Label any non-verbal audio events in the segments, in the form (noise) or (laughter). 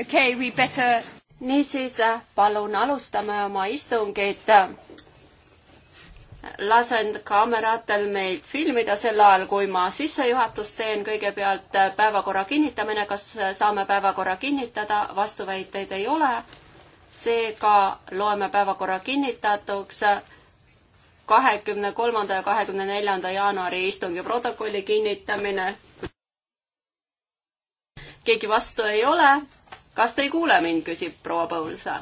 okay, we better... niisiis, äh, palun alustame oma istungit. lasen kaameratel meid filmida sel ajal, kui ma sissejuhatust teen. kõigepealt äh, päevakorra kinnitamine, kas äh, saame päevakorra kinnitada, vastuväiteid ei ole. seega loeme päevakorra kinnitatuks kahekümne kolmanda ja kahekümne neljanda jaanuari istungi protokolli kinnitamine keegi vastu ei ole, kas te ei kuule mind, küsib proua Põulsa.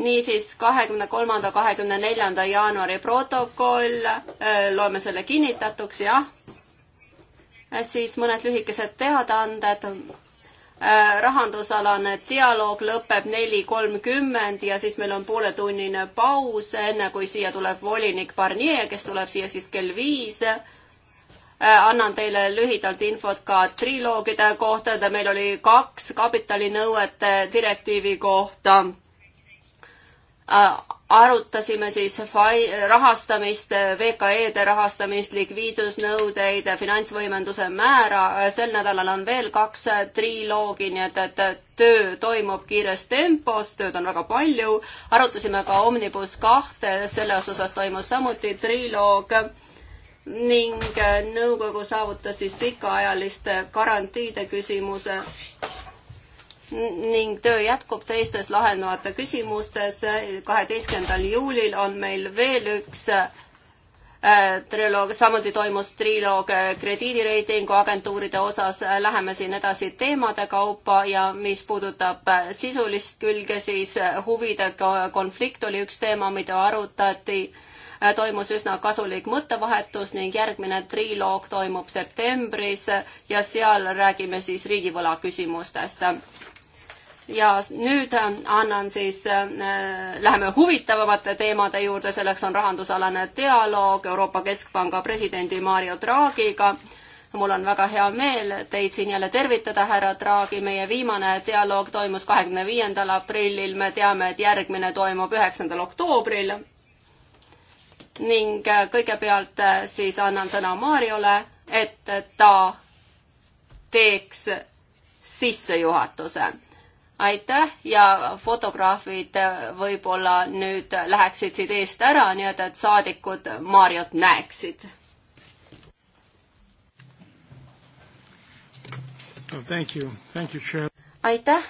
niisiis, kahekümne kolmanda, kahekümne neljanda jaanuari protokoll, äh, loeme selle kinnitatuks, jah. Äh, siis mõned lühikesed teadaanded. Äh, rahandusalane dialoog lõpeb neli kolmkümmend ja siis meil on pooletunnine paus, enne kui siia tuleb volinik Barnier, kes tuleb siia siis kell viis Äh, annan teile lühidalt infot ka triloogide kohta, meil oli kaks kapitalinõuete direktiivi kohta. Äh, arutasime siis rahastamist, VKE-de rahastamist, likviidsusnõudeid, finantsvõimenduse määra. Äh, sel nädalal on veel kaks triloogi, nii et, et töö toimub kiires tempos, tööd on väga palju. arutasime ka Omnibus kahte, selles osas toimus samuti triloog ning äh, nõukogu saavutas siis pikaajaliste garantiide küsimuse ning töö jätkub teistes lahendavate küsimustes. kaheteistkümnendal juulil on meil veel üks äh, triloog, samuti toimus triloog äh, krediidireitingu agentuuride osas, läheme siin edasi teemade kaupa ja mis puudutab sisulist külge, siis huvide konflikt oli üks teema, mida arutati Äh, toimus üsna kasulik mõttevahetus ning järgmine triloog toimub septembris ja seal räägime siis riigivõla küsimustest. ja nüüd äh, annan siis äh,, läheme huvitavamate teemade juurde, selleks on rahandusalane dialoog Euroopa Keskpanga presidendi Mario Draghiga mul on väga hea meel teid siin jälle tervitada, härra Draghi, meie viimane dialoog toimus kahekümne viiendal aprillil, me teame, et järgmine toimub üheksandal oktoobril ning äh, kõigepealt äh, siis annan sõna Mariole, et ta teeks sissejuhatuse. aitäh ja fotograafid äh, võib-olla nüüd läheksid siit eest ära, nii et, et saadikud Mariot näeksid. Oh, aitäh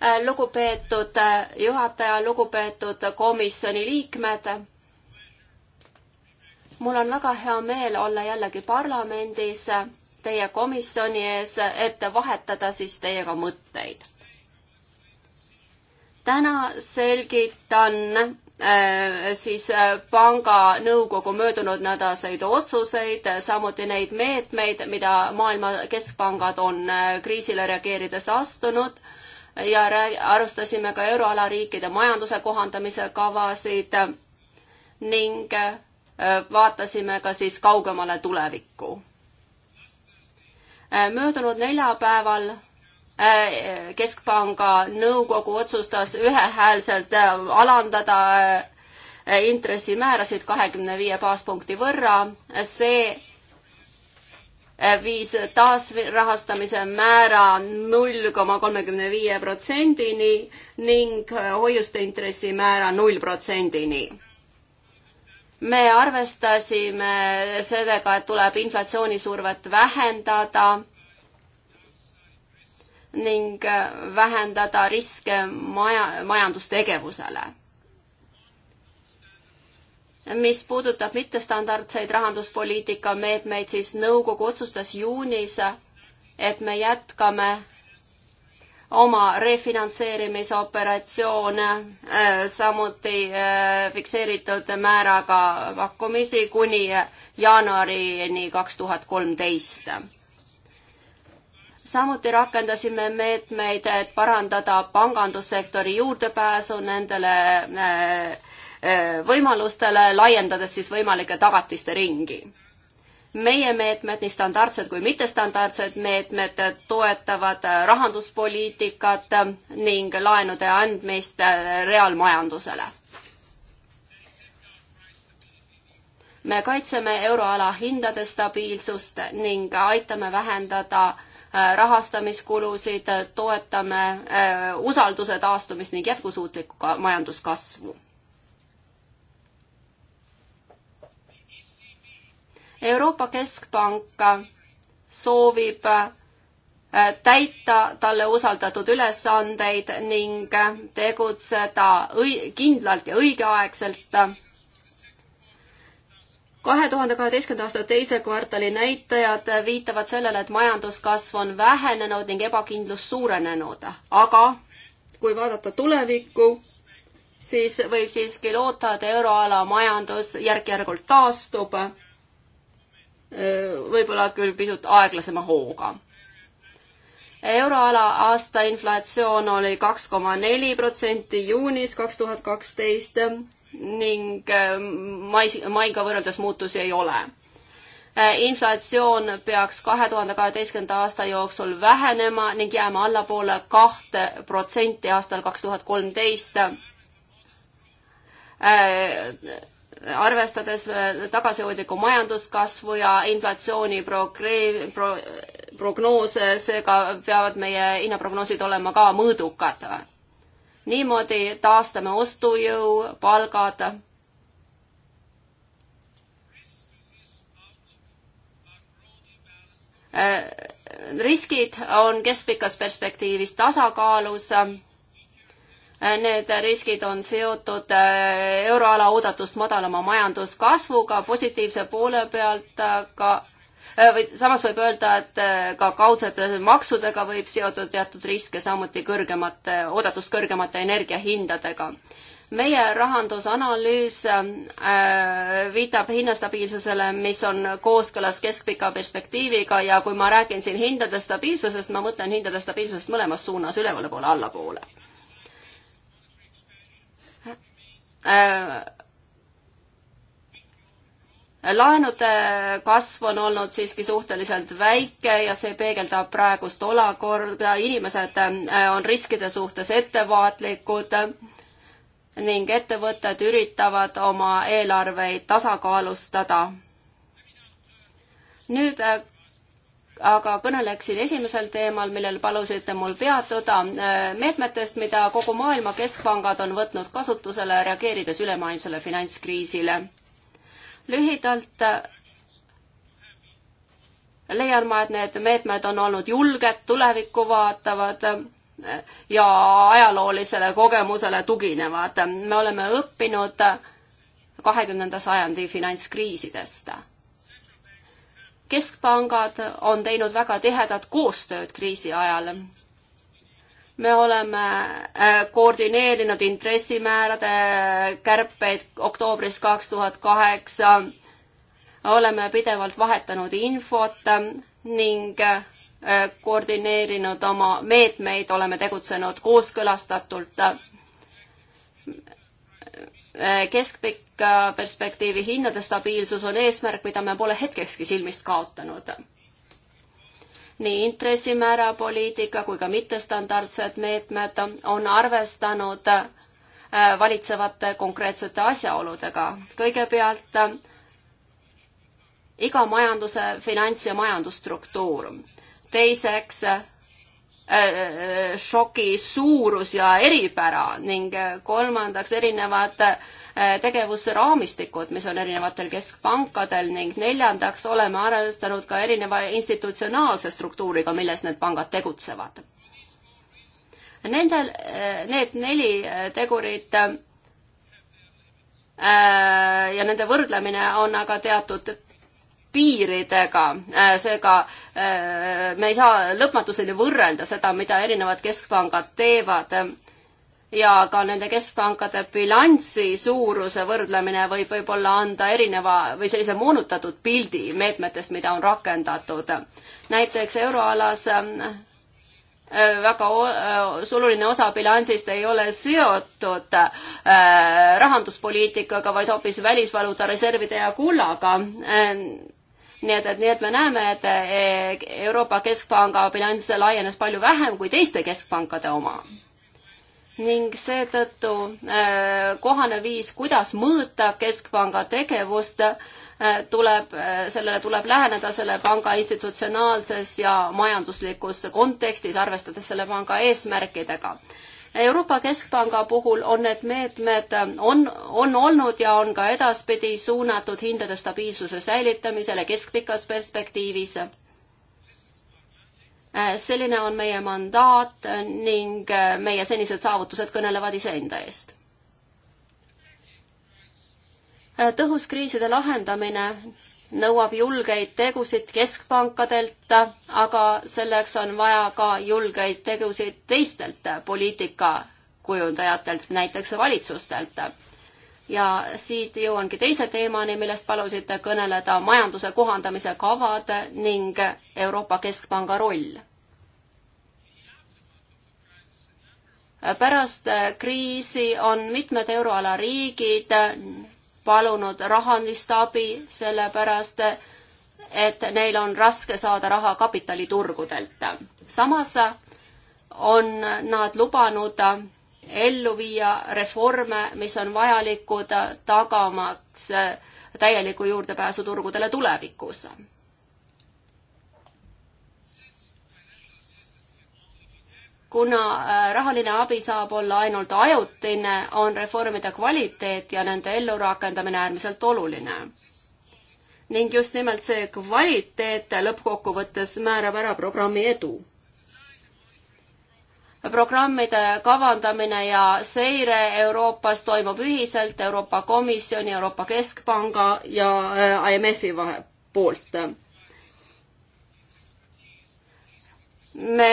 Äh, lugupeetud äh, juhataja, lugupeetud komisjoni liikmed. mul on väga hea meel olla jällegi parlamendis äh, teie komisjoni ees, et vahetada siis teiega mõtteid. täna selgitan siis panga nõukogu möödunud nädalaseid otsuseid, samuti neid meetmeid, mida Maailma Keskpangad on kriisile reageerides astunud ja alustasime ka euroala riikide majanduse kohandamise kavasid ning äh, vaatasime ka siis kaugemale tulevikku. Äh, möödunud neljapäeval äh, Keskpanga nõukogu otsustas ühehäälselt alandada intressimäärasid kahekümne viie baaspunkti võrra. see viis taasrahastamise määra null koma kolmekümne viie protsendini ning hoiuste intressimäära null protsendini. me arvestasime sellega, et tuleb inflatsioonisurvet vähendada ning vähendada riske maja, majandustegevusele mis puudutab mittestandardseid rahanduspoliitika meetmeid, siis nõukogu otsustas juunis, et me jätkame oma refinantseerimisoperatsioone, äh, samuti äh, fikseeritud määraga pakkumisi kuni jaanuarini kaks tuhat kolmteist samuti rakendasime meetmeid, et parandada pangandussektori juurdepääsu nendele äh, Äh, võimalustele, laiendades siis võimalike tagatiste ringi. meie meetmed, nii standardsed kui mittestandardsed meetmed, toetavad äh, rahanduspoliitikat ning laenude andmist äh, reaalmajandusele me kaitseme euroala hindade stabiilsust ning aitame vähendada rahastamiskulusid, toetame usalduse taastumist ning jätkusuutlikku majanduskasvu. Euroopa Keskpank äh, soovib äh, täita talle usaldatud ülesandeid ning äh, tegutseda õi-, kindlalt ja õigeaegselt. kahe tuhande kaheteistkümnenda aasta teise kvartali näitajad viitavad sellele, et majanduskasv on vähenenud ning ebakindlus suurenenud, aga kui vaadata tulevikku, siis võib siiski loota, et euroala majandus järk-järgult taastub võib-olla küll pisut aeglasema hooga. euroala aasta inflatsioon oli kaks koma neli protsenti juunis kaks tuhat kaksteist ning äh, mais, maiga võrreldes muutusi ei ole. Äh, inflatsioon peaks kahe tuhande kaheteistkümnenda aasta jooksul vähenema ning jääma allapoole kahte protsenti aastal kaks tuhat kolmteist äh, arvestades tagasihoidlikku majanduskasvu ja inflatsiooni progre-, pro-, prognoose, seega peavad meie hinnaprognoosid olema ka mõõdukad. niimoodi taastame ostujõu, palgad. riskid on keskpikas perspektiivis tasakaalus Äh, need riskid on seotud äh, euroala oodatust madalama majanduskasvuga positiivse poole pealt, aga äh, või samas võib öelda, et ka kaudsete maksudega võib seotud teatud riske, samuti kõrgemate, oodatust kõrgemate energiahindadega. meie rahandusanalüüs äh, viitab hinnastabiilsusele, mis on kooskõlas keskpika perspektiiviga ja kui ma räägin siin hindade stabiilsusest, ma mõtlen hindade stabiilsusest mõlemas suunas, ülevalpoole, allapoole Äh, laenude kasv on olnud siiski suhteliselt väike ja see peegeldab praegust olukorda, inimesed äh, on riskide suhtes ettevaatlikud ning ettevõtted üritavad oma eelarveid tasakaalustada. nüüd äh, aga kõneleksin esimesel teemal, millel palusite mul peatuda, äh, meetmetest, mida kogu maailma keskpangad on võtnud kasutusele, reageerides ülemaailmsele finantskriisile. lühidalt äh, leian ma, et need meetmed on olnud julged, tulevikku vaatavad äh, ja ajaloolisele kogemusele tuginevad. me oleme õppinud kahekümnenda sajandi finantskriisidest keskpangad on teinud väga tihedat koostööd kriisi ajal. me oleme äh, koordineerinud intressimäärade kärpeid oktoobris kaks tuhat kaheksa, oleme pidevalt vahetanud infot ning äh, koordineerinud oma meetmeid, oleme tegutsenud kooskõlastatult Äh, keskpikka perspektiivi hindade stabiilsus on eesmärk, mida me pole hetkekski silmist kaotanud. nii intressimäära poliitika kui ka mittestandardsed meetmed on arvestanud äh, valitsevate konkreetsete asjaoludega. kõigepealt äh, iga majanduse finants- ja majandusstruktuur. teiseks Äh, äh, äh, šoki suurus ja eripära ning kolmandaks erinevad tegevusraamistikud, mis on erinevatel keskpankadel ning neljandaks oleme arvestanud ka erineva institutsionaalse struktuuriga, milles need pangad tegutsevad. Nendel, need neli tegurit ja nende võrdlemine on aga teatud piiridega, äh, seega äh, me ei saa lõpmatuseni võrrelda seda, mida erinevad keskpangad teevad ja ka nende keskpankade bilanssi suuruse võrdlemine võib võib-olla anda erineva või sellise moonutatud pildi meetmetest, mida on rakendatud. näiteks euroalas ähm, äh, väga oluline osa bilansist ei ole seotud rahanduspoliitikaga, vaid hoopis välisvaluta reservide ja kullaga ähm, nii et, et nii, et me näeme, et eh, Euroopa Keskpanga bilanss laienes palju vähem kui teiste keskpankade oma. ning seetõttu eh, kohane viis, kuidas mõõta keskpanga tegevust, eh, tuleb, sellele tuleb läheneda selle panga institutsionaalses ja majanduslikus kontekstis, arvestades selle panga eesmärkidega Euroopa Keskpanga puhul on need meetmed, on, on olnud ja on ka edaspidi suunatud hindade stabiilsuse säilitamisele keskpikas perspektiivis. Äh, selline on meie mandaat ning äh, meie senised saavutused kõnelevad iseenda eest. Äh, tõhus kriiside lahendamine nõuab julgeid tegusid keskpankadelt, aga selleks on vaja ka julgeid tegusid teistelt poliitikakujundajatelt, näiteks valitsustelt. ja siit jõuangi teise teemani, millest palusite kõneleda, majanduse kohandamise kavad ning Euroopa Keskpanga roll pärast kriisi on mitmed euroala riigid palunud rahalist abi, sellepärast et neil on raske saada raha kapitaliturgudelt. samas on nad lubanud ellu viia reforme, mis on vajalikud tagamaks täielikku juurdepääsu turgudele tulevikus kuna äh, rahaline abi saab olla ainult ajutine, on reformide kvaliteet ja nende ellurakendamine äärmiselt oluline. ning just nimelt see kvaliteet lõppkokkuvõttes määrab ära programmi edu. programmide kavandamine ja seire Euroopas toimub ühiselt Euroopa Komisjoni, Euroopa Keskpanga ja äh, IMF-i vahe, poolt. me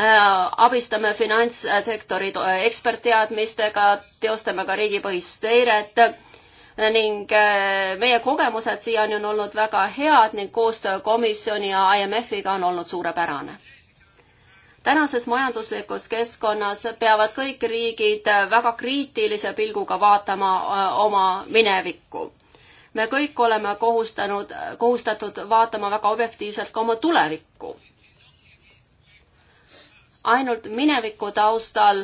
Äh, abistame finantssektori ekspertteadmistega, teostame ka riigipõhist seiret ning äh, meie kogemused siiani on olnud väga head ning koostöö komisjoni ja IMF-iga on olnud suurepärane. tänases majanduslikus keskkonnas peavad kõik riigid äh, väga kriitilise pilguga vaatama oma minevikku. me kõik oleme kohustanud, kohustatud vaatama väga objektiivselt ka oma tulevikku ainult mineviku taustal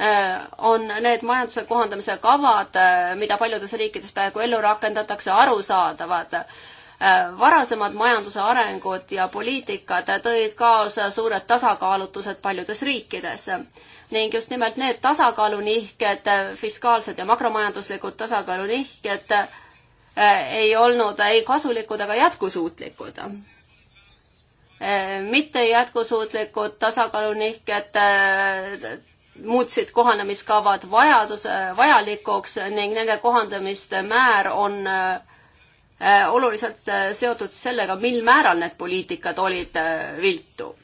äh, on need majanduse kohandamise kavad, äh, mida paljudes riikides praegu ellu rakendatakse, arusaadavad. Äh, varasemad majanduse arengud ja poliitikad tõid kaasa suured tasakaalutused paljudes riikides ning just nimelt need tasakaalunihked, fiskaalsed ja makromajanduslikud tasakaalunihked ei olnud ei kasulikud ega jätkusuutlikud Äh, mitte jätkusuutlikud tasakaalunihked äh, muutsid kohanemiskavad vajaduse, vajalikuks ning nende kohandamiste määr on äh, oluliselt seotud sellega, mil määral need poliitikad olid viltu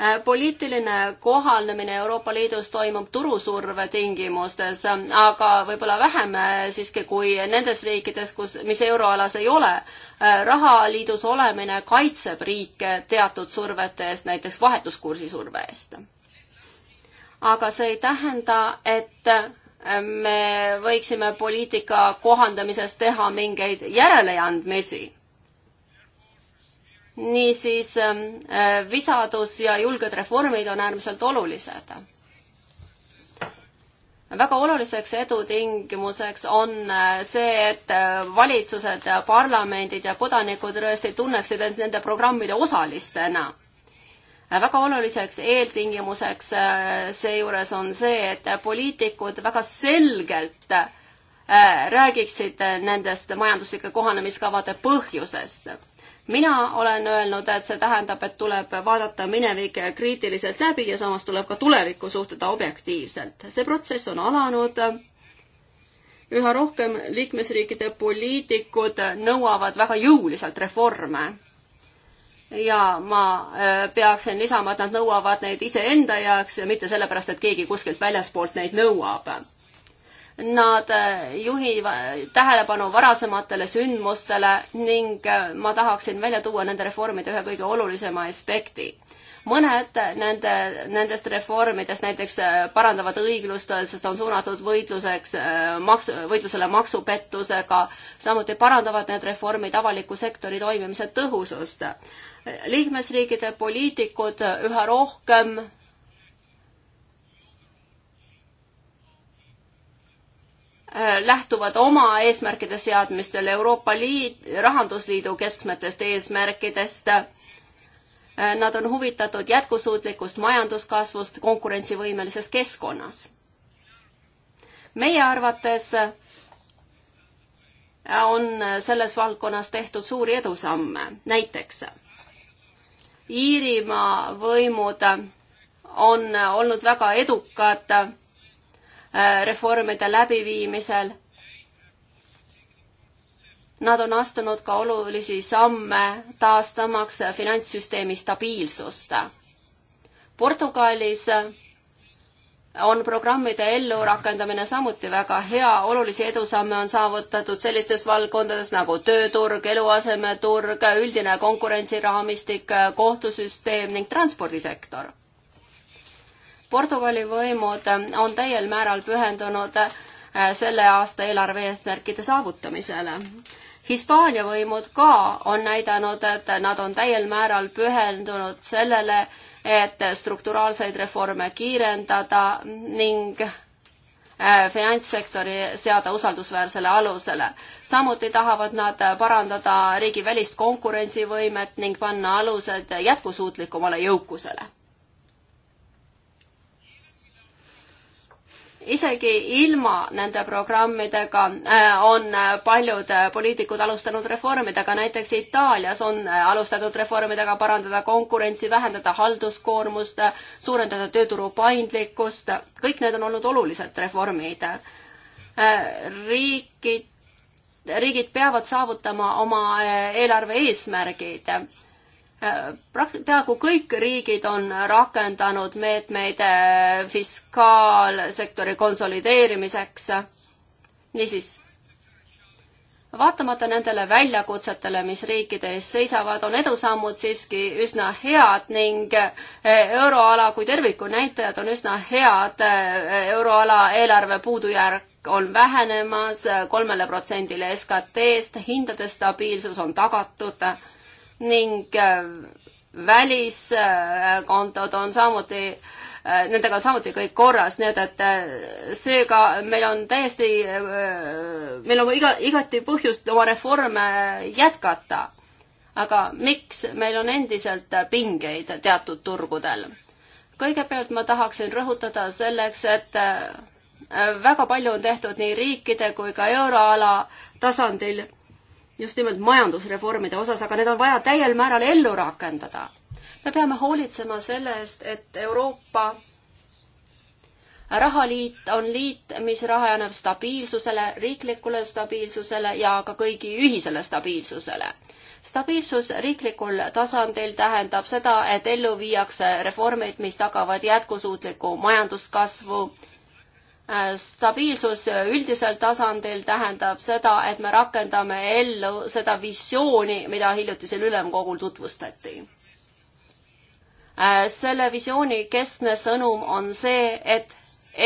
Äh, poliitiline kohanemine Euroopa Liidus toimub turusurve tingimustes, aga võib-olla vähem äh, siiski kui nendes riikides, kus, mis euroalas ei ole. Äh, rahaliidus olemine kaitseb riike teatud survete eest, näiteks vahetuskursi surve eest. aga see ei tähenda, et me võiksime poliitika kohandamises teha mingeid järeleandmisi niisiis ähm, äh, visadus ja julged reformid on äärmiselt olulised. väga oluliseks edutingimuseks on äh, see, et äh, valitsused ja parlamendid ja kodanikud tõesti tunneksid end nende programmide osalistena väga oluliseks eeltingimuseks seejuures on see, et poliitikud väga selgelt räägiksid nendest majanduslike kohanemiskavade põhjusest mina olen öelnud, et see tähendab, et tuleb vaadata minevik kriitiliselt läbi ja samas tuleb ka tulevikku suhtuda objektiivselt. see protsess on alanud. üha rohkem liikmesriikide poliitikud nõuavad väga jõuliselt reforme. ja ma äh, peaksin lisama, et nad nõuavad neid iseenda jaoks ja mitte sellepärast, et keegi kuskilt väljaspoolt neid nõuab Nad äh, juhivad tähelepanu varasematele sündmustele ning äh, ma tahaksin välja tuua nende reformide ühe kõige olulisema aspekti mõned nende, nendest reformidest näiteks äh, parandavad õiglust, sest on suunatud võitluseks maks, võitlusele maksupettusega, samuti parandavad need reformid avaliku sektori toimimise tõhusust. liikmesriikide poliitikud üha rohkem Äh, lähtuvad oma eesmärkide seadmistel Euroopa Liit, Rahandusliidu keskmetest eesmärkidest. Äh, nad on huvitatud jätkusuutlikust majanduskasvust konkurentsivõimelises keskkonnas. meie arvates äh, on selles valdkonnas tehtud suuri edusamme, näiteks Iirimaa võimud on olnud väga edukad Äh, reformide läbiviimisel. Nad on astunud ka olulisi samme taastamaks finantssüsteemi stabiilsust. Portugalis on programmide ellurakendamine samuti väga hea, olulisi edusamme on saavutatud sellistes valdkondades nagu tööturg, eluasemeturg, üldine konkurentsiraamistik, kohtusüsteem ning transpordisektor. Portugali võimud äh, on täiel määral pühendunud äh, selle aasta eelarve eesmärkide saavutamisele. Hispaania võimud ka on näidanud, et nad on täiel määral pühendunud sellele, et strukturaalseid reforme kiirendada ning äh, finantssektori seada usaldusväärsele alusele. samuti tahavad nad parandada riigi välist konkurentsivõimet ning panna alused jätkusuutlikumale jõukusele. isegi ilma nende programmidega äh, on äh, paljud äh, poliitikud alustanud reformidega, näiteks Itaalias on alustatud reformidega parandada konkurentsi, vähendada halduskoormust, suurendada tööturu paindlikkust, kõik need on olnud olulised reformid. riigid, riigid peavad saavutama oma eelarve eesmärgid peaaegu kõik riigid on rakendanud meetmeid eh, fiskaalsektori konsolideerimiseks. niisiis, vaatamata nendele väljakutsetele, mis riikide ees seisavad, on edusammud siiski üsna head ning eh, euroala kui terviku näitajad on üsna head. Eh, euroala eelarve puudujääk on vähenemas kolmele protsendile SKT-st, hindade stabiilsus on tagatud ning äh, väliskontod on samuti, äh, nendega on samuti kõik korras, nii et, et äh, seega meil on täiesti, meil on iga, igati põhjust oma reforme jätkata. aga miks meil on endiselt pingeid teatud turgudel? kõigepealt ma tahaksin rõhutada selleks, et väga palju on tehtud nii riikide kui ka euroala tasandil just nimelt majandusreformide osas, aga need on vaja täiel määral ellu rakendada. me peame hoolitsema selle eest, et Euroopa rahaliit on liit, mis rajaneb stabiilsusele, riiklikule stabiilsusele ja ka kõigi ühisele stabiilsusele. stabiilsus riiklikul tasandil tähendab seda, et ellu viiakse reformid, mis tagavad jätkusuutliku majanduskasvu, stabiilsus üldisel tasandil tähendab seda, et me rakendame ellu seda visiooni, mida hiljutisel ülemkogul tutvustati. Äh, selle visiooni keskne sõnum on see, et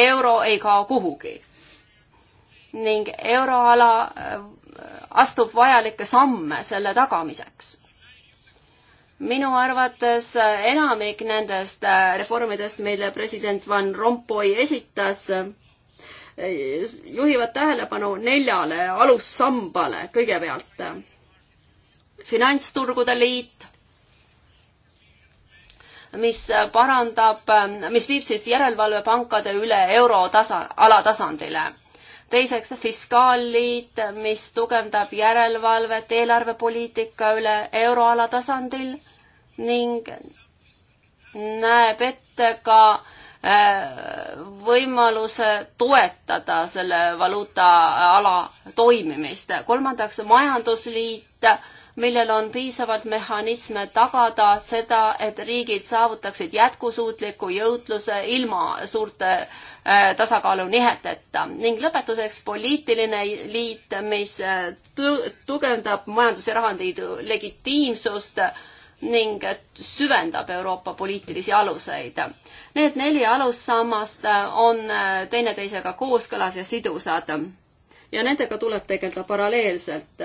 euro ei kao kuhugi ning euroala äh, astub vajalikke samme selle tagamiseks minu arvates äh, enamik nendest reformidest, mille president Van Rompuy esitas, juhivad tähelepanu neljale alussambale kõigepealt. finantsturgude liit, mis parandab, mis viib siis järelevalvepankade üle eurotasa, alatasandile. teiseks fiskaalliit, mis tugevdab järelevalvet eelarvepoliitika üle euroala tasandil ning näeb ette ka äh, Äh, võimaluse toetada selle valuutaala toimimist. kolmandaks, majandusliit, millel on piisavalt mehhanisme tagada seda, et riigid saavutaksid jätkusuutliku jõudluse ilma suurte äh, tasakaalu niheteta. ning lõpetuseks poliitiline liit, mis äh, tugevdab Majandus- ja Rahandusliidu legitiimsust ning süvendab Euroopa poliitilisi aluseid. Need neli alussammast äh, on äh, teineteisega kooskõlas ja sidusad ja nendega tuleb tegeleda paralleelselt.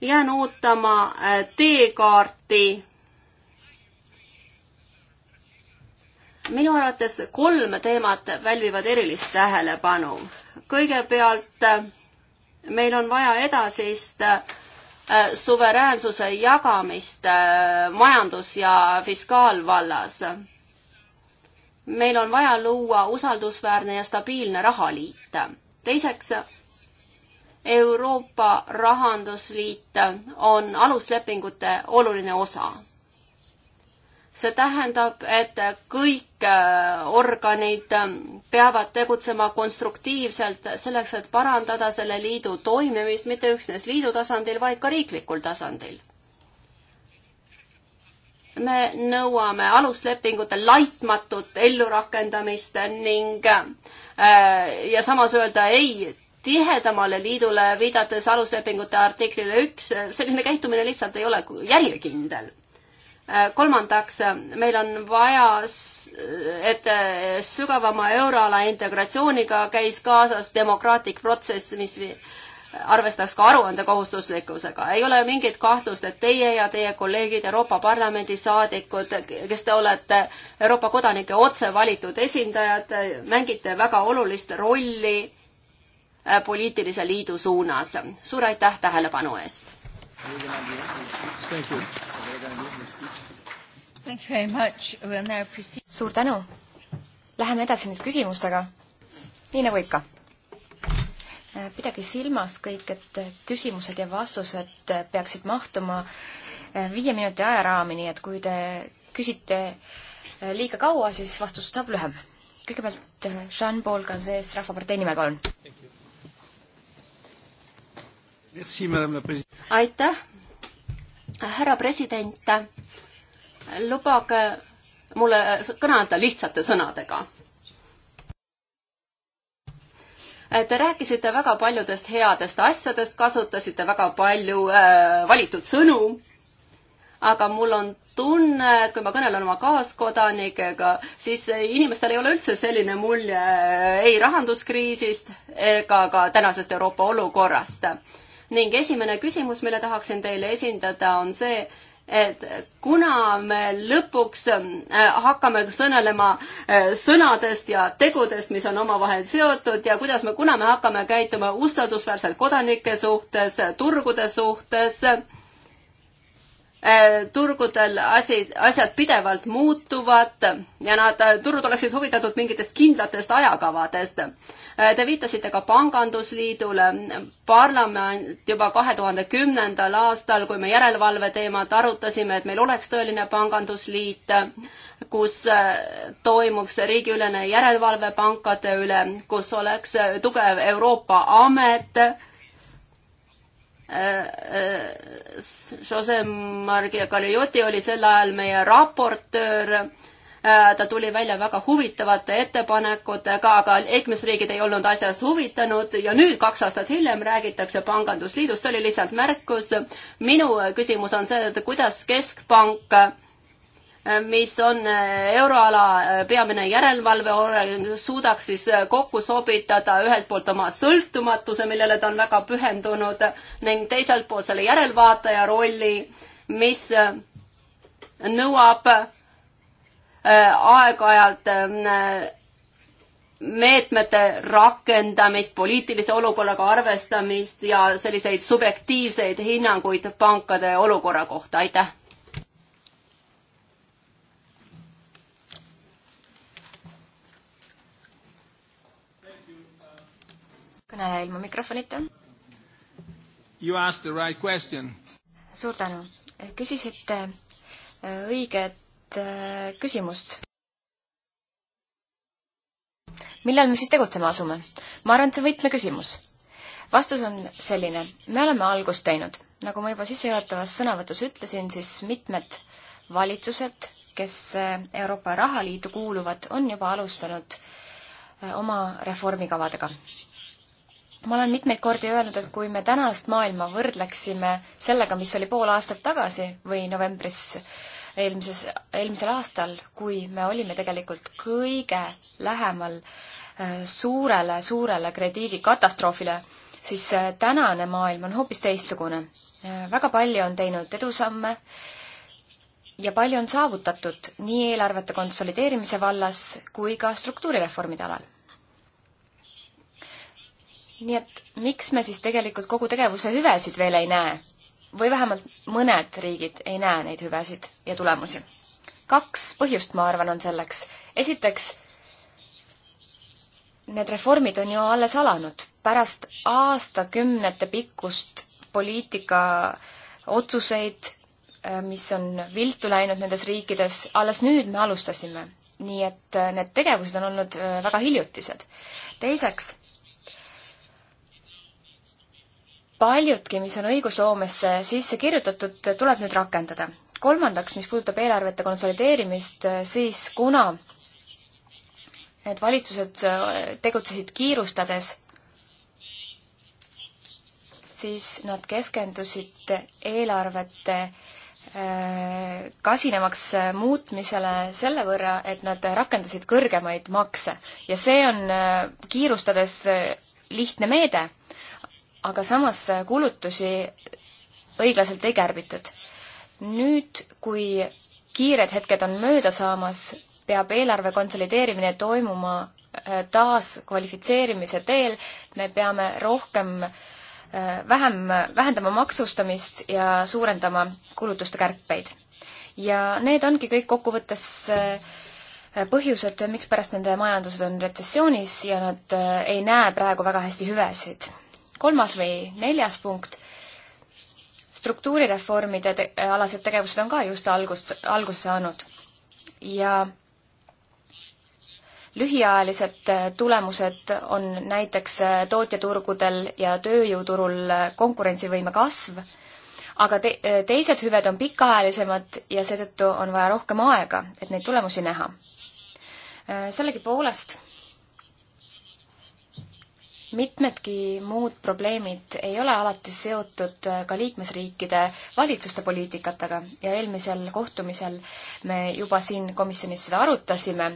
jään ootama äh, teekaarti. minu arvates kolm teemat välvivad erilist tähelepanu. kõigepealt meil on vaja edasist äh, Äh, suveräänsuse jagamist äh, majandus- ja fiskaalvallas. meil on vaja luua usaldusväärne ja stabiilne rahaliit. teiseks, Euroopa Rahandusliit on aluslepingute oluline osa see tähendab, et kõik äh, organid äh, peavad tegutsema konstruktiivselt selleks, et parandada selle liidu toimimist mitte üksnes liidu tasandil, vaid ka riiklikul tasandil. me nõuame aluslepingute laitmatut ellurakendamist ning äh, ja samas öelda ei tihedamale liidule, viidates aluslepingute artiklile üks, selline käitumine lihtsalt ei ole järjekindel Äh, kolmandaks, meil on vaja, et äh, sügavama euroala integratsiooniga käis kaasas demokraatlik protsess, mis arvestaks ka aruande kohustuslikkusega. ei ole mingit kahtlust, et teie ja teie kolleegid Euroopa Parlamendi saadikud, kes te olete Euroopa kodanike otse valitud esindajad, mängite väga olulist rolli äh, poliitilise liidu suunas. suur aitäh tähelepanu eest! suur tänu. Läheme edasi nüüd küsimustega. nii nagu ikka. Äh, pidage silmas kõik, et küsimused ja vastused äh, peaksid mahtuma äh, viie minuti ajaraami, nii et kui te küsite liiga kaua, siis vastus saab lühem. kõigepealt Jean-Paul Gazes Rahvapartei nimel, palun. aitäh härra president, lubage mulle kõne anda lihtsate sõnadega. Te rääkisite väga paljudest headest asjadest, kasutasite väga palju äh, valitud sõnu, aga mul on tunne, et kui ma kõnelen oma kaaskodanikega, siis inimestel ei ole üldse selline mulje äh, ei rahanduskriisist ega ka tänasest Euroopa olukorrast ning esimene küsimus, mille tahaksin teile esindada, on see, et kuna me lõpuks äh, hakkame sõnelema äh, sõnadest ja tegudest, mis on omavahel seotud ja kuidas me, kuna me hakkame käituma usaldusväärselt kodanike suhtes, turgude suhtes äh,, Äh, turgudel asi, asjad pidevalt muutuvad ja nad, äh, turud oleksid huvitatud mingitest kindlatest ajakavadest. Äh, te viitasite ka Pangandusliidule, parlament juba kahe tuhande kümnendal aastal, kui me järelevalve teemat arutasime, et meil oleks tõeline pangandusliit, kus toimuks riigiülene järelevalve pankade üle, kus oleks tugev Euroopa amet, Jose Margia Galioti oli sel ajal meie raportöör. ta tuli välja väga huvitavate ettepanekutega, aga liikmesriigid ei olnud asjast huvitanud ja nüüd, kaks aastat hiljem, räägitakse pangandusliidust, see oli lihtsalt märkus. minu küsimus on see, et kuidas keskpank Äh, mis on äh, euroala äh, peamine järelevalve, suudaks siis kokku sobitada ühelt poolt oma sõltumatuse, millele ta on väga pühendunud, ning teiselt poolt selle järelvaataja rolli, mis nõuab aeg-ajalt meetmete rakendamist, poliitilise olukorraga arvestamist ja selliseid subjektiivseid hinnanguid pankade olukorra kohta, aitäh! Äh, ilma mikrofonita. You asked the right question. suur tänu. küsisite äh, õiget äh, küsimust. millal me siis tegutsema asume? ma arvan, et see on võtmeküsimus. vastus on selline, me oleme algust teinud. nagu ma juba sissejuhatavas sõnavõtus ütlesin, siis mitmed valitsused, kes Euroopa Rahaliitu kuuluvad, on juba alustanud oma reformikavadega ma olen mitmeid kordi öelnud, et kui me tänast maailma võrdleksime sellega, mis oli pool aastat tagasi või novembris eelmises, eelmisel aastal, kui me olime tegelikult kõige lähemal äh, suurele, suurele krediidikatastroofile, siis äh, tänane maailm on hoopis teistsugune. Äh, väga palju on teinud edusamme ja palju on saavutatud nii eelarvete konsolideerimise vallas kui ka struktuurireformide alal nii et miks me siis tegelikult kogu tegevuse hüvesid veel ei näe? või vähemalt mõned riigid ei näe neid hüvesid ja tulemusi. kaks põhjust, ma arvan, on selleks. esiteks, need reformid on ju alles alanud. pärast aastakümnete pikkust poliitika otsuseid, äh, mis on viltu läinud nendes riikides, alles nüüd me alustasime. nii et äh, need tegevused on olnud äh, väga hiljutised. teiseks, paljutki, mis on õigusloomesse sisse kirjutatud, tuleb nüüd rakendada. kolmandaks, mis puudutab eelarvete konsolideerimist, siis kuna need valitsused äh, tegutsesid kiirustades, siis nad keskendusid eelarvete äh, kasinamaks muutmisele selle võrra, et nad rakendasid kõrgemaid makse ja see on äh, kiirustades lihtne meede aga samas kulutusi õiglaselt ei kärbitud. nüüd, kui kiired hetked on mööda saamas, peab eelarve konsolideerimine toimuma äh, taas kvalifitseerimise teel, me peame rohkem äh, vähem, vähendama maksustamist ja suurendama kulutuste kärpeid. ja need ongi kõik kokkuvõttes äh, põhjused, mikspärast nende majandused on retsessioonis ja nad ei näe praegu väga hästi hüvesid kolmas või neljas punkt, struktuurireformide te alased tegevused on ka just algust, alguse saanud ja lühiajalised äh, tulemused on näiteks äh, tootjaturgudel ja tööjõuturul äh, konkurentsivõime kasv, aga te-, teised hüved on pikaajalisemad ja seetõttu on vaja rohkem aega, et neid tulemusi näha. sellegipoolest mitmedki muud probleemid ei ole alati seotud äh, ka liikmesriikide valitsuste poliitikatega ja eelmisel kohtumisel me juba siin komisjonis seda arutasime.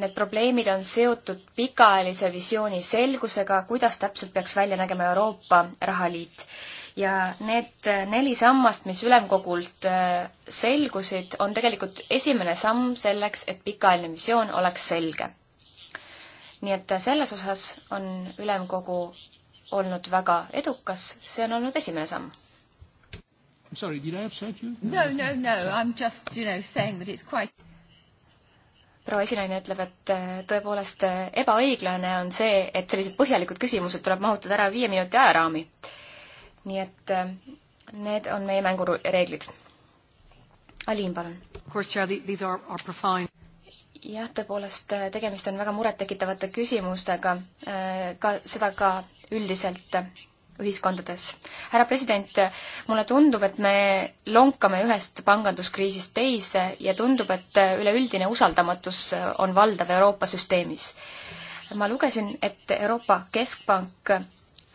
Need probleemid on seotud pikaajalise visiooni selgusega, kuidas täpselt peaks välja nägema Euroopa rahaliit. ja need äh, neli sammast, mis ülemkogult äh, selgusid, on tegelikult esimene samm selleks, et pikaajaline visioon oleks selge nii et selles osas on ülemkogu olnud väga edukas, see on olnud esimene samm. Sorry, did I upset you? No, no, no, I am just, you know, saying that it's quite proua esinaine ütleb, et äh, tõepoolest äh, ebaõiglane on see, et sellised põhjalikud küsimused tuleb mahutada ära viie minuti ajaraami. nii et äh, need on meie mängureeglid. Aliin, palun jah, tõepoolest, äh, tegemist on väga murettekitavate küsimustega, äh, ka seda ka üldiselt ühiskondades. härra president, mulle tundub, et me lonkame ühest panganduskriisist teise ja tundub, et äh, üleüldine usaldamatus on valdav Euroopa süsteemis. ma lugesin, et Euroopa Keskpank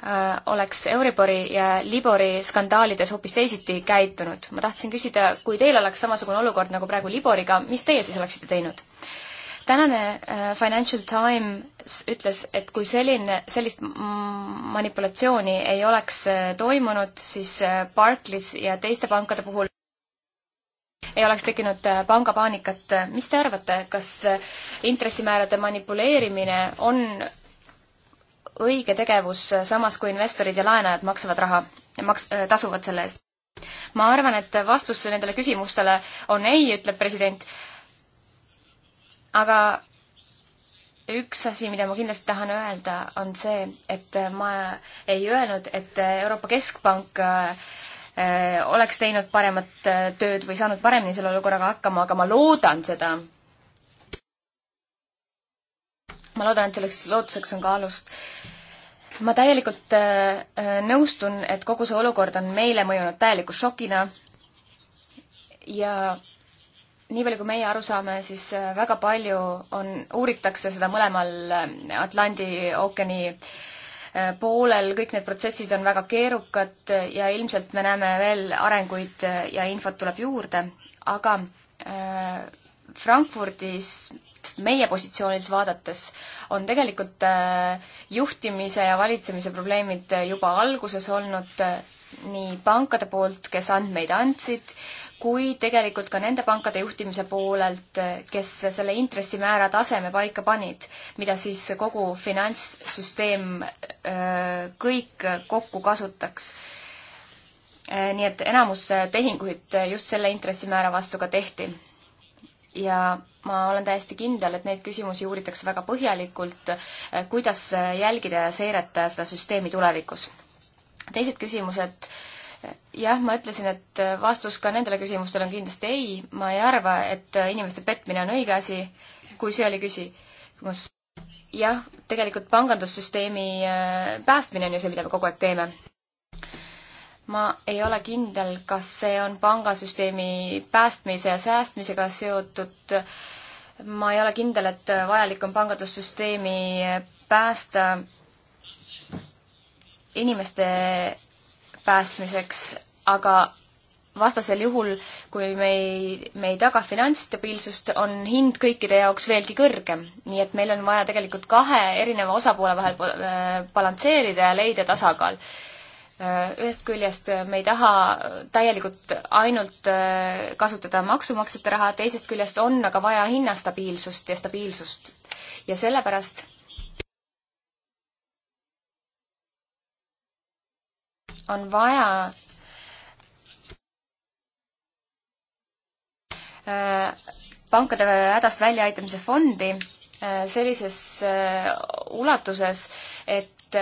Äh, oleks Euribori ja Libori skandaalides hoopis teisiti käitunud. ma tahtsin küsida, kui teil oleks samasugune olukord nagu praegu Liboriga, mis teie siis oleksite teinud? tänane äh, Financial Times ütles, et kui selline, sellist manipulatsiooni ei oleks äh, toimunud, siis Barclays ja teiste pankade puhul ei oleks tekkinud pangapaanikat. mis te arvate, kas intressimäärade manipuleerimine on õige tegevus, samas kui investorid ja laenajad maksavad raha, maks-, äh, tasuvad selle eest? ma arvan, et vastus nendele küsimustele on ei, ütleb president. aga üks asi, mida ma kindlasti tahan öelda, on see, et ma ei öelnud, et Euroopa Keskpank äh, oleks teinud paremat äh, tööd või saanud paremini selle olukorraga hakkama, aga ma loodan seda. ma loodan, et selleks lootuseks on ka alust ma täielikult äh, äh, nõustun, et kogu see olukord on meile mõjunud täieliku šokina ja nii palju, kui meie aru saame, siis äh, väga palju on, uuritakse seda mõlemal Atlandi ookeani poolel, kõik need protsessid on väga keerukad ja ilmselt me näeme veel arenguid ja infot tuleb juurde, aga Frankfurdis meie positsioonilt vaadates on tegelikult äh, juhtimise ja valitsemise probleemid juba alguses olnud äh, nii pankade poolt, kes andmeid andsid, kui tegelikult ka nende pankade juhtimise poolelt, äh, kes selle intressimäära taseme paika panid, mida siis kogu finantssüsteem kõik kokku kasutaks. nii et enamus tehinguid just selle intressimäära vastu ka tehti. ja ma olen täiesti kindel, et neid küsimusi uuritakse väga põhjalikult, eh, kuidas eh, jälgida ja seirata seda süsteemi tulevikus. teised küsimused, eh, jah, ma ütlesin, et vastus ka nendele küsimustele on kindlasti ei, ma ei arva, et inimeste petmine on õige asi, kui see oli küsimus. jah, tegelikult pangandussüsteemi päästmine on ju see, mida me kogu aeg teeme ma ei ole kindel, kas see on pangasüsteemi päästmise ja säästmisega seotud. ma ei ole kindel, et vajalik on pangandussüsteemi päästa inimeste päästmiseks, aga vastasel juhul, kui me ei, me ei taga finantsstabiilsust, on hind kõikide jaoks veelgi kõrgem. nii et meil on vaja tegelikult kahe erineva osapoole vahel äh, balansseerida ja leida tasakaal Äh, ühest küljest me ei taha täielikult ainult äh, kasutada maksumaksjate raha, teisest küljest on aga vaja hinnastabiilsust ja stabiilsust. ja sellepärast on vaja äh, pankade hädast väljaaitamise fondi sellises ulatuses, et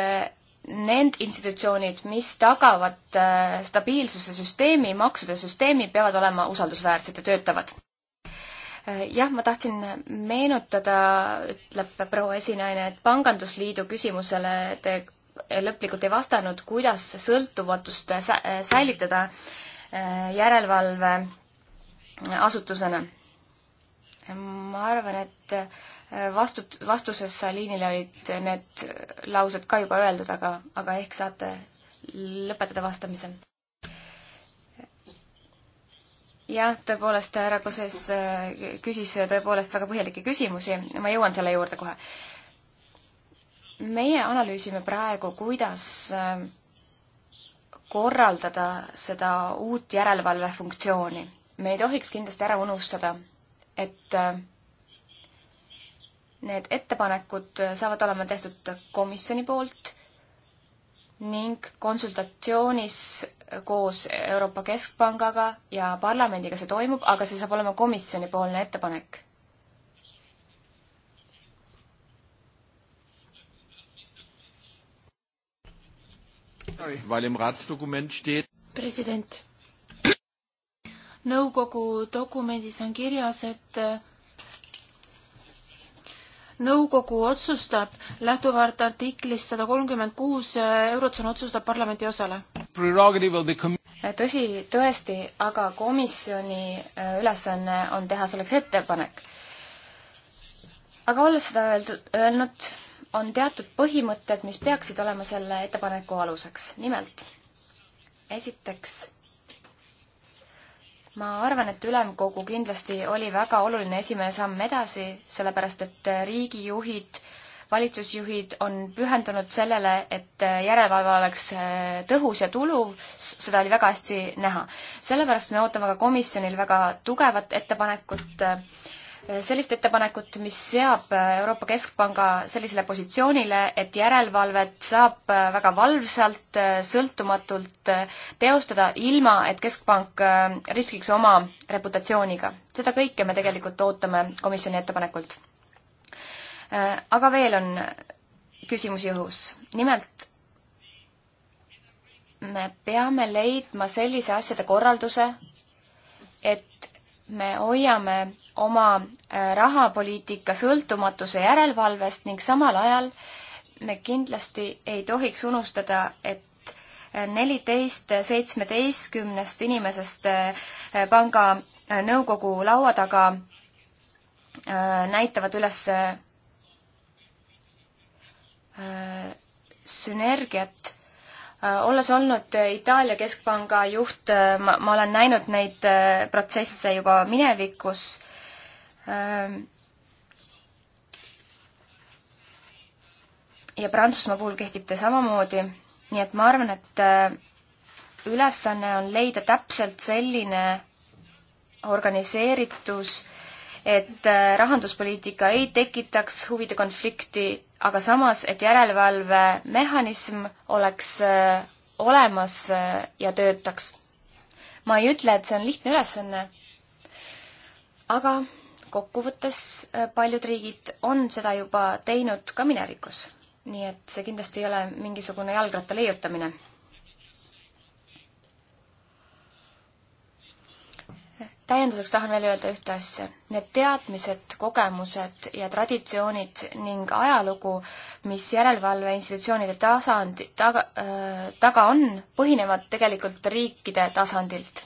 need institutsioonid, mis tagavad äh, stabiilsuse süsteemi, maksude süsteemi, peavad olema usaldusväärsed ja töötavad. Äh, jah, ma tahtsin meenutada, ütleb proua esinaine, et pangandusliidu küsimusele te lõplikult ei vastanud, kuidas sõltumatust säilitada äh, järelevalve asutusena ma arvan, et äh, vastut-, vastuses Salinile olid need laused ka juba öeldud, aga, aga ehk saate lõpetada vastamise. jah, tõepoolest, härra Koses äh, küsis tõepoolest väga põhjalikke küsimusi, ma jõuan selle juurde kohe. meie analüüsime praegu, kuidas äh, korraldada seda uut järelevalvefunktsiooni. me ei tohiks kindlasti ära unustada et äh, need ettepanekud saavad olema tehtud komisjoni poolt ning konsultatsioonis koos Euroopa Keskpangaga ja parlamendiga see toimub, aga see saab olema komisjonipoolne ettepanek. president nõukogu dokumendis on kirjas, et äh, nõukogu otsustab lähtuvalt artiklist sada kolmkümmend kuus, äh, Eurotson otsustab parlamendi osale. Äh, tõsi, tõesti, aga komisjoni ülesanne on teha selleks ettepanek. aga olles seda öeldud, öelnud, on teatud põhimõtted, mis peaksid olema selle ettepaneku aluseks. nimelt, esiteks ma arvan, et ülemkogu kindlasti oli väga oluline esimene samm edasi, sellepärast et riigijuhid, valitsusjuhid on pühendunud sellele, et järelevalve oleks äh, tõhus ja tuluv, seda oli väga hästi näha. sellepärast me ootame ka komisjonil väga tugevat ettepanekut äh, sellist ettepanekut, mis seab Euroopa Keskpanga sellisele positsioonile, et järelevalvet saab väga valvsalt, sõltumatult teostada, ilma et Keskpank riskiks oma reputatsiooniga. seda kõike me tegelikult ootame komisjoni ettepanekult. aga veel on küsimusi õhus. nimelt, me peame leidma sellise asjade korralduse, et me hoiame oma äh, rahapoliitika sõltumatuse järelevalvest ning samal ajal me kindlasti ei tohiks unustada, et äh, neliteist seitsmeteistkümnest inimesest äh, panga nõukogu laua taga näitavad üles sünergiat Äh, olles olnud Itaalia keskpanga juht, äh, ma, ma olen näinud neid äh, protsesse juba minevikus. Ähm, ja Prantsusmaa puhul kehtib ta samamoodi, nii et ma arvan, et ülesanne on leida täpselt selline organiseeritus, et rahanduspoliitika ei tekitaks huvide konflikti aga samas, et järelevalvemehhanism oleks äh, olemas äh, ja töötaks. ma ei ütle, et see on lihtne ülesanne, aga kokkuvõttes äh, paljud riigid on seda juba teinud ka minevikus. nii et see kindlasti ei ole mingisugune jalgratta leiutamine täienduseks tahan veel öelda ühte asja. Need teadmised, kogemused ja traditsioonid ning ajalugu, mis järelevalve institutsioonide tasand, taga äh,, taga on, põhinevad tegelikult riikide tasandilt.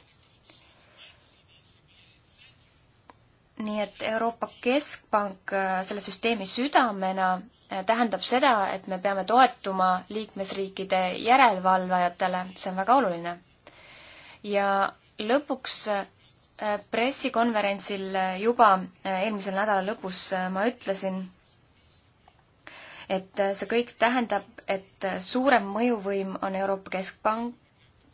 nii et Euroopa Keskpank äh, selle süsteemi südamena äh, tähendab seda, et me peame toetuma liikmesriikide järelevalvajatele, see on väga oluline. ja lõpuks äh, Äh, pressikonverentsil äh, juba äh, eelmisel nädala lõpus ma ütlesin, et see kõik tähendab, et suurem mõjuvõim on Euroopa Keskpank,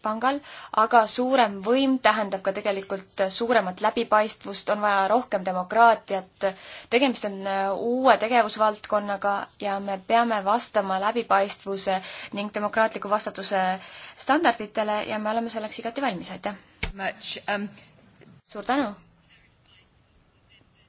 pangal, aga suurem võim tähendab ka tegelikult suuremat läbipaistvust, on vaja rohkem demokraatiat, tegemist on uue tegevusvaldkonnaga ja me peame vastama läbipaistvuse ning demokraatliku vastutuse standarditele ja me oleme selleks igati valmis, aitäh! Um, suur tänu!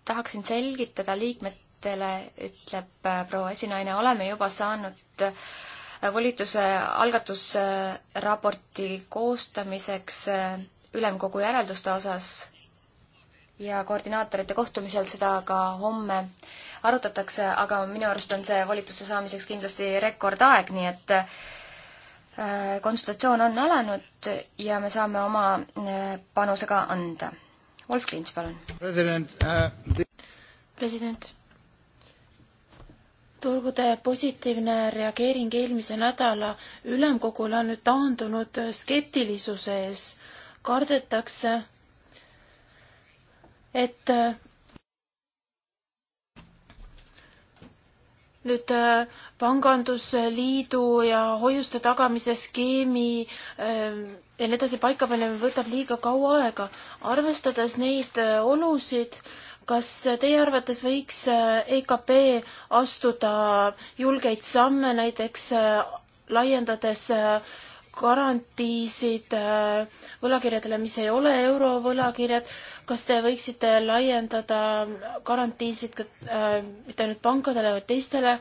tahaksin selgitada liikmetele, ütleb äh, proua esinaine, oleme juba saanud äh, volituse algatusraporti koostamiseks äh, ülemkogu järelduste osas ja koordinaatorite kohtumisel seda ka homme arutatakse, aga minu arust on see volituste saamiseks kindlasti rekordaeg, nii et konsultatsioon on alanud ja me saame oma panuse ka anda Wolf Klints, palun. president äh,. president. turgude positiivne reageering eelmise nädala ülemkogul on nüüd taandunud skeptilisuse ees. kardetakse, et nüüd äh, Pangandusliidu ja hoiuste tagamise skeemi äh, ja nii edasi paikapanemine võtab liiga kaua aega. arvestades neid äh, olusid, kas teie arvates võiks EKP astuda julgeid samme näiteks laiendades garantiisid äh, võlakirjadele, mis ei ole eurovõlakirjad, kas te võiksite laiendada garantiisid ka äh, mitte ainult pankadele, vaid teistele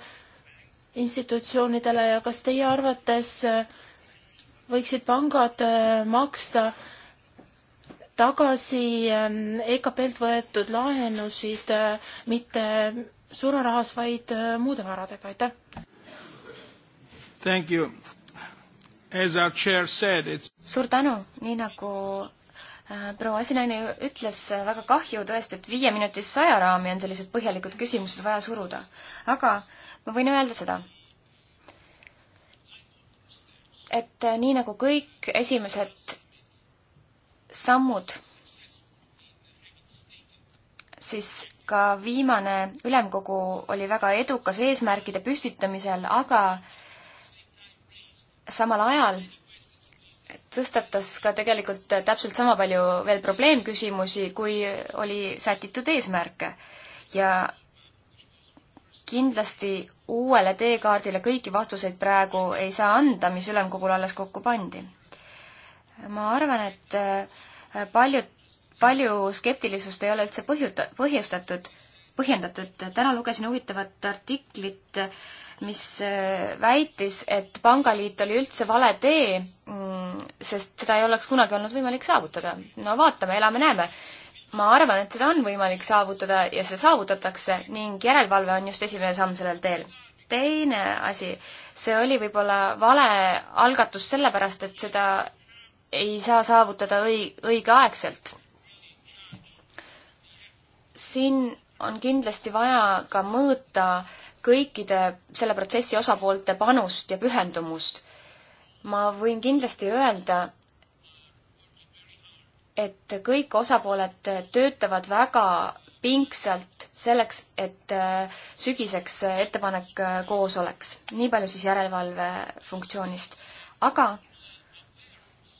institutsioonidele ja kas teie arvates äh, võiksid pangad maksta tagasi EKP-lt võetud laenusid mitte sularahas, vaid muude varadega, aitäh! Thank you suur tänu, nii nagu äh, proua esinaine ütles, äh, väga kahju tõesti, et viieminutisse ajaraami on sellised põhjalikud küsimused vaja suruda. aga ma võin öelda seda, et äh, nii nagu kõik esimesed sammud, siis ka viimane ülemkogu oli väga edukas eesmärkide püstitamisel, aga samal ajal tõstatas ka tegelikult täpselt sama palju veel probleemküsimusi, kui oli sätitud eesmärke. ja kindlasti uuele teekaardile kõiki vastuseid praegu ei saa anda, mis ülemkogul alles kokku pandi. ma arvan, et äh, paljud, palju skeptilisust ei ole üldse põhjuta-, põhjustatud põhjendatud. täna lugesin huvitavat artiklit, mis äh, väitis, et pangaliit oli üldse vale tee, mm, sest seda ei oleks kunagi olnud võimalik saavutada. no vaatame, elame-näeme. ma arvan, et seda on võimalik saavutada ja see saavutatakse ning järelevalve on just esimene samm sellel teel teine asi, see oli võib-olla vale algatus sellepärast, et seda ei saa saavutada õi-, õigeaegselt. siin on kindlasti vaja ka mõõta kõikide selle protsessi osapoolte panust ja pühendumust. ma võin kindlasti öelda, et kõik osapooled töötavad väga pingsalt selleks, et sügiseks ettepanek koos oleks. nii palju siis järelevalve funktsioonist. aga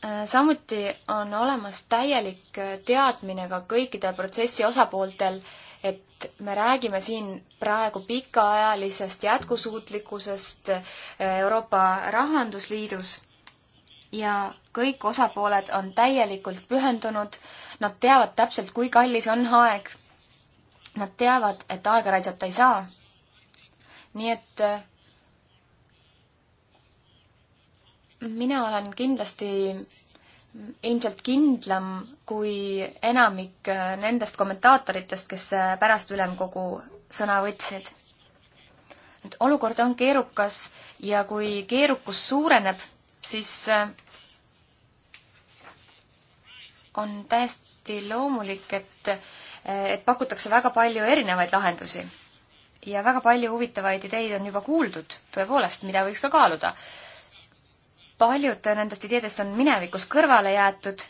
äh, samuti on olemas täielik teadmine ka kõikidel protsessi osapooltel äh, et me räägime siin praegu pikaajalisest jätkusuutlikkusest eh, Euroopa Rahandusliidus ja kõik osapooled on täielikult pühendunud, nad teavad täpselt, kui kallis on aeg. Nad teavad, et aega raisata ei saa. nii et eh, mina olen kindlasti ilmselt kindlam kui enamik äh, nendest kommentaatoritest, kes äh, pärast ülemkogu sõna võtsid. et olukord on keerukas ja kui keerukus suureneb, siis äh, on täiesti loomulik, et, et pakutakse väga palju erinevaid lahendusi. ja väga palju huvitavaid ideid on juba kuuldud, tõepoolest, mida võiks ka kaaluda paljud nendest ideedest on minevikus kõrvale jäetud,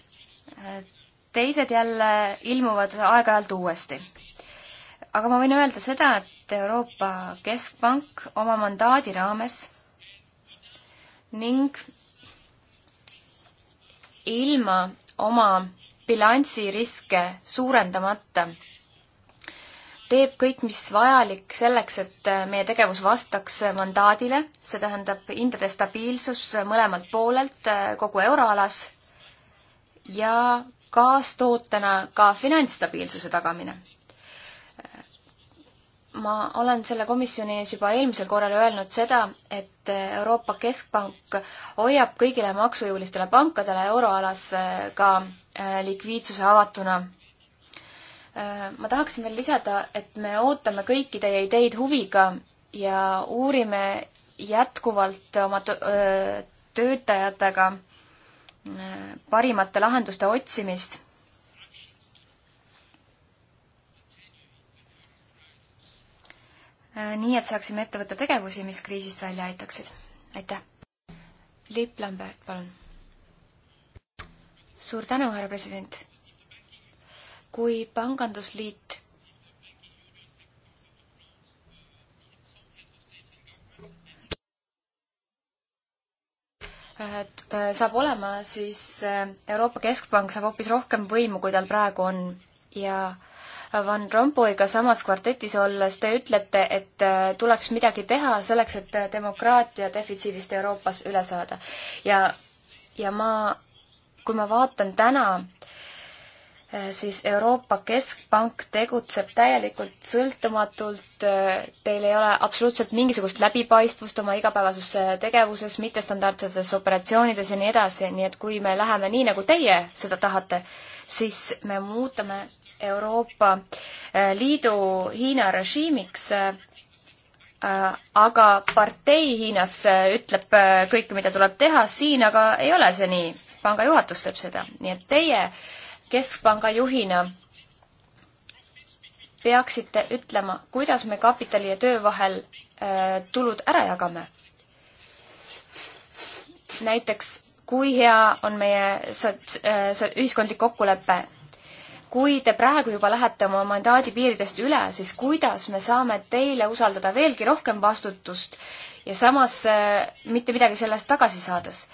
teised jälle ilmuvad aeg-ajalt uuesti. aga ma võin öelda seda, et Euroopa Keskpank oma mandaadi raames ning ilma oma bilansiriske suurendamata teeb kõik, mis vajalik selleks, et äh, meie tegevus vastaks äh, mandaadile, see tähendab hindade stabiilsus äh, mõlemalt poolelt kogu euroalas ja kaastootena ka finantsstabiilsuse tagamine. ma olen selle komisjoni ees juba eelmisel korral öelnud seda, et Euroopa Keskpank hoiab kõigile maksujõulistele pankadele euroalas ka likviidsuse avatuna Äh, ma tahaksin veel lisada, et me ootame kõiki teie ideid huviga ja uurime jätkuvalt oma äh, töötajatega äh, parimate lahenduste otsimist. nii et saaksime ette võtta tegevusi, mis kriisist välja aitaksid. aitäh. Liip Lambert, palun. suur tänu, härra president kui pangandusliit saab olema, siis Euroopa Keskpank saab hoopis rohkem võimu, kui tal praegu on ja Van Rompuyga samas kvartetis olles te ütlete, et tuleks midagi teha selleks, et demokraatia defitsiidist Euroopas üle saada. ja, ja ma, kui ma vaatan täna äh, Äh, siis Euroopa Keskpank tegutseb täielikult sõltumatult, äh, teil ei ole absoluutselt mingisugust läbipaistvust oma igapäevases äh, tegevuses, mittestandardsetes operatsioonides ja nii edasi, nii et kui me läheme nii, nagu teie seda tahate, siis me muutame Euroopa Liidu Hiina režiimiks, aga partei Hiinas ütleb kõike, mida tuleb teha, siin aga ei ole see nii. panga juhatus teeb seda, nii et teie äh, keskpanga juhina peaksite ütlema, kuidas me kapitali ja töö vahel äh, tulud ära jagame. näiteks, kui hea on meie sots-, äh, ühiskondlik kokkulepe. kui te praegu juba lähete oma mandaadi piiridest üle, siis kuidas me saame teile usaldada veelgi rohkem vastutust ja samas äh, mitte midagi selle eest tagasi saades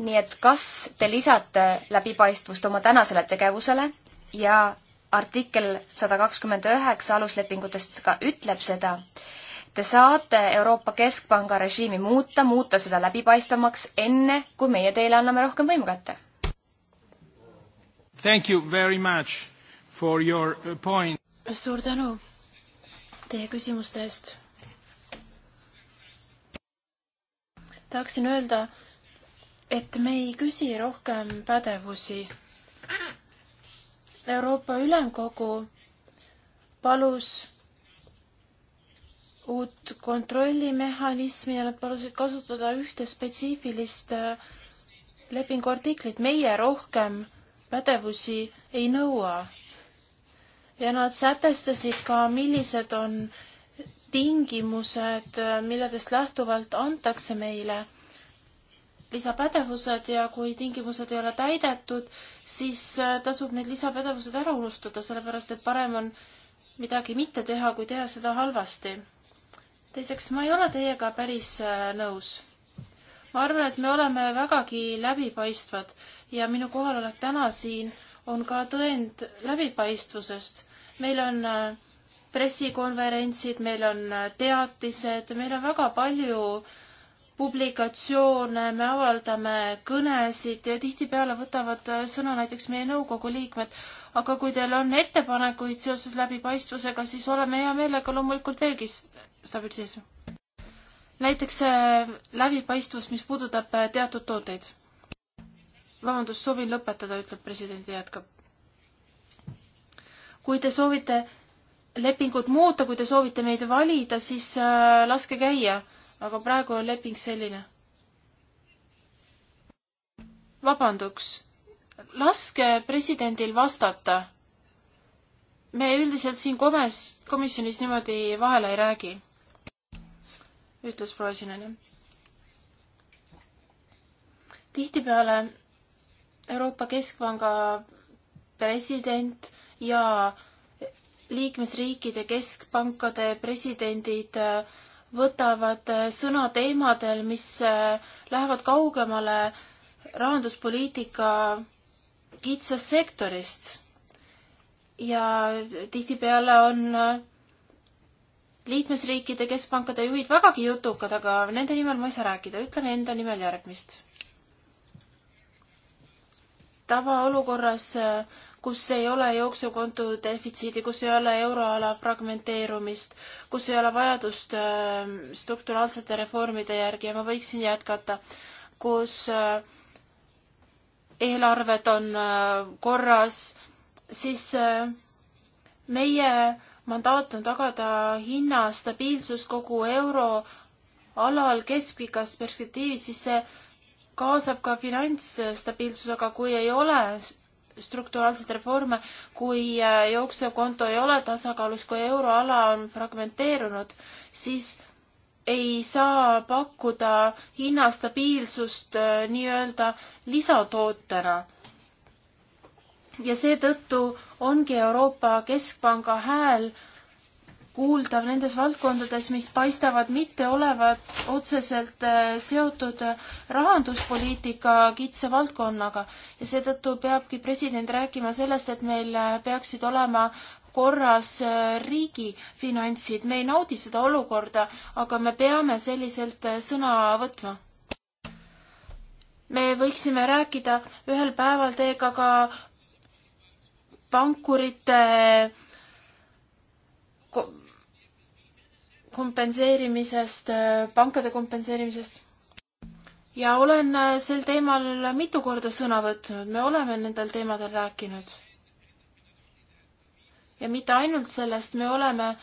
nii et kas te lisate läbipaistvust oma tänasele tegevusele ja artikkel sada kakskümmend üheksa aluslepingutest ka ütleb seda, Te saate Euroopa Keskpanga režiimi muuta, muuta seda läbipaistvamaks, enne kui meie teile anname rohkem võimu kätte. Thank you very much for your point. suur tänu teie küsimuste eest. tahaksin öelda, et me ei küsi rohkem pädevusi. Euroopa Ülemkogu palus uut kontrollimehhanismi ja nad palusid kasutada ühte spetsiifilist äh, lepingu artiklit. meie rohkem pädevusi ei nõua. ja nad sätestasid ka, millised on tingimused, äh, milledest lähtuvalt antakse meile lisapädevused ja kui tingimused ei ole täidetud, siis äh, tasub need lisapädevused ära unustada, sellepärast et parem on midagi mitte teha, kui teha seda halvasti. teiseks, ma ei ole teiega päris äh, nõus. ma arvan, et me oleme vägagi läbipaistvad ja minu kohalolek täna siin on ka tõend läbipaistvusest. meil on äh, pressikonverentsid, meil on teatised, meil on väga palju äh, publikatsioone, me avaldame kõnesid ja tihtipeale võtavad sõna näiteks meie nõukogu liikmed. aga kui teil on ettepanekuid seoses läbipaistvusega, siis oleme hea meelega loomulikult veelgi stabiilses. näiteks äh, läbipaistvus, mis puudutab äh, teatud tooteid. vabandust, soovin lõpetada, ütleb president ja jätkab. kui te soovite lepingut muuta, kui te soovite meid valida, siis äh, laske käia aga praegu on leping selline. vabanduks, laske presidendil vastata. me üldiselt siin komes-, komisjonis niimoodi vahele ei räägi, ütles proua Sinani. tihtipeale Euroopa Keskpanga president ja liikmesriikide keskpankade presidendid äh, võtavad äh, sõna teemadel, mis äh, lähevad kaugemale rahanduspoliitika kitsast sektorist. ja tihtipeale on äh, liikmesriikide keskpankade juhid vägagi jutukad, aga nende nimel ma ei saa rääkida, ütlen enda nimel järgmist. tavaolukorras kus ei ole jooksukonto defitsiidi, kus ei ole euroala fragmenteerumist, kus ei ole vajadust ähm, strukturaalsete reformide järgi ja ma võiksin jätkata, kus äh, eelarved on äh, korras, siis äh, meie mandaat on tagada hinna stabiilsus kogu euro alal keskpikas perspektiivis, siis see kaasab ka finantsstabiilsus, aga kui ei ole strukturaalseid reforme, kui äh, jooksev konto ei ole tasakaalus, kui euroala on fragmenteerunud, siis ei saa pakkuda hinnastabiilsust äh, nii-öelda lisatootena. ja seetõttu ongi Euroopa Keskpanga hääl äh, kuuldav nendes valdkondades, mis paistavad mitte olevat otseselt äh, seotud äh, rahanduspoliitika kitsa valdkonnaga ja seetõttu peabki president rääkima sellest, et meil äh, peaksid olema korras riigi finantsid, me ei naudi seda olukorda, aga me peame selliselt sõna võtma. me võiksime rääkida ühel päeval teiega ka pankurite kompenseerimisest, pankade kompenseerimisest. ja olen äh, sel teemal mitu korda sõna võtnud, me oleme nendel teemadel rääkinud. ja mitte ainult sellest, me oleme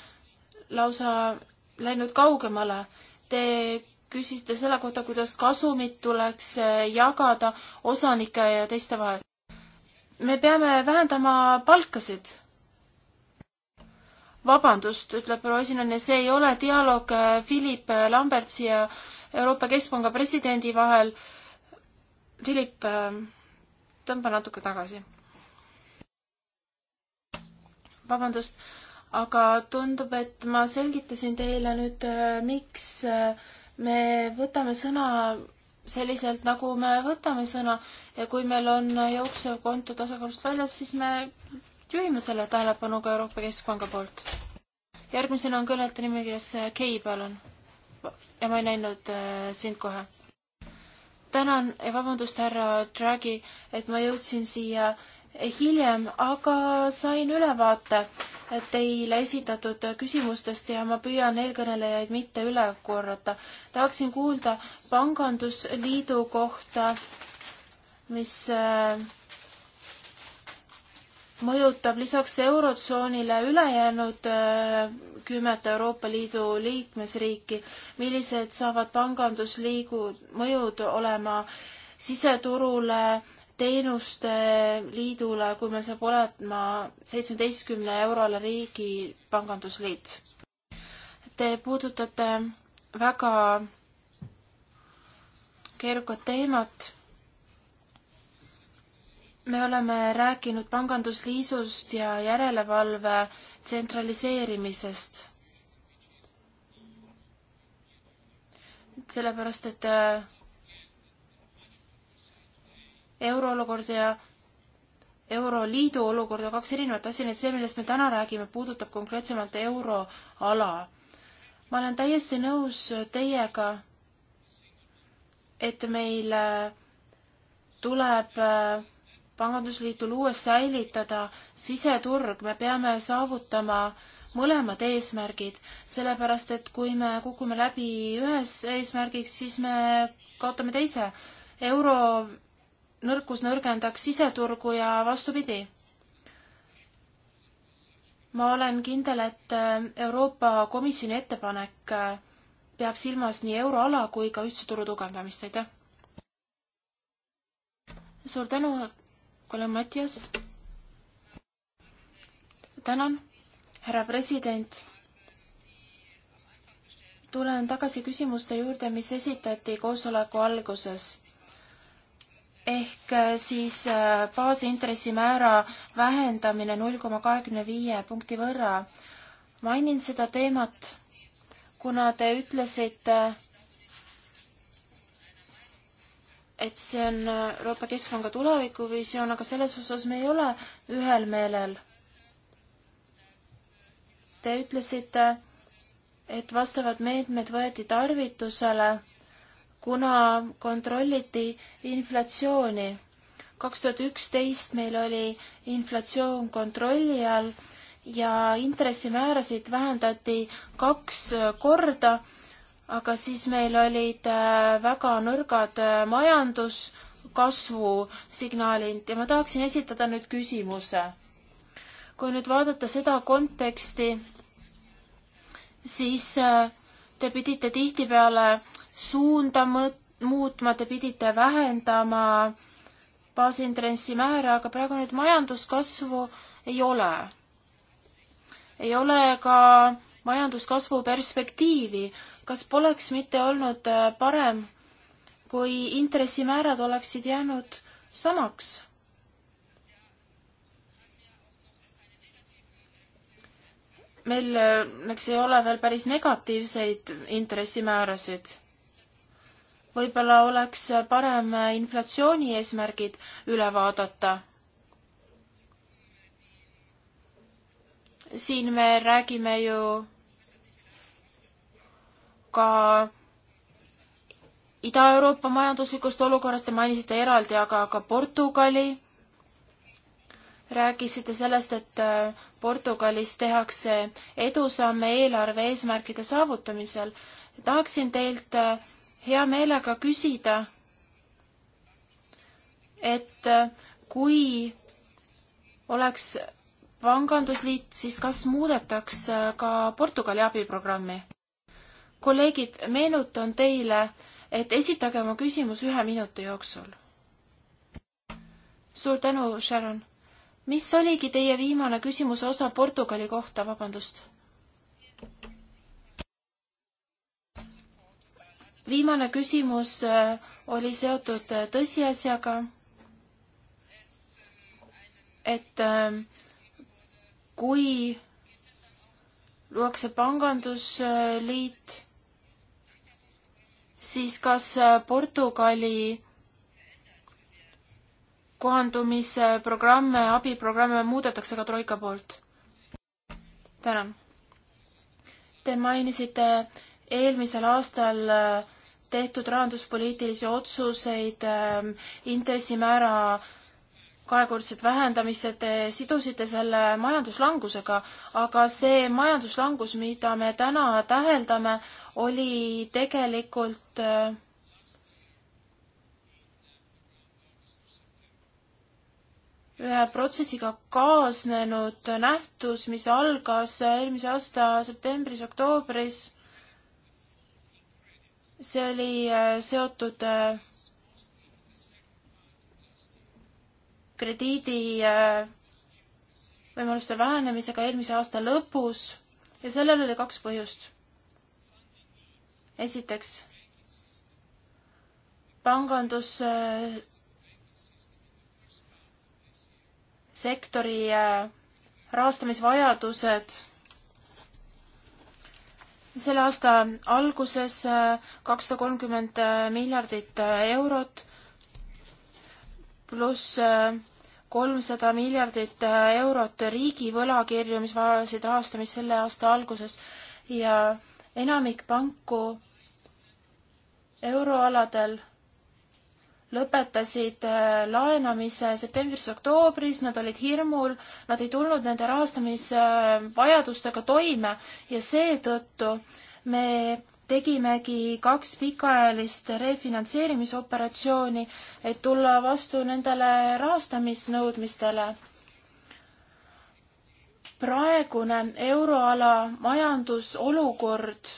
lausa läinud kaugemale. Te küsisite selle kohta, kuidas kasumit tuleks äh, jagada osanike ja teiste vahel. me peame vähendama palkasid vabandust, ütleb proua esinejana, see ei ole dialoog äh, Philip Lambertsi ja Euroopa Keskpanga presidendi vahel. Philip, äh, tõmba natuke tagasi. vabandust, aga tundub, et ma selgitasin teile nüüd, äh, miks me võtame sõna selliselt, nagu me võtame sõna ja kui meil on jooksev konto tasakaalust väljas, siis me juhime selle tähelepanu ka Euroopa Keskpanga poolt. järgmisena on kõnelejate nimekirjas äh, Kei, palun. ja ma ei näinud äh, sind kohe. tänan ja vabandust, härra Draghi, et ma jõudsin siia äh, hiljem, aga sain ülevaate äh, teile esitatud küsimustest ja ma püüan eelkõnelejaid mitte üle korrata. tahaksin kuulda pangandusliidu kohta, mis äh, mõjutab lisaks Eurotsoonile ülejäänud äh, kümmet Euroopa Liidu liikmesriiki, millised saavad pangandusliigu mõjud olema siseturule, teenuste liidule, kui meil saab olema seitsmeteistkümne eurole riigi pangandusliit. Te puudutate väga keerukat teemat me oleme rääkinud pangandusliisust ja järelevalve tsentraliseerimisest. sellepärast, et äh, euroolukord ja Euroliidu olukord on kaks erinevat asja, nii et see, millest me täna räägime, puudutab konkreetsemalt euroala. ma olen täiesti nõus teiega, et meil äh, tuleb äh, pangandusliidul uues säilitada siseturg, me peame saavutama mõlemad eesmärgid, sellepärast et kui me kukume läbi ühes eesmärgiks, siis me kaotame teise. euro nõrkus nõrgendaks siseturgu ja vastupidi. ma olen kindel, et Euroopa Komisjoni ettepanek peab silmas nii euroala kui ka ühtse turu tugevdamist, aitäh! suur tänu, kuule, Mattias. tänan, härra president. tulen tagasi küsimuste juurde, mis esitati koosoleku alguses ehk äh, siis äh, baasintressimäära vähendamine null koma kahekümne viie punkti võrra. mainin seda teemat, kuna te ütlesite, et see on äh, Euroopa Keskpanga tulevikuvisioon, aga selles osas me ei ole ühel meelel. Te ütlesite, et vastavad meetmed võeti tarvitusele, kuna kontrolliti inflatsiooni. kaks tuhat üksteist meil oli inflatsioon kontrolli all ja intressimäärasid vähendati kaks korda aga siis meil olid äh, väga nõrgad äh, majanduskasvu signaalid ja ma tahaksin esitada nüüd küsimuse. kui nüüd vaadata seda konteksti, siis äh, te pidite tihtipeale suunda muutma, te pidite vähendama baasintressi määra, aga praegu nüüd majanduskasvu ei ole. ei ole ka majanduskasvu perspektiivi kas poleks mitte olnud äh, parem, kui intressimäärad oleksid jäänud samaks? meil, äh, eks ei ole veel päris negatiivseid intressimäärasid. võib-olla oleks äh, parem inflatsiooni eesmärgid üle vaadata siin me räägime ju ka Ida-Euroopa majanduslikust olukorrast, te mainisite eraldi aga ka Portugali. rääkisite sellest, et äh, Portugalis tehakse edusamme eelarve eesmärkide saavutamisel. tahaksin teilt äh, hea meelega küsida, et äh, kui oleks pangandusliit, siis kas muudetaks ka Portugali abiprogrammi? kolleegid, meenutan teile, et esitage oma küsimus ühe minuti jooksul. suur tänu, Sharon. mis oligi teie viimane küsimuse osa Portugali kohta, vabandust? viimane küsimus äh, oli seotud äh, tõsiasjaga, et äh, kui luuakse pangandusliit, siis kas äh, Portugali kohandumisprogramme, abiprogramme muudetakse ka Troika poolt? tänan. Te mainisite eelmisel aastal äh, tehtud rahanduspoliitilisi otsuseid, äh, intressimäära kahekordset vähendamist, et te sidusite selle majanduslangusega, aga see majanduslangus, mida me täna täheldame, oli tegelikult äh, ühe protsessiga kaasnenud nähtus, mis algas eelmise aasta septembris-oktoobris. see oli äh, seotud äh, krediidi võimaluste vähenemisega eelmise aasta lõpus ja sellel oli kaks põhjust esiteks, pangandussektori äh, äh, rahastamisvajadused selle aasta alguses äh, kakssada kolmkümmend miljardit eurot pluss kolmsada miljardit eurot riigi võlakirju, mis vajasid rahastamist selle aasta alguses ja enamik panku euroaladel lõpetasid äh, laenamise septembris-oktoobris, nad olid hirmul, nad ei tulnud nende rahastamisvajadustega toime ja seetõttu me tegimegi kaks pikaajalist refinantseerimisoperatsiooni, et tulla vastu nendele rahastamisnõudmistele. praegune euroala majandusolukord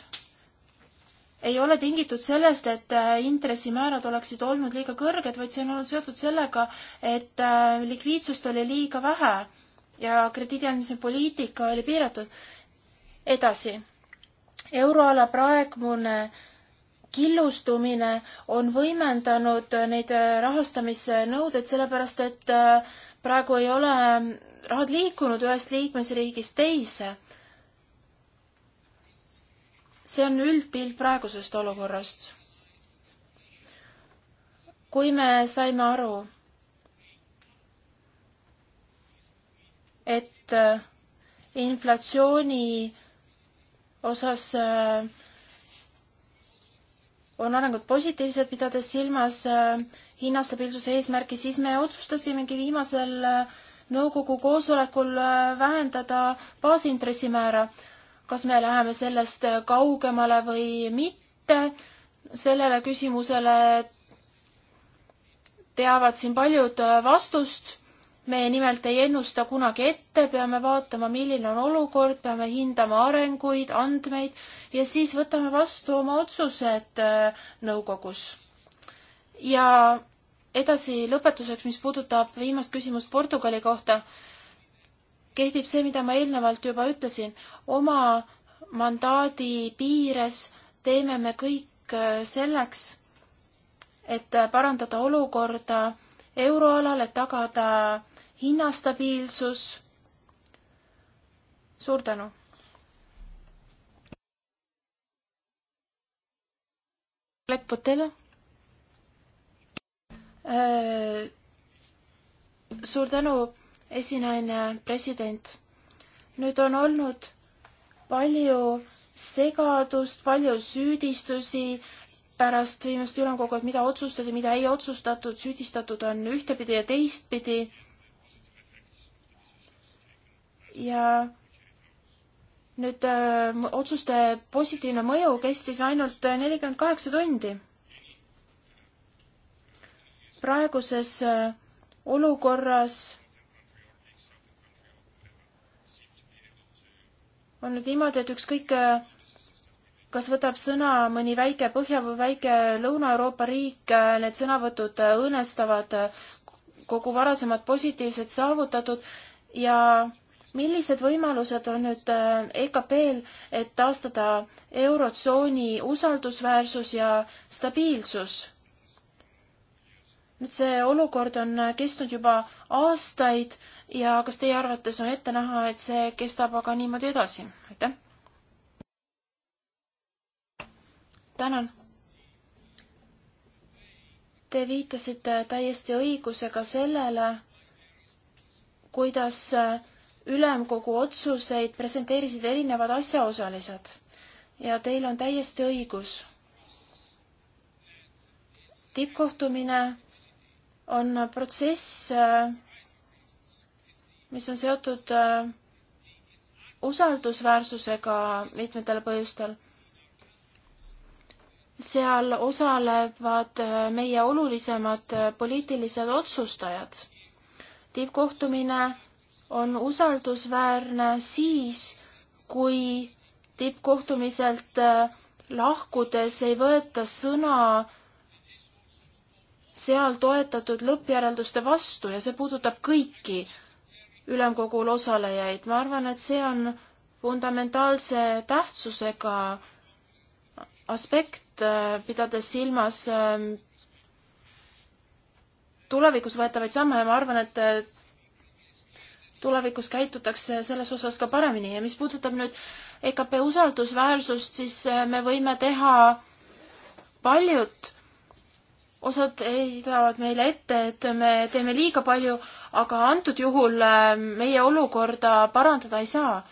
ei ole tingitud sellest, et äh, intressimäärad oleksid olnud liiga kõrged, vaid see on olnud seotud sellega, et äh, likviidsust oli liiga vähe ja krediidi andmise poliitika oli piiratud. edasi, euroala praegune killustumine on võimendanud neid äh, rahastamisnõudeid, sellepärast et praegu ei ole rahad liikunud ühest liikmesriigist teise see on üldpilt praegusest olukorrast. kui me saime aru, et äh, inflatsiooni osas äh, on arengud positiivsed, pidades silmas äh, hinnastabiilsuse eesmärki, siis me otsustasimegi viimasel nõukogu koosolekul vähendada baasintressimäära kas me läheme sellest kaugemale või mitte, sellele küsimusele teavad siin paljud vastust. me nimelt ei ennusta kunagi ette, peame vaatama, milline on olukord, peame hindama arenguid, andmeid ja siis võtame vastu oma otsused äh, nõukogus. ja edasi lõpetuseks, mis puudutab viimast küsimust Portugali kohta kehtib see, mida ma eelnevalt juba ütlesin, oma mandaadi piires teeme me kõik äh, selleks, et parandada olukorda euroalal, et tagada hinnastabiilsus. suur tänu! Black Potel. Äh, suur tänu, esinaine, president. nüüd on olnud palju segadust, palju süüdistusi pärast viimast ülemkogu, et mida otsustati, mida ei otsustatud, süüdistatud on ühtepidi ja teistpidi. ja nüüd öö, äh, otsuste positiivne mõju kestis ainult nelikümmend kaheksa tundi. praeguses öö, äh, olukorras on nüüd niimoodi, et ükskõik, äh, kas võtab sõna mõni väike Põhja- või väike Lõuna-Euroopa riik, äh, need sõnavõtud äh, õõnestavad kogu varasemat positiivset saavutatud ja millised võimalused on nüüd EKP-l, et taastada Eurotsooni usaldusväärsus ja stabiilsus? nüüd see olukord on kestnud juba aastaid ja kas teie arvates on ette näha, et see kestab aga niimoodi edasi? aitäh! tänan! Te viitasite täiesti õigusega sellele, kuidas ülemkogu otsuseid presenteerisid erinevad asjaosalised ja teil on täiesti õigus. tippkohtumine on protsess, äh, mis on seotud äh, usaldusväärsusega mitmetel põhjustel. seal osalevad äh, meie olulisemad äh, poliitilised otsustajad. tippkohtumine on usaldusväärne siis, kui tippkohtumiselt lahkudes ei võeta sõna seal toetatud lõppjärelduste vastu ja see puudutab kõiki ülemkogul osalejaid. ma arvan, et see on fundamentaalse tähtsusega aspekt, pidades silmas ähm, tulevikus võetavaid samme ja ma arvan, et äh, tulevikus käitutakse selles osas ka paremini ja mis puudutab nüüd EKP usaldusväärsust, siis äh, me võime teha paljut osad heidavad meile ette, et me teeme liiga palju, aga antud juhul äh, meie olukorda parandada ei saa.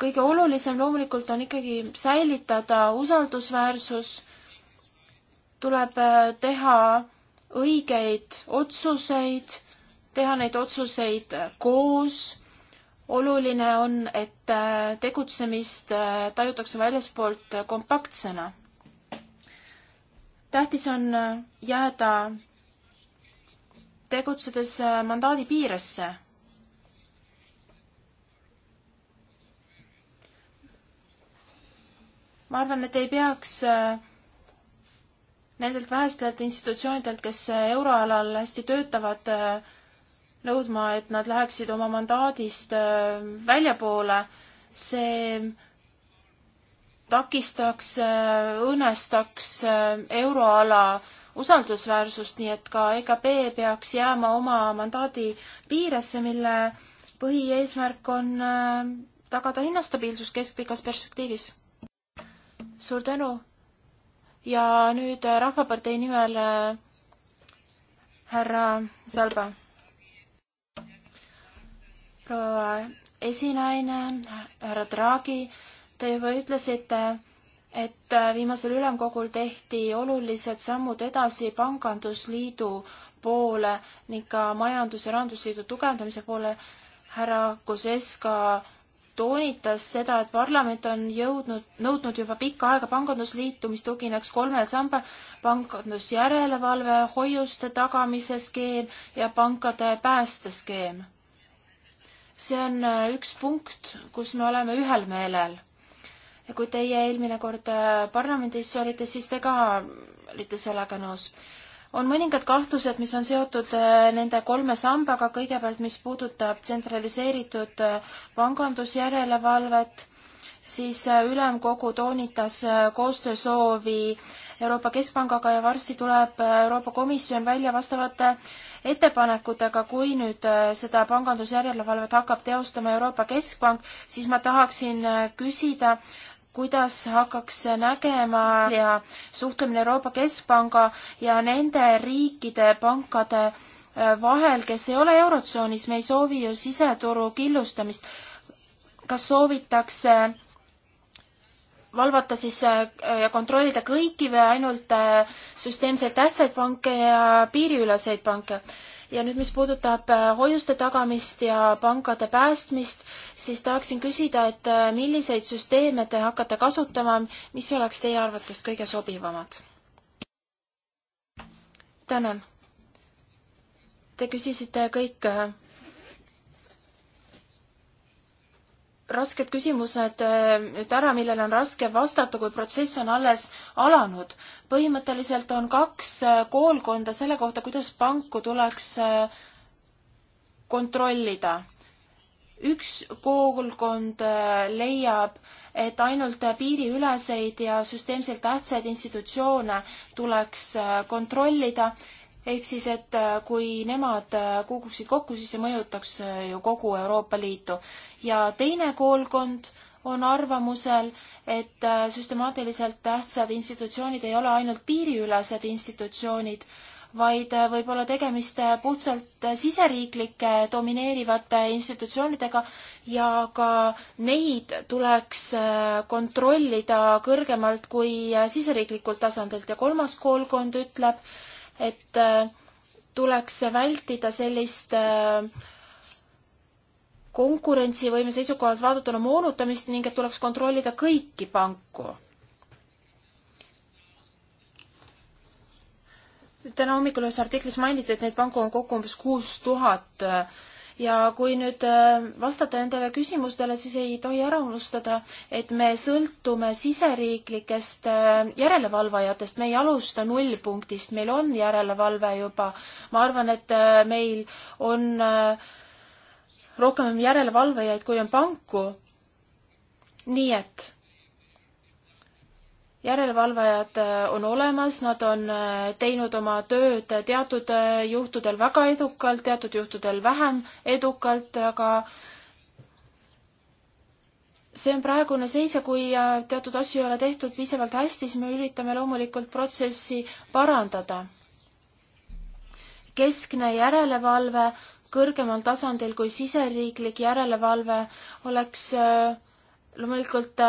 kõige olulisem loomulikult on ikkagi säilitada usaldusväärsus, tuleb äh, teha õigeid otsuseid, teha neid otsuseid koos, oluline on, et äh, tegutsemist tajutakse väljaspoolt kompaktsena tähtis on äh, jääda tegutsedes äh, mandaadi piiresse. ma arvan, et ei peaks äh, nendelt vähestelt institutsioonidelt, kes euroalal hästi töötavad, nõudma, et nad läheksid oma mandaadist väljapoole. see takistaks, äh, õõnestaks äh, euroala usaldusväärsust, nii et ka EKP peaks jääma oma mandaadi piiresse, mille põhieesmärk on äh, tagada hinnastabiilsus keskpikas perspektiivis. suur tänu! ja nüüd Rahvapartei nimel härra Salba. proua esinaine, härra Draghi Te juba ütlesite, et viimasel ülemkogul tehti olulised sammud edasi pangandusliidu poole ning ka majandus- ja rahandusliidu tugevdamise poole. härra Kuzeska toonitas seda, et parlament on jõudnud, nõudnud juba pikka aega pangandusliitu, mis tugineks kolmel sambal, pangandusjärelevalve, hoiuste tagamise skeem ja pankade päästeskeem. see on äh, üks punkt, kus me oleme ühel meelel ja kui teie eelmine kord äh, parlamendis olite, siis te ka olite sellega nõus. on mõningad kahtlused, mis on seotud äh, nende kolme sambaga, kõigepealt mis puudutab tsentraliseeritud äh, pangandusjärelevalvet, siis ülemkogu toonitas koostöösoovi Euroopa Keskpangaga ja varsti tuleb Euroopa Komisjon välja vastavate ettepanekutega, kui nüüd seda pangandusjärelevalvet hakkab teostama Euroopa Keskpank, siis ma tahaksin küsida, kuidas hakkaks nägema ja suhtlemine Euroopa Keskpanga ja nende riikide pankade äh, vahel, kes ei ole Eurotsoonis, me ei soovi ju siseturu killustamist. kas soovitakse valvata siis äh, ja kontrollida kõiki või ainult äh, süsteemselt tähtsaid panke ja piiriüleseid panke? ja nüüd, mis puudutab äh, hoiuste tagamist ja pankade päästmist, siis tahaksin küsida, et äh, milliseid süsteeme te hakkate kasutama, mis oleks teie arvates kõige sobivamad? tänan. Te küsisite kõik äh, rasked küsimused eh, nüüd ära, millele on raske vastata, kui protsess on alles alanud. põhimõtteliselt on kaks eh, koolkonda selle kohta, kuidas panku tuleks eh, kontrollida. üks koolkond leiab, et ainult piiriüleseid ja süsteemselt tähtsaid institutsioone tuleks kontrollida ehk siis, et äh, kui nemad äh, kukuksid kokku, siis see mõjutaks äh, ju kogu Euroopa Liitu. ja teine koolkond on arvamusel, et süstemaatiliselt tähtsad institutsioonid ei ole ainult piiriülesed institutsioonid, vaid võib olla tegemist puhtalt siseriiklike domineerivate institutsioonidega ja ka neid tuleks kontrollida kõrgemalt kui siseriiklikult tasandilt ja kolmas koolkond ütleb, et äh, tuleks vältida sellist äh, konkurentsivõime seisukohalt vaadatuna moonutamist ning et tuleks kontrollida kõiki panku. täna hommikul ühes artiklis mainiti, et neid panku on kokku umbes kuus tuhat äh, ja kui nüüd äh, vastata nendele küsimustele, siis ei tohi ära unustada, et me sõltume siseriiklikest äh, järelevalvajatest, me ei alusta nullpunktist, meil on järelevalve juba. ma arvan, et äh, meil on rohkem järelevalvajaid, kui on panku. nii et järelevalvajad äh, on olemas, nad on äh, teinud oma tööd teatud äh, juhtudel väga edukalt, teatud juhtudel vähem edukalt, aga see on praegune seis ja kui teatud asju ei ole tehtud piisavalt hästi, siis me üritame loomulikult protsessi parandada. keskne järelevalve kõrgemal tasandil kui siseriiklik järelevalve oleks loomulikult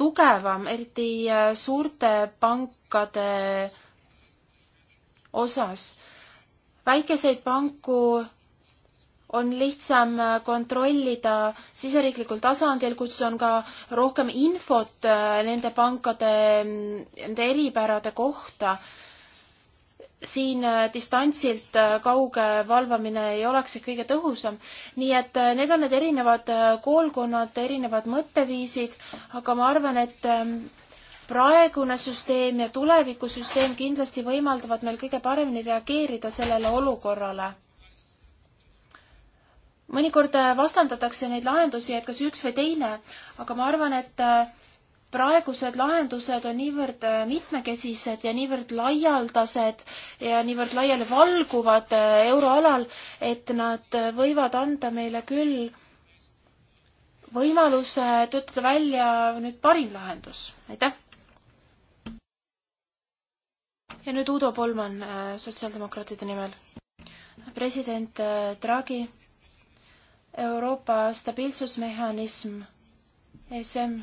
tugevam, eriti äh, suurte pankade osas. väikeseid panku on lihtsam äh, kontrollida siseriiklikul tasandil, kus on ka rohkem infot äh, nende pankade, mm, nende eripärade kohta siin äh, distantsilt äh, kauge valvamine ei oleks ehk kõige tõhusam. nii et äh, need on need erinevad koolkonnad, erinevad mõtteviisid, aga ma arvan, et ähm, praegune süsteem ja tulevikusüsteem kindlasti võimaldavad meil kõige paremini reageerida sellele olukorrale. mõnikord vastandatakse neid lahendusi, et kas üks või teine, aga ma arvan, et praegused lahendused on niivõrd äh, mitmekesised ja niivõrd laialdased ja niivõrd laiali valguvad äh, euroalal, et nad äh, võivad anda meile küll võimaluse töötada välja nüüd parim lahendus, aitäh! ja nüüd Udo Polman sotsiaaldemokraatide nimel. president Draghi, Euroopa stabiilsusmehhanism, ESM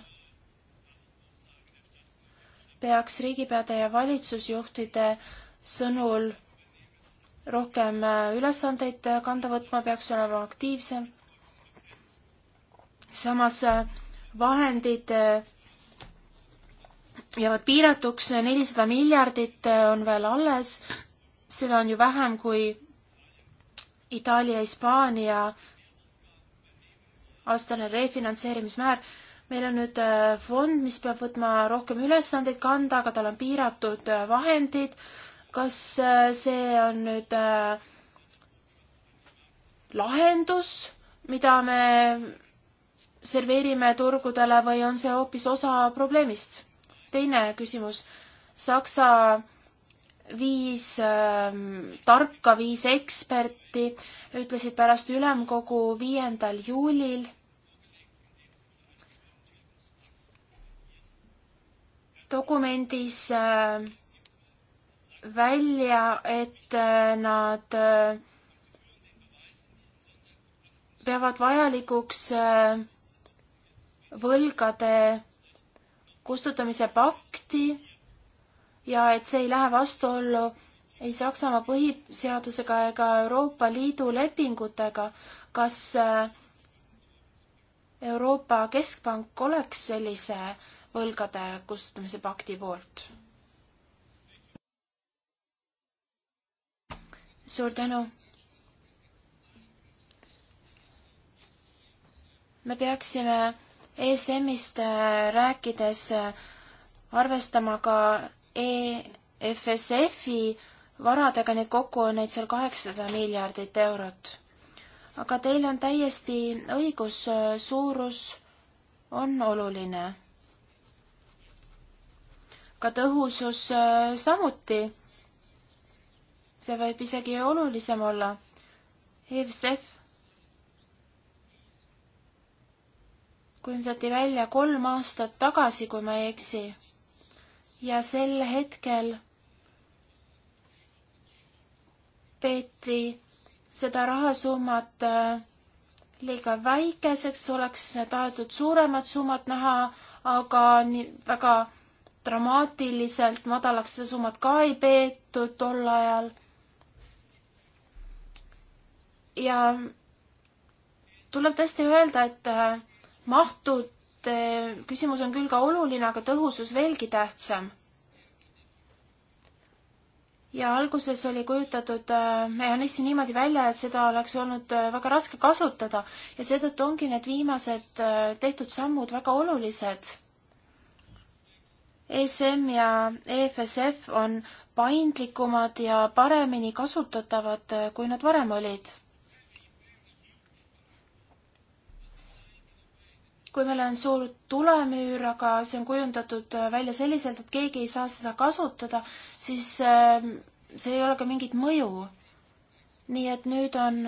peaks riigipeade ja valitsusjuhtide sõnul rohkem äh, ülesandeid äh, kanda võtma, peaks olema aktiivsem. samas äh, vahendid jäävad piiratuks, nelisada miljardit on veel alles, seda on ju vähem kui Itaalia, Hispaania aastane refinantseerimismäär meil on nüüd äh, fond, mis peab võtma rohkem ülesandeid kanda, aga tal on piiratud äh, vahendid. kas äh, see on nüüd lahendus, mida me serveerime turgudele või on see hoopis osa probleemist? teine küsimus. Saksa viis äh, tarka, viis eksperti ütlesid pärast ülemkogu viiendal juulil, dokumendis äh, välja, et äh, nad äh, peavad vajalikuks võlgade kustutamise pakti ja et see ei lähe vastuollu ei Saksamaa põhiseadusega ega Euroopa Liidu lepingutega. kas Euroopa Keskpank oleks sellise võlgade kustutamise pakti poolt. suur tänu. me peaksime ESM-ist äh, rääkides äh, arvestama ka EFSF-i varadega, nii et kokku on neid seal kaheksasada miljardit eurot. aga teil on täiesti õigus, äh, suurus on oluline ka tõhusus äh, samuti. see võib isegi olulisem olla. EFSF kujundati välja kolm aastat tagasi, kui ma ei eksi. ja sel hetkel peeti seda rahasummat äh, liiga väikeseks, oleks tahetud suuremat summat näha, aga nii väga dramaatiliselt madalaks seda summat ka ei peetud tol ajal. ja tuleb tõesti öelda, et äh, mahtud küsimus on küll ka oluline, aga tõhusus veelgi tähtsam. ja alguses oli kujutatud äh, mehhanism niimoodi välja, et seda oleks olnud äh, väga raske kasutada ja seetõttu ongi need viimased tehtud sammud väga olulised ESM ja EFSF on paindlikumad ja paremini kasutatavad, äh, kui nad varem olid. kui meil on suur tulemüür, aga see on kujundatud äh, välja selliselt, et keegi ei saa seda kasutada, siis ähm, see ei ole ka mingit mõju. nii et nüüd on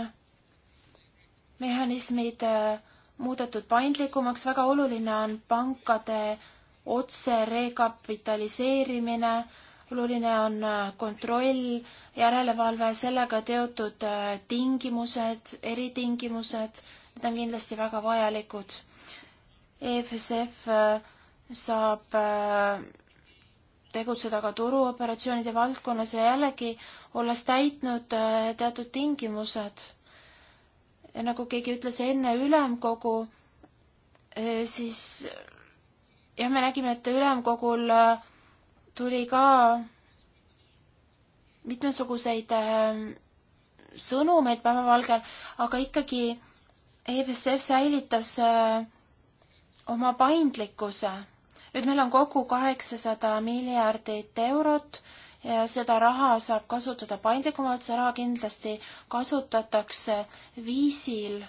mehhanismid äh, muudetud paindlikumaks, väga oluline on pankade otse rekapitaliseerimine, oluline on äh, kontroll, järelevalve, sellega teotud äh, tingimused, eritingimused, need on kindlasti väga vajalikud. EFSF äh, saab tegutseda ka turuoperatsioonide valdkonnas ja jällegi olles täitnud teatud tingimused. ja nagu keegi ütles enne ülemkogu, siis jah, me nägime, et ülemkogul äh, tuli ka mitmesuguseid äh, sõnumeid päevavalgel, aga ikkagi EFSF säilitas äh, oma paindlikkuse. nüüd meil on kokku kaheksasada miljardit eurot ja seda raha saab kasutada paindlikumalt, see raha kindlasti kasutatakse viisil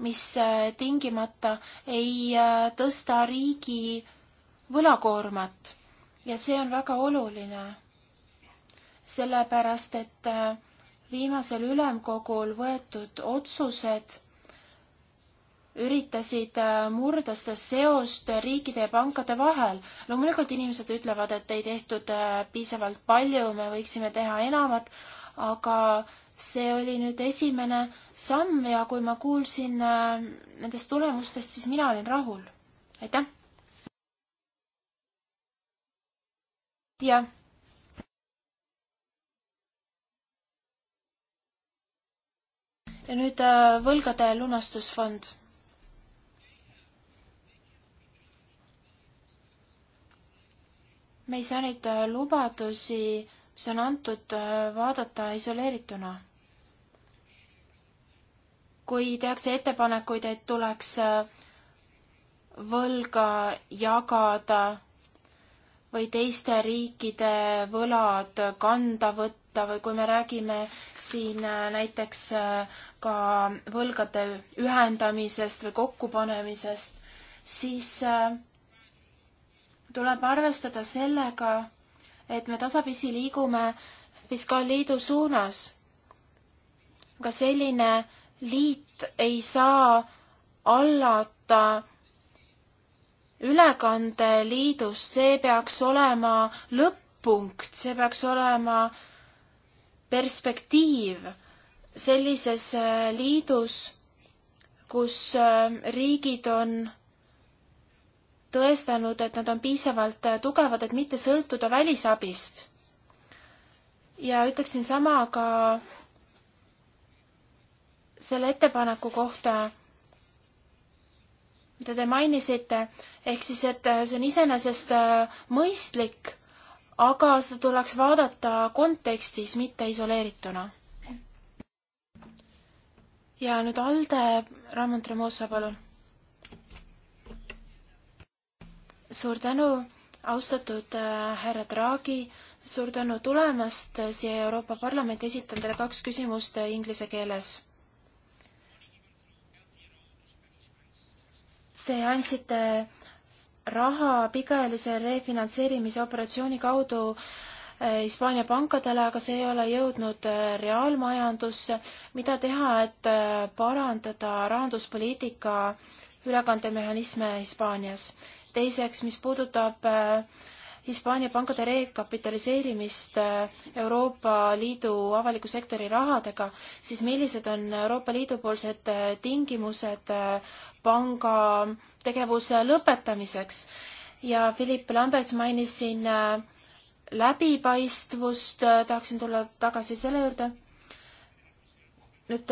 mis äh, tingimata ei äh, tõsta riigi võlakoormat ja see on väga oluline, sellepärast et äh, viimasel ülemkogul võetud otsused üritasid murda seda seost riikide ja pankade vahel. loomulikult inimesed ütlevad, et ei tehtud piisavalt palju, me võiksime teha enamat, aga see oli nüüd esimene samm ja kui ma kuulsin äh, nendest tulemustest, siis mina olin rahul. aitäh! jah. ja nüüd äh, võlgade lunastusfond. me ei saa neid äh, lubadusi, mis on antud, vaadata isoleerituna kui tehakse ettepanekuid, et tuleks äh, võlga jagada või teiste riikide võlad kanda võtta või kui me räägime siin äh, näiteks äh, ka võlgade ühendamisest või kokkupanemisest, siis tuleb arvestada sellega, et me tasapisi liigume fiskaalliidu suunas. ka selline liit ei saa allata ülekandeliidust, see peaks olema lõpp-punkt, see peaks olema perspektiiv sellises äh, liidus, kus äh, riigid on tõestanud, et nad on piisavalt äh, tugevad, et mitte sõltuda välisabist. ja ütleksin sama ka selle ettepaneku kohta, mida te mainisite, ehk siis, et see on iseenesest äh, mõistlik, aga seda tuleks vaadata kontekstis, mitte isoleerituna. ja nüüd Alde, Raimond Remosa, palun. suur tänu, austatud äh, härra Draghi suur tänu tulemast siia Euroopa Parlamenti, esitan teile kaks küsimust inglise keeles. Te andsite raha pikaajalise refinantseerimise operatsiooni kaudu eh, Hispaania pankadele, aga see ei ole jõudnud eh, reaalmajandusse. mida teha, et eh, parandada rahanduspoliitika ülekandemehhanisme Hispaanias? teiseks, mis puudutab äh, Hispaania pankade rekapitaliseerimist äh, Euroopa Liidu avaliku sektori rahadega, siis millised on Euroopa Liidu poolsed äh, tingimused äh, panga tegevuse lõpetamiseks? ja Philip Lamberts mainis siin läbipaistvust, tahaksin tulla tagasi selle juurde. nüüd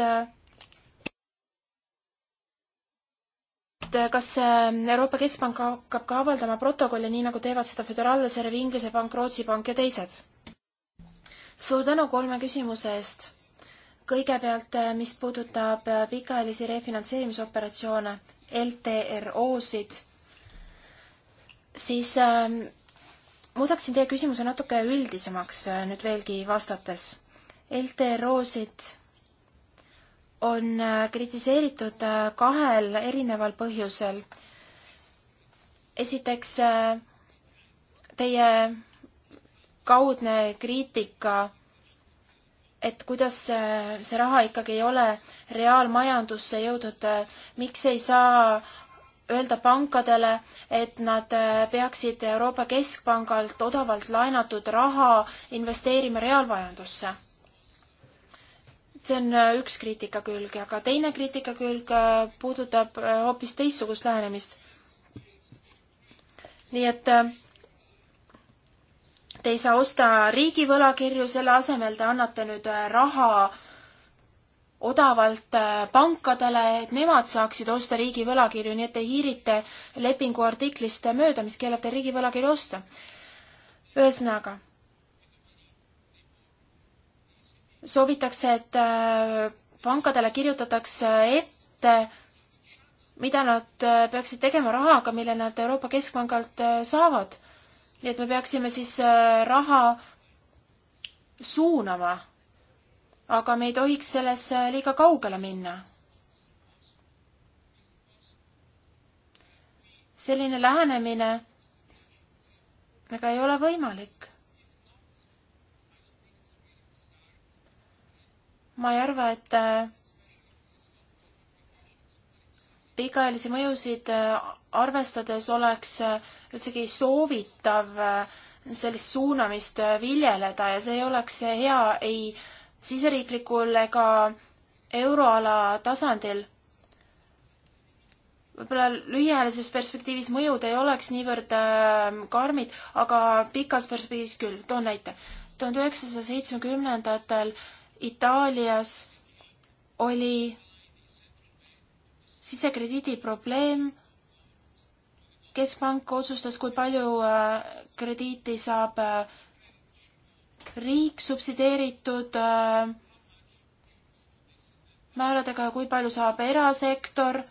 et eh, kas eh, Euroopa Keskpank hakkab ka avaldama protokolle, nii nagu teevad seda Föderaalreserv, Inglise Pank, Rootsi Pank ja teised? suur tänu kolme küsimuse eest. kõigepealt, eh, mis puudutab pikaajalisi refinantseerimisoperatsioone, LTRO-sid, siis äh, muudaksin teie küsimuse natuke üldisemaks nüüd veelgi vastates. LTRO-sid on äh, kritiseeritud äh, kahel erineval põhjusel. esiteks äh, teie kaudne kriitika, et kuidas see raha ikkagi ei ole reaalmajandusse jõudnud, miks ei saa öelda pankadele, et nad peaksid Euroopa Keskpangalt odavalt laenatud raha investeerima reaalmajandusse see on äh, üks kriitika külg, aga teine kriitika külg äh, puudutab äh, hoopis teistsugust lähenemist. nii et te ei saa osta riigivõlakirju, selle asemel te annate nüüd raha odavalt pankadele, et nemad saaksid osta riigi võlakirju, nii et te hiirite lepingu artiklist mööda, mis keelab teil riigi võlakirju osta. ühesõnaga, soovitakse, et äh, pankadele kirjutatakse ette, mida nad äh, peaksid tegema rahaga, mille nad Euroopa Keskpangalt äh, saavad. nii et me peaksime siis raha suunama. aga me ei tohiks selles liiga kaugele minna. selline lähenemine aga ei ole võimalik ma ei arva, et äh, pikaajalisi mõjusid äh, arvestades oleks äh, üldsegi soovitav sellist suunamist viljeleda ja see ei oleks hea ei siseriiklikul ega euroala tasandil. võib-olla lühiajalises perspektiivis mõjud ei oleks niivõrd karmid, aga pikas perspektiivis küll. toon näite. tuhande üheksasaja seitsmekümnendatel Itaalias oli sisekrediidi probleem. keskpank otsustas, kui palju äh, krediiti saab äh, riik subsideeritud äh, määradega ja kui palju saab erasektor.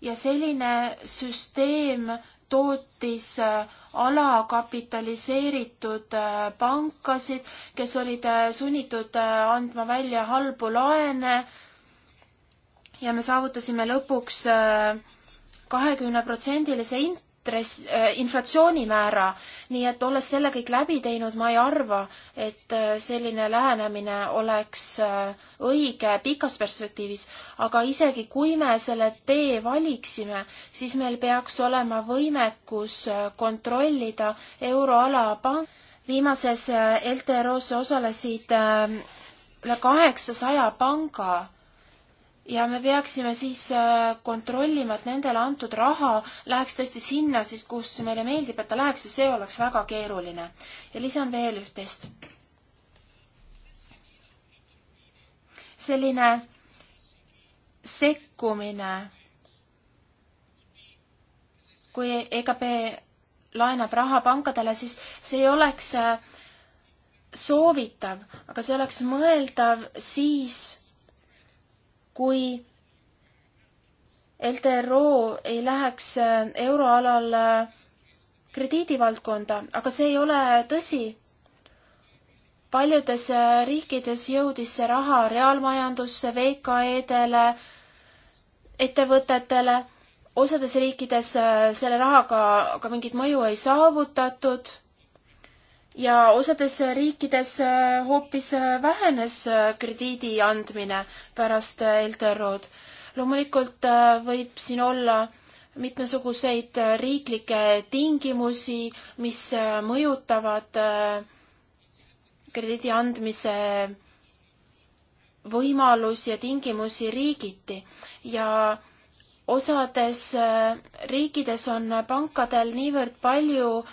ja selline süsteem tootis äh, alakapitaliseeritud äh, pankasid, kes olid äh, sunnitud äh, andma välja halbu laene ja me saavutasime lõpuks kahekümneprotsendilise int-, intress, äh, inflatsioonimäära, nii et olles selle kõik läbi teinud, ma ei arva, et äh, selline lähenemine oleks äh, õige pikas perspektiivis, aga isegi kui me selle tee valiksime, siis meil peaks olema võimekus kontrollida euroala pank-. viimases LTRO-s osalesid üle kaheksasaja panga ja me peaksime siis äh, kontrollima, et nendele antud raha läheks tõesti sinna siis, kus meile meeldib, et ta läheks ja see oleks väga keeruline. ja lisan veel üht-teist. selline sekkumine, kui EKP laenab raha pankadele, siis see ei oleks äh, soovitav, aga see oleks mõeldav siis, kui LTRO ei läheks äh, euroalal äh, krediidivaldkonda, aga see ei ole tõsi. paljudes äh, riikides jõudis see raha reaalmajandusse, VKE-dele, ettevõtetele, osades riikides selle rahaga ka mingit mõju ei saavutatud ja osades riikides äh, hoopis äh, vähenes äh, krediidi andmine pärast LTRO-d. loomulikult võib siin olla mitmesuguseid riiklikke tingimusi, mis mõjutavad krediidi andmise võimalusi ja tingimusi riigiti ja osades riikides on pankadel niivõrd palju äh,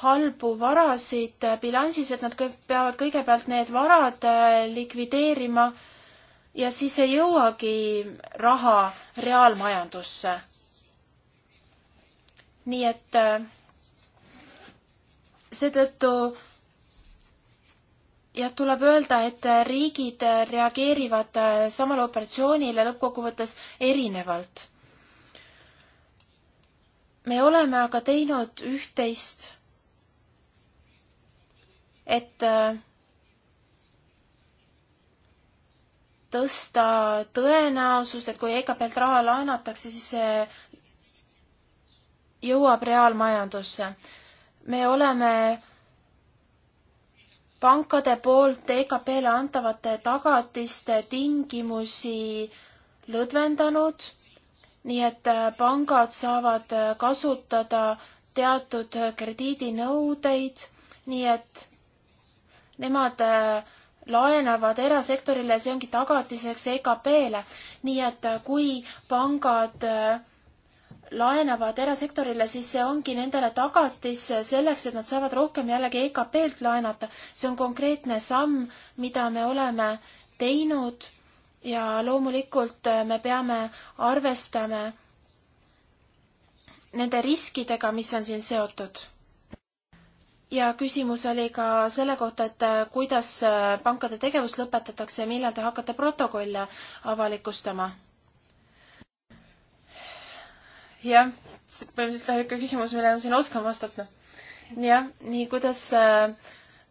halbu varasid bilansis, et nad peavad kõigepealt need varad äh, likvideerima ja siis ei jõuagi raha reaalmajandusse. nii et äh, seetõttu jah, tuleb öelda, et riigid reageerivad äh, samale operatsioonile lõppkokkuvõttes erinevalt. me oleme aga teinud üht-teist et äh, tõsta tõenäosust, et kui EKP-lt raha laenatakse, siis see jõuab reaalmajandusse. me oleme pankade poolt EKP-le antavate tagatiste tingimusi lõdvendanud, nii et äh, pangad saavad äh, kasutada teatud krediidinõudeid, nii et nemad äh, laenavad erasektorile, see ongi tagatiseks EKP-le. nii et äh, kui pangad äh, laenavad erasektorile, siis see ongi nendele tagatis selleks, et nad saavad rohkem jällegi EKP-lt laenata. see on konkreetne samm, mida me oleme teinud ja loomulikult me peame arvestama nende riskidega, mis on siin seotud ja küsimus oli ka selle kohta, et äh, kuidas äh, pankade tegevus lõpetatakse ja millal te hakkate protokolle avalikustama? jah, see põhimõtteliselt on ikka küsimus, millele ma siin oskan vastata. jah, nii kuidas äh,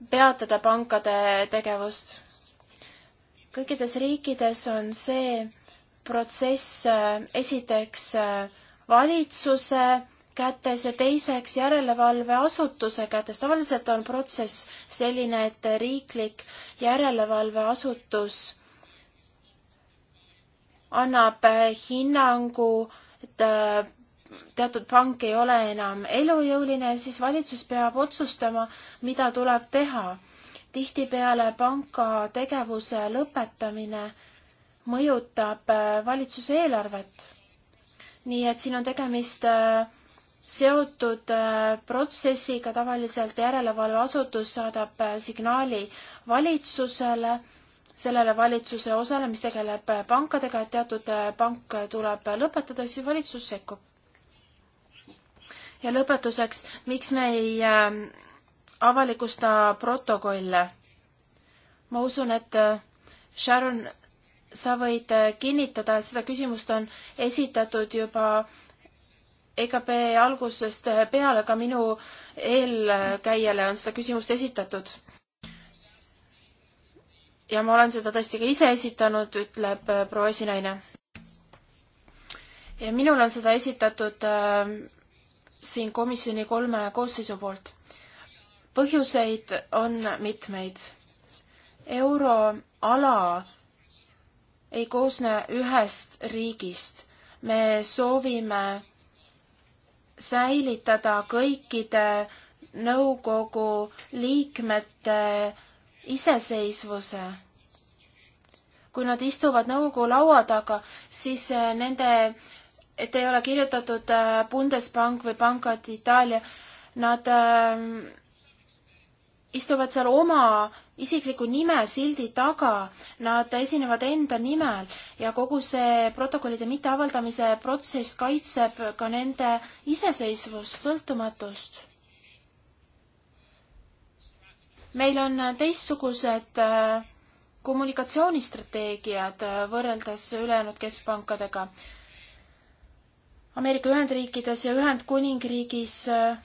peatada pankade tegevust? kõikides riikides on see protsess esiteks valitsuse kätes ja teiseks järelevalveasutuse kätes. tavaliselt on protsess selline, et riiklik järelevalveasutus annab äh, hinnangu, et äh, teatud pank ei ole enam elujõuline ja siis valitsus peab otsustama, mida tuleb teha. tihtipeale panga tegevuse lõpetamine mõjutab äh, valitsuse eelarvet. nii et siin on tegemist äh, seotud äh, protsessiga tavaliselt järelevalveasutus saadab äh, signaali valitsusele, sellele valitsuse osale, mis tegeleb äh, pankadega, et teatud pank tuleb lõpetada, siis valitsus sekkub. ja lõpetuseks, miks me ei ähm, avalikusta protokolle? ma usun, et Sharon, sa võid kinnitada, et seda küsimust on esitatud juba EKP algusest peale ka minu eelkäijale on seda küsimust esitatud. ja ma olen seda tõesti ka ise esitanud, ütleb proua esinaine. ja minul on seda esitatud äh, siin komisjoni kolme koosseisu poolt. põhjuseid on mitmeid. euroala ei koosne ühest riigist. me soovime säilitada kõikide nõukogu liikmete iseseisvuse. kui nad istuvad nõukogu laua taga, siis eh, nende, et ei ole kirjutatud eh, Bundesbank või Banca d'Itaalia, nad äh, istuvad seal oma isikliku nime sildi taga, nad esinevad enda nimel ja kogu see protokollide mitteavaldamise protsess kaitseb ka nende iseseisvust, sõltumatust. meil on teistsugused äh, kommunikatsioonistrateegiad äh, võrreldes ülejäänud keskpankadega. Ameerika Ühendriikides ja Ühendkuningriigis äh,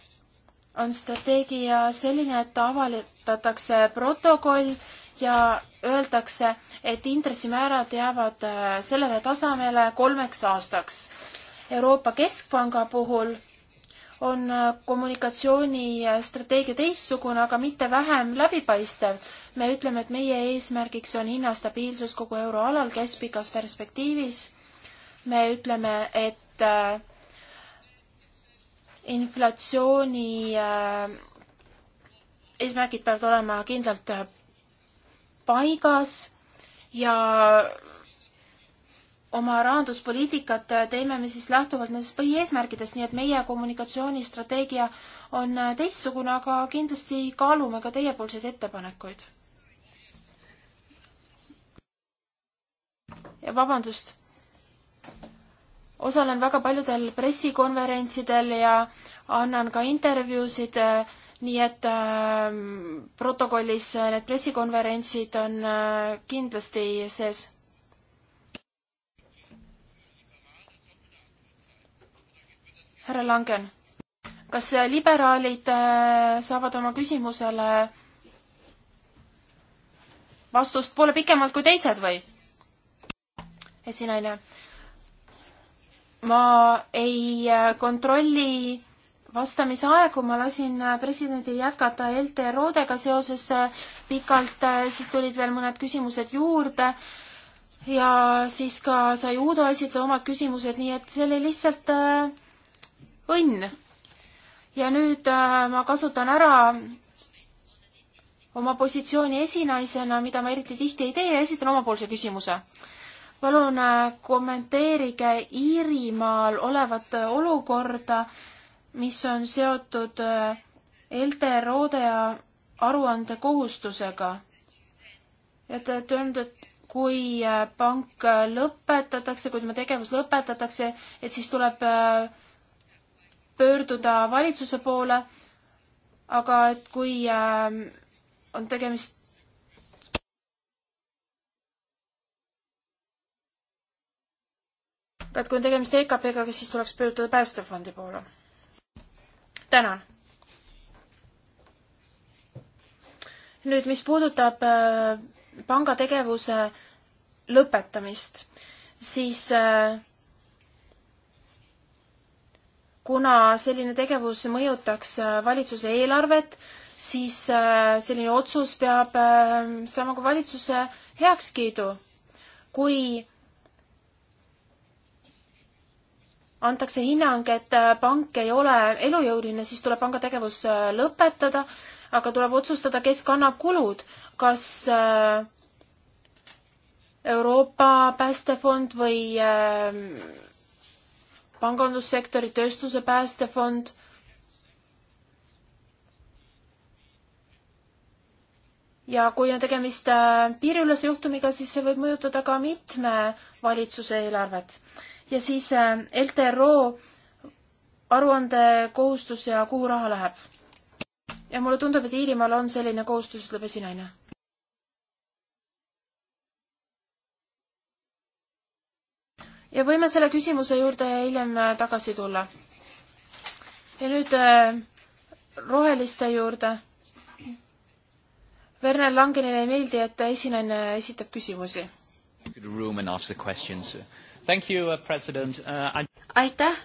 on strateegia selline, et avaldatakse protokoll ja öeldakse, et intressimäärad jäävad äh, sellele tasemele kolmeks aastaks. Euroopa Keskpanga puhul on äh, kommunikatsioonistrateegia äh, teistsugune, aga mitte vähem läbipaistev. me ütleme, et meie eesmärgiks on hinnastabiilsus kogu euroalal keskpikas perspektiivis. me ütleme, et inflatsiooni äh, eesmärgid peavad olema kindlalt äh, paigas ja oma rahanduspoliitikat äh, teeme me siis lähtuvalt nendest põhieesmärkidest, nii et meie kommunikatsioonistrateegia on teistsugune, aga kindlasti kaalume ka teiepoolseid ettepanekuid. ja vabandust, osalen väga paljudel pressikonverentsidel ja annan ka intervjuusid, eh, nii et ähm, protokollis eh, need pressikonverentsid on äh, kindlasti sees. härra Langen, kas äh, liberaalid äh, saavad oma küsimusele vastust poole pikemalt kui teised või? esinaine ma ei äh, kontrolli vastamise aegu, ma lasin äh, presidendil jätkata LTRO-dega seoses äh, pikalt, siis tulid veel mõned küsimused juurde ja siis ka sai Uudo esitada omad küsimused, nii et see oli lihtsalt õnn. ja nüüd ma kasutan ära oma positsiooni esinaisena, mida ma eriti tihti ei tee, esitan omapoolse küsimuse palun äh, kommenteerige Iirimaal olevat olukorda, mis on seotud äh, LTRO-de ja aruandekohustusega. ja te ütlete, et kui äh, pank lõpetatakse, kui tema tegevus lõpetatakse, et siis tuleb pöörduda valitsuse poole, aga et kui on tegemist et kui on tegemist EKP-ga, siis tuleks pöörduda päästefondi poole. tänan. nüüd, mis puudutab äh, panga tegevuse lõpetamist, siis äh, kuna selline tegevus mõjutaks äh, valitsuse eelarvet, siis äh, selline otsus peab äh, saama ka valitsuse heakskiidu. kui antakse hinnang, et äh, pank ei ole elujõuline, siis tuleb panga tegevus äh, lõpetada, aga tuleb otsustada, kes kannab kulud, kas äh, Euroopa päästefond või pangandussektori tööstuse päästefond. ja kui on tegemist piiriülese juhtumiga, siis see võib mõjutada ka mitme valitsuse eelarvet ja siis äh, LTRO aruandekohustus ja kuhu raha läheb. ja mulle tundub, et Iirimaal on selline kohustus, ütleb esinaine. ja võime selle küsimuse juurde hiljem äh, tagasi tulla. ja nüüd äh, roheliste juurde. Werner Langenile ei meeldi, et esinaine esitab küsimusi. Uh, uh, aitäh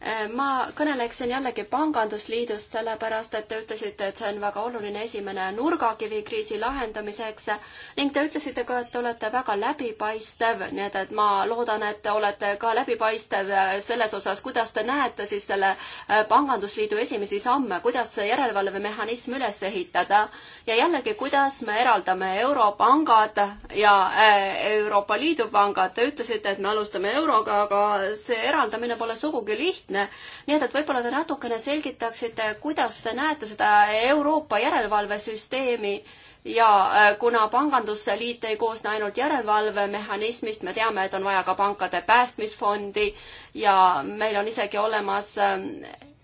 Äh, ma kõneleksin jällegi Pangandusliidust, sellepärast et te ütlesite, et see on väga oluline esimene nurgakivi kriisi lahendamiseks ning te ütlesite ka, et te olete väga läbipaistev, nii et, et ma loodan, et te olete ka läbipaistev äh, selles osas, kuidas te näete siis selle äh, Pangandusliidu esimesi samme, kuidas see järelevalvemehhanism üles ehitada ja jällegi, kuidas me eraldame europangad ja Euroopa Liidu pangad. Te ütlesite, et me alustame euroga, aga see eraldamine pole sugugi lihtne lihtne. nii et, et võib-olla te natukene selgitaksite, kuidas te näete seda Euroopa järelevalvesüsteemi ja äh, kuna pangandusliit ei koosne ainult järelevalvemehhanismist, me teame, et on vaja ka pankade päästmisfondi ja meil on isegi olemas ähm,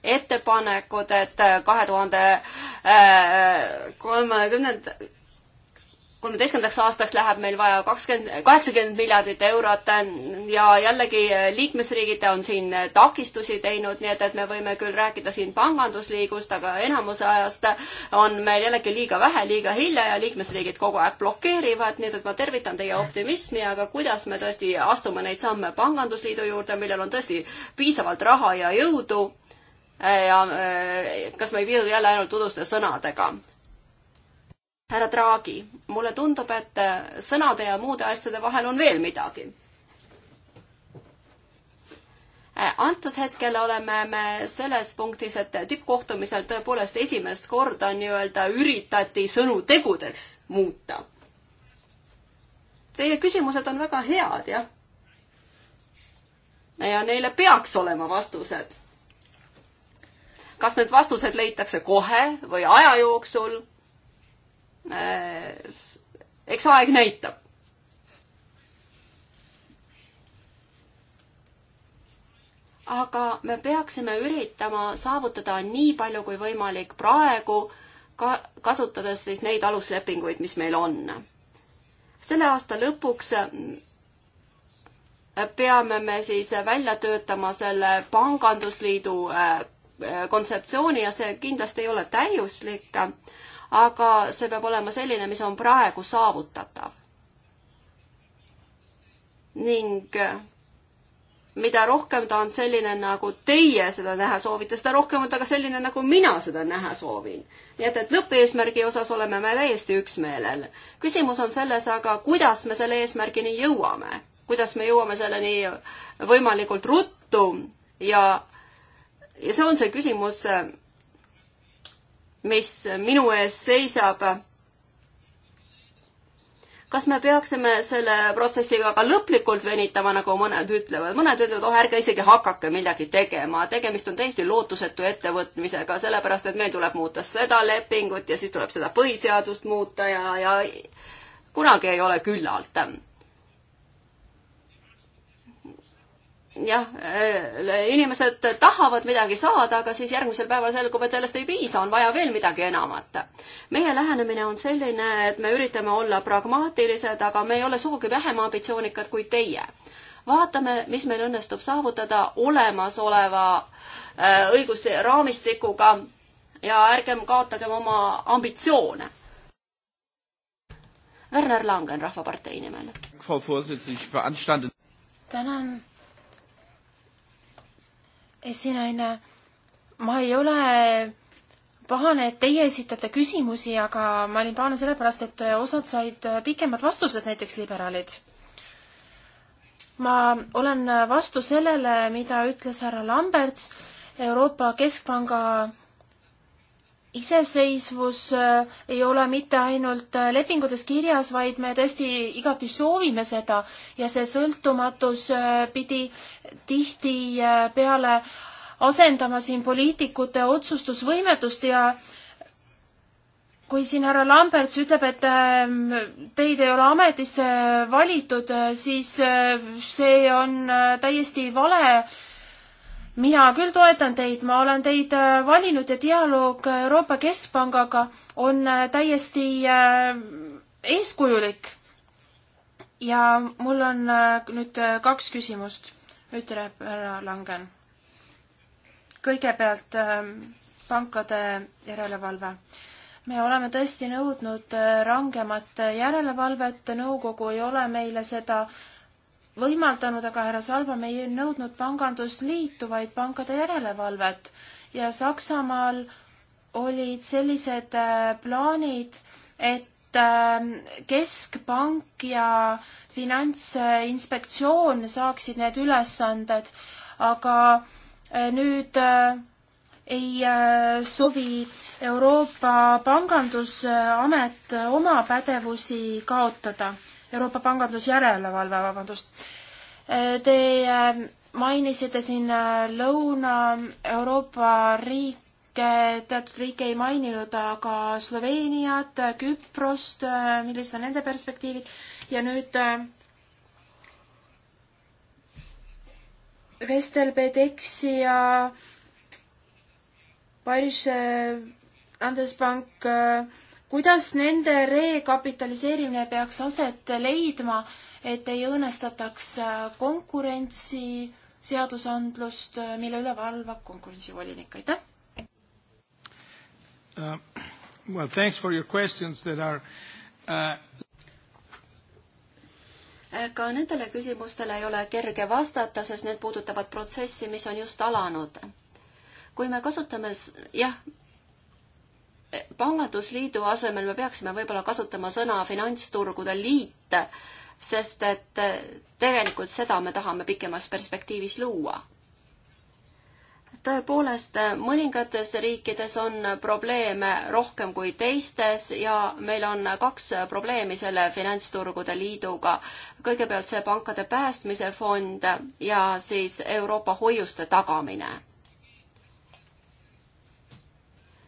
ettepanekud, et äh, kahe tuhande äh, kolmekümnenda kolmeteistkümnendaks aastaks läheb meil vaja kakskümmend, kaheksakümmend miljardit eurot ja jällegi eh, liikmesriigid on siin eh, takistusi teinud, nii et, et me võime küll rääkida siin pangandusliigust, aga enamuse ajast on meil jällegi liiga vähe, liiga hilja ja liikmesriigid kogu aeg blokeerivad, nii et, et ma tervitan teie optimismi, aga kuidas me tõesti astume neid samme pangandusliidu juurde, millel on tõesti piisavalt raha ja jõudu eh, ja kas me ei piirdu jälle ainult uduste sõnadega? härra Draghi, mulle tundub, et sõnade ja muude asjade vahel on veel midagi. antud hetkel oleme me selles punktis, et tippkohtumisel tõepoolest esimest korda nii-öelda üritati sõnu tegudeks muuta. Teie küsimused on väga head, jah. ja neile peaks olema vastused. kas need vastused leitakse kohe või aja jooksul Äh, eks aeg näitab. aga me peaksime üritama saavutada nii palju kui võimalik praegu, ka-, kasutades siis neid aluslepinguid, mis meil on. selle aasta lõpuks peame me siis välja töötama selle pangandusliidu äh, kontseptsiooni ja see kindlasti ei ole täiuslik, aga see peab olema selline, mis on praegu saavutatav. ning mida rohkem ta on selline, nagu teie seda näha soovite, seda rohkem on ta ka selline, nagu mina seda näha soovin. nii et, et lõppeesmärgi osas oleme me täiesti üksmeelel. küsimus on selles aga, kuidas me selle eesmärgini jõuame, kuidas me jõuame selleni võimalikult ruttu ja, ja see on see küsimus, mis minu ees seisab. kas me peaksime selle protsessiga ka lõplikult venitama, nagu mõned ütlevad, mõned ütlevad, oh ärge isegi hakake midagi tegema, tegemist on täiesti lootusetu ettevõtmisega, sellepärast et meil tuleb muuta seda lepingut ja siis tuleb seda põhiseadust muuta ja, ja kunagi ei ole küllalt jah, äh, inimesed tahavad midagi saada, aga siis järgmisel päeval selgub, et sellest ei piisa, on vaja veel midagi enamat. meie lähenemine on selline, et me üritame olla pragmaatilised, aga me ei ole sugugi vähem ambitsioonikad kui teie. vaatame, mis meil õnnestub saavutada olemasoleva äh, õigusraamistikuga ja ärgem kaotagem oma ambitsioone. Werner Langen Rahvapartei nimel. tänan esinaine, ma ei ole pahane, et teie esitate küsimusi, aga ma olin pahane sellepärast, et osad said pikemad vastused, näiteks liberaalid. ma olen vastu sellele, mida ütles härra Lamberts Euroopa Keskpanga iseseisvus äh, ei ole mitte ainult äh, lepingutes kirjas, vaid me tõesti igati soovime seda ja see sõltumatus äh, pidi tihtipeale asendama siin poliitikute otsustusvõimetust ja kui siin härra Lamberts ütleb, et ähm, teid ei ole ametisse valitud, siis see on täiesti vale mina küll toetan teid, ma olen teid äh, valinud ja dialoog äh, Euroopa Keskpangaga on äh, täiesti eeskujulik. ja mul on nüüd kaks küsimust, ütleb härra Langen. kõigepealt pankade järelevalve. me oleme tõesti nõudnud rangemat järelevalvet, nõukogu ei ole meile seda võimaldanud, aga härra Salva, me ei nõudnud pangandusliitu, vaid pankade järelevalvet ja Saksamaal olid sellised äh, plaanid, et ähm, keskpank ja finantsinspektsioon saaksid need ülesanded, aga äh, nüüd äh, ei sovi Euroopa Pangandusamet oma pädevusi kaotada Euroopa pangandusjärelevalve, vabandust. Te äh, mainisite siin äh, Lõuna-Euroopa riike, teatud riike ei maininud, aga Sloveeniat, Küprost, äh, millised on nende perspektiivid ja nüüd Vestelbedeksi ja Paris Andespank äh, kuidas nende rekapitaliseerimine peaks aset leidma, et ei õõnestataks äh, konkurentsi seadusandlust, äh, mille üle valvab konkurentsivolinik, aitäh uh,! Well, thanks for your questions that are uh... ka nendele küsimustele ei ole kerge vastata, sest need puudutavad protsessi, mis on just alanud. kui me kasutame, jah, pangandusliidu asemel me peaksime võib-olla kasutama sõna finantsturgude liit, sest et eh, tegelikult seda me tahame pikemas perspektiivis luua. tõepoolest, mõningates riikides on probleeme rohkem kui teistes ja meil on kaks probleemi selle finantsturgude liiduga. kõigepealt see pankade päästmise fond ja siis Euroopa hoiuste tagamine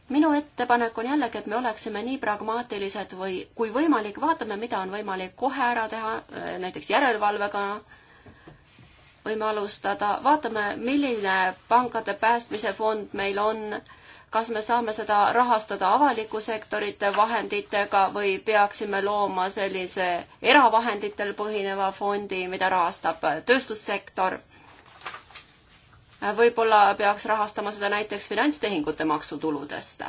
minu ettepanek on jällegi, et me oleksime nii pragmaatilised või kui võimalik, vaatame, mida on võimalik kohe ära teha, äh, näiteks järelevalvega võime alustada, vaatame, milline pankade päästmise fond meil on, kas me saame seda rahastada avaliku sektorite vahenditega või peaksime looma sellise eravahenditel põhineva fondi, mida rahastab tööstussektor võib-olla peaks rahastama seda näiteks finantstehingute maksutuludest.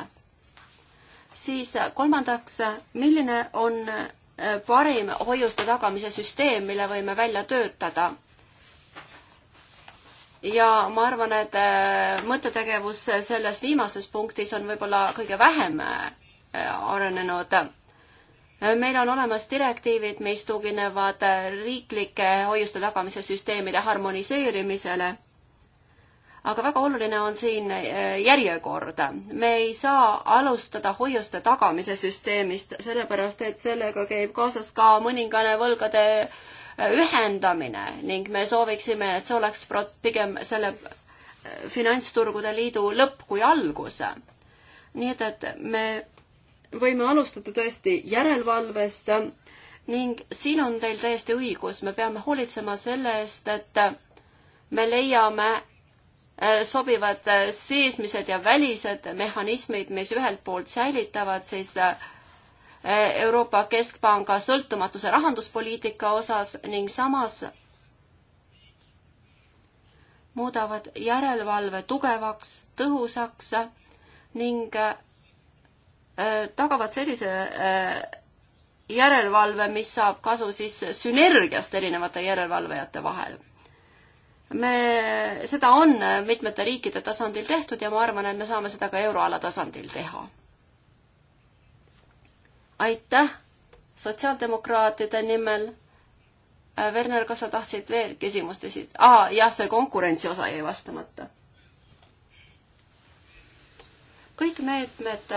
siis kolmandaks, milline on äh, parim hoiuste tagamise süsteem, mille võime välja töötada? ja ma arvan, et äh, mõttetegevus selles viimases punktis on võib-olla kõige vähem äh, arenenud. meil on olemas direktiivid, mis tuginevad riiklike hoiuste tagamise süsteemide harmoniseerimisele aga väga oluline on siin äh, järjekord. me ei saa alustada hoiuste tagamise süsteemist, sellepärast et sellega käib kaasas ka mõningane võlgade äh, ühendamine ning me sooviksime, et see oleks pigem selle äh, finantsturgude liidu lõpp kui algus. nii et, et me võime alustada tõesti järelevalvest ning siin on teil täiesti õigus, me peame hoolitsema selle eest, et me leiame Äh, sobivad äh, seesmised ja välised mehhanismid, mis ühelt poolt säilitavad siis äh, Euroopa Keskpanga sõltumatuse rahanduspoliitika osas ning samas muudavad järelevalve tugevaks, tõhusaks ning tagavad sellise järelevalve, mis saab kasu siis sünergiast erinevate järelevalvajate vahel me, seda on mitmete riikide tasandil tehtud ja ma arvan, et me saame seda ka euroala tasandil teha. aitäh sotsiaaldemokraatide nimel. Äh, Werner, kas sa tahtsid veel küsimust esit-? aa ah,, jah, see konkurentsi osa jäi vastamata. kõik meetmed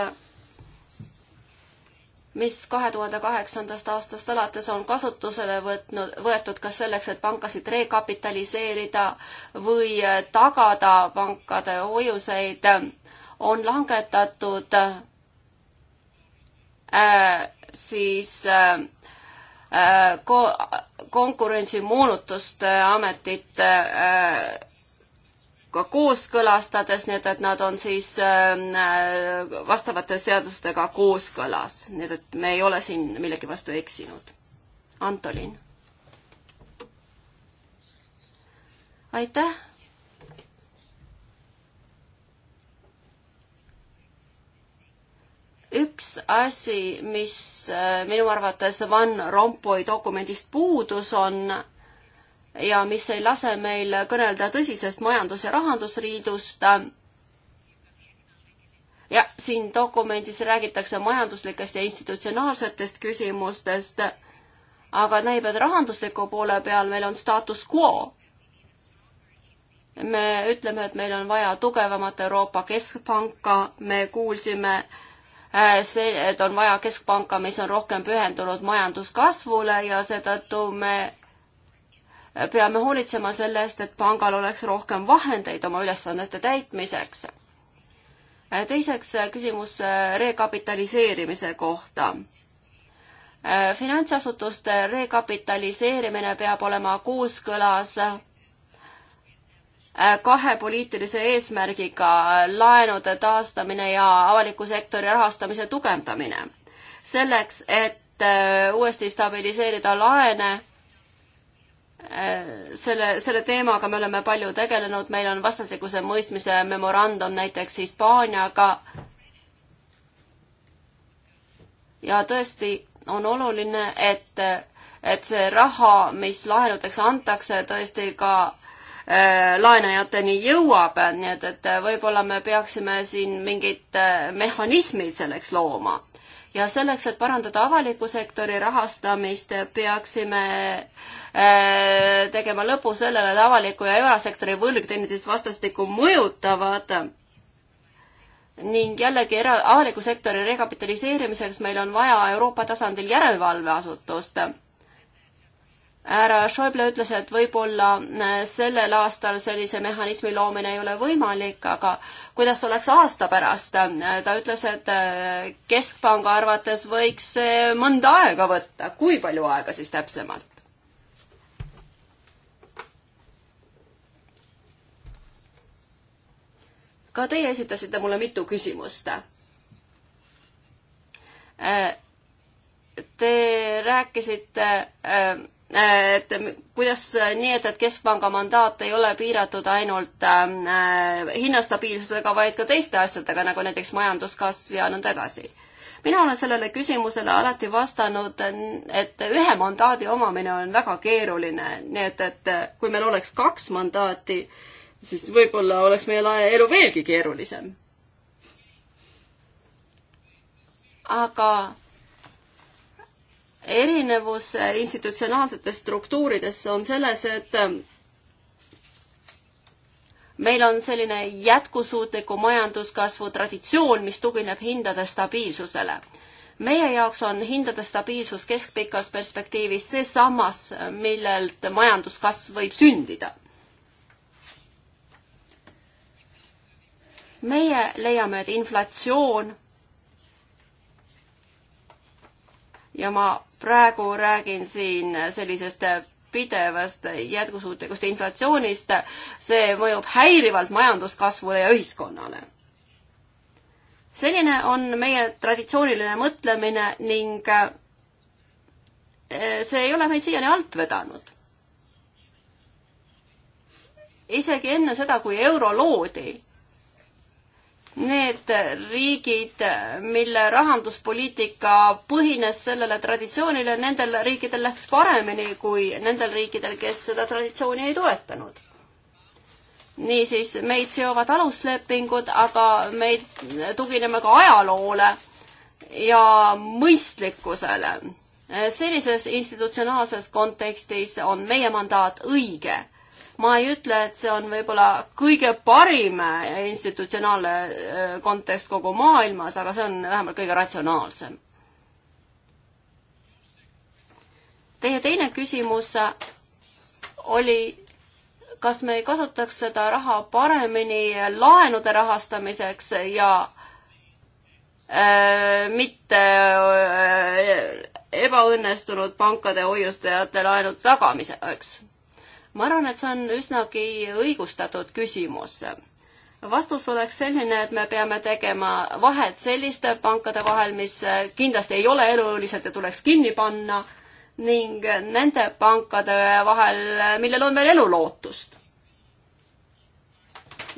mis kahe tuhande kaheksandast aastast alates on kasutusele võtnud, võetud kas selleks, et pankasid rekapitaliseerida või tagada pankade hoiuseid, on langetatud äh, siis äh, ko-, konkurentsimoonutuste ametit äh, ka kooskõlastades, nii et, et nad on siis ähm, äh, vastavate seadustega kooskõlas, nii et, et me ei ole siin millegi vastu eksinud. Antolin. aitäh üks asi, mis äh, minu arvates Van Rompuy dokumendist puudus, on ja mis ei lase meil kõnelda tõsisest majandus- ja rahandusliidust. ja siin dokumendis räägitakse majanduslikest ja institutsionaalsetest küsimustest, aga näib, et rahandusliku poole peal meil on status quo. me ütleme, et meil on vaja tugevamat Euroopa Keskpanka, me kuulsime äh, see, et on vaja keskpanka, mis on rohkem pühendunud majanduskasvule ja seetõttu me peame hoolitsema selle eest, et pangal oleks rohkem vahendeid oma ülesannete täitmiseks. teiseks küsimus äh, rekapitaliseerimise kohta äh, finantsasutuste rekapitaliseerimine peab olema kooskõlas äh, kahe poliitilise eesmärgiga laenude taastamine ja avaliku sektori rahastamise tugevdamine. selleks, et uuesti stabiliseerida laene, Äh, selle, selle teemaga me oleme palju tegelenud, meil on vastastikuse mõistmise memorandum näiteks Hispaaniaga. ja tõesti on oluline, et, et see raha, mis laenudeks antakse, tõesti ka äh, laenajateni jõuab, nii et, et võib-olla me peaksime siin mingid äh, mehhanismid selleks looma ja selleks, et parandada avaliku sektori rahastamist, peaksime äh, tegema lõpu sellele, et avaliku ja erasektori võlg teineteist vastastikku mõjutavad ning jällegi era-, avaliku sektori rekapitaliseerimiseks meil on vaja Euroopa tasandil järelevalveasutust härra Schäuble ütles, et võib-olla äh, sellel aastal sellise mehhanismi loomine ei ole võimalik, aga kuidas oleks aasta pärast? Äh, ta ütles, et äh, keskpanga arvates võiks see mõnda aega võtta. kui palju aega siis täpsemalt? ka teie esitasite mulle mitu küsimust Te rääkisite et kuidas nii, et, et Keskpanga mandaat ei ole piiratud ainult äh, hinnastabiilsusega, vaid ka teiste asjadega, nagu näiteks majanduskasv ja nõnda edasi. mina olen sellele küsimusele alati vastanud, et ühe mandaadi omamine on väga keeruline, nii et, et kui meil oleks kaks mandaati, siis võib-olla oleks meie elu veelgi keerulisem. aga erinevus institutsionaalsetes struktuurides on selles, et ähm, meil on selline jätkusuutliku majanduskasvu traditsioon, mis tugineb hindade stabiilsusele meie jaoks on hindade stabiilsus keskpikas perspektiivis see sammas, millelt majanduskasv võib sündida. meie leiame, et inflatsioon ja ma praegu räägin siin sellisest pidevast jätkusuutlikust inflatsioonist, see mõjub häirivalt majanduskasvule ja ühiskonnale. selline on meie traditsiooniline mõtlemine ning eh, see ei ole meid siiani alt vedanud. isegi enne seda, kui euro loodi need riigid, mille rahanduspoliitika põhines sellele traditsioonile, nendel riikidel läks paremini kui nendel riikidel, kes seda traditsiooni ei toetanud. niisiis, meid seovad aluslepingud, aga meid tugineme ka ajaloole ja mõistlikkusele. sellises institutsionaalses kontekstis on meie mandaat õige ma ei ütle, et see on võib-olla kõige parim äh, institutsionaalne äh, kontekst kogu maailmas, aga see on vähemalt kõige ratsionaalsem. Teie teine küsimus oli, kas me ei kasutaks seda raha paremini laenude rahastamiseks ja äh, mitte äh, ebaõnnestunud pankade hoiustajate laenude tagamiseks ma arvan, et see on üsnagi õigustatud küsimus vastus oleks selline, et me peame tegema vahet selliste pankade vahel, mis kindlasti ei ole elujõulised ja tuleks kinni panna ning nende pankade vahel, millel on veel elulootust.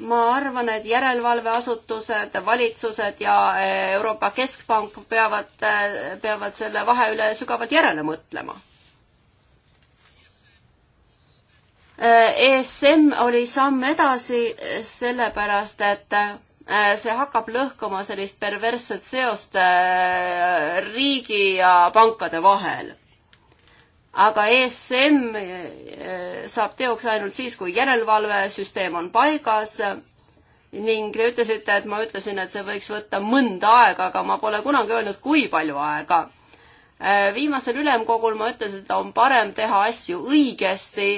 ma arvan, et järelevalveasutused, valitsused ja eh, Euroopa Keskpank peavad, eh, peavad selle vahe üle sügavalt järele mõtlema ESM oli samm edasi, sellepärast et äh, see hakkab lõhkuma sellist perversset seost äh, riigi ja pankade vahel. aga ESM äh, saab teoks ainult siis, kui järelevalvesüsteem on paigas ning te ütlesite, et ma ütlesin, et see võiks võtta mõnda aega, aga ma pole kunagi öelnud, kui palju aega. viimasel ülemkogul ma ütlesin, et on parem teha asju õigesti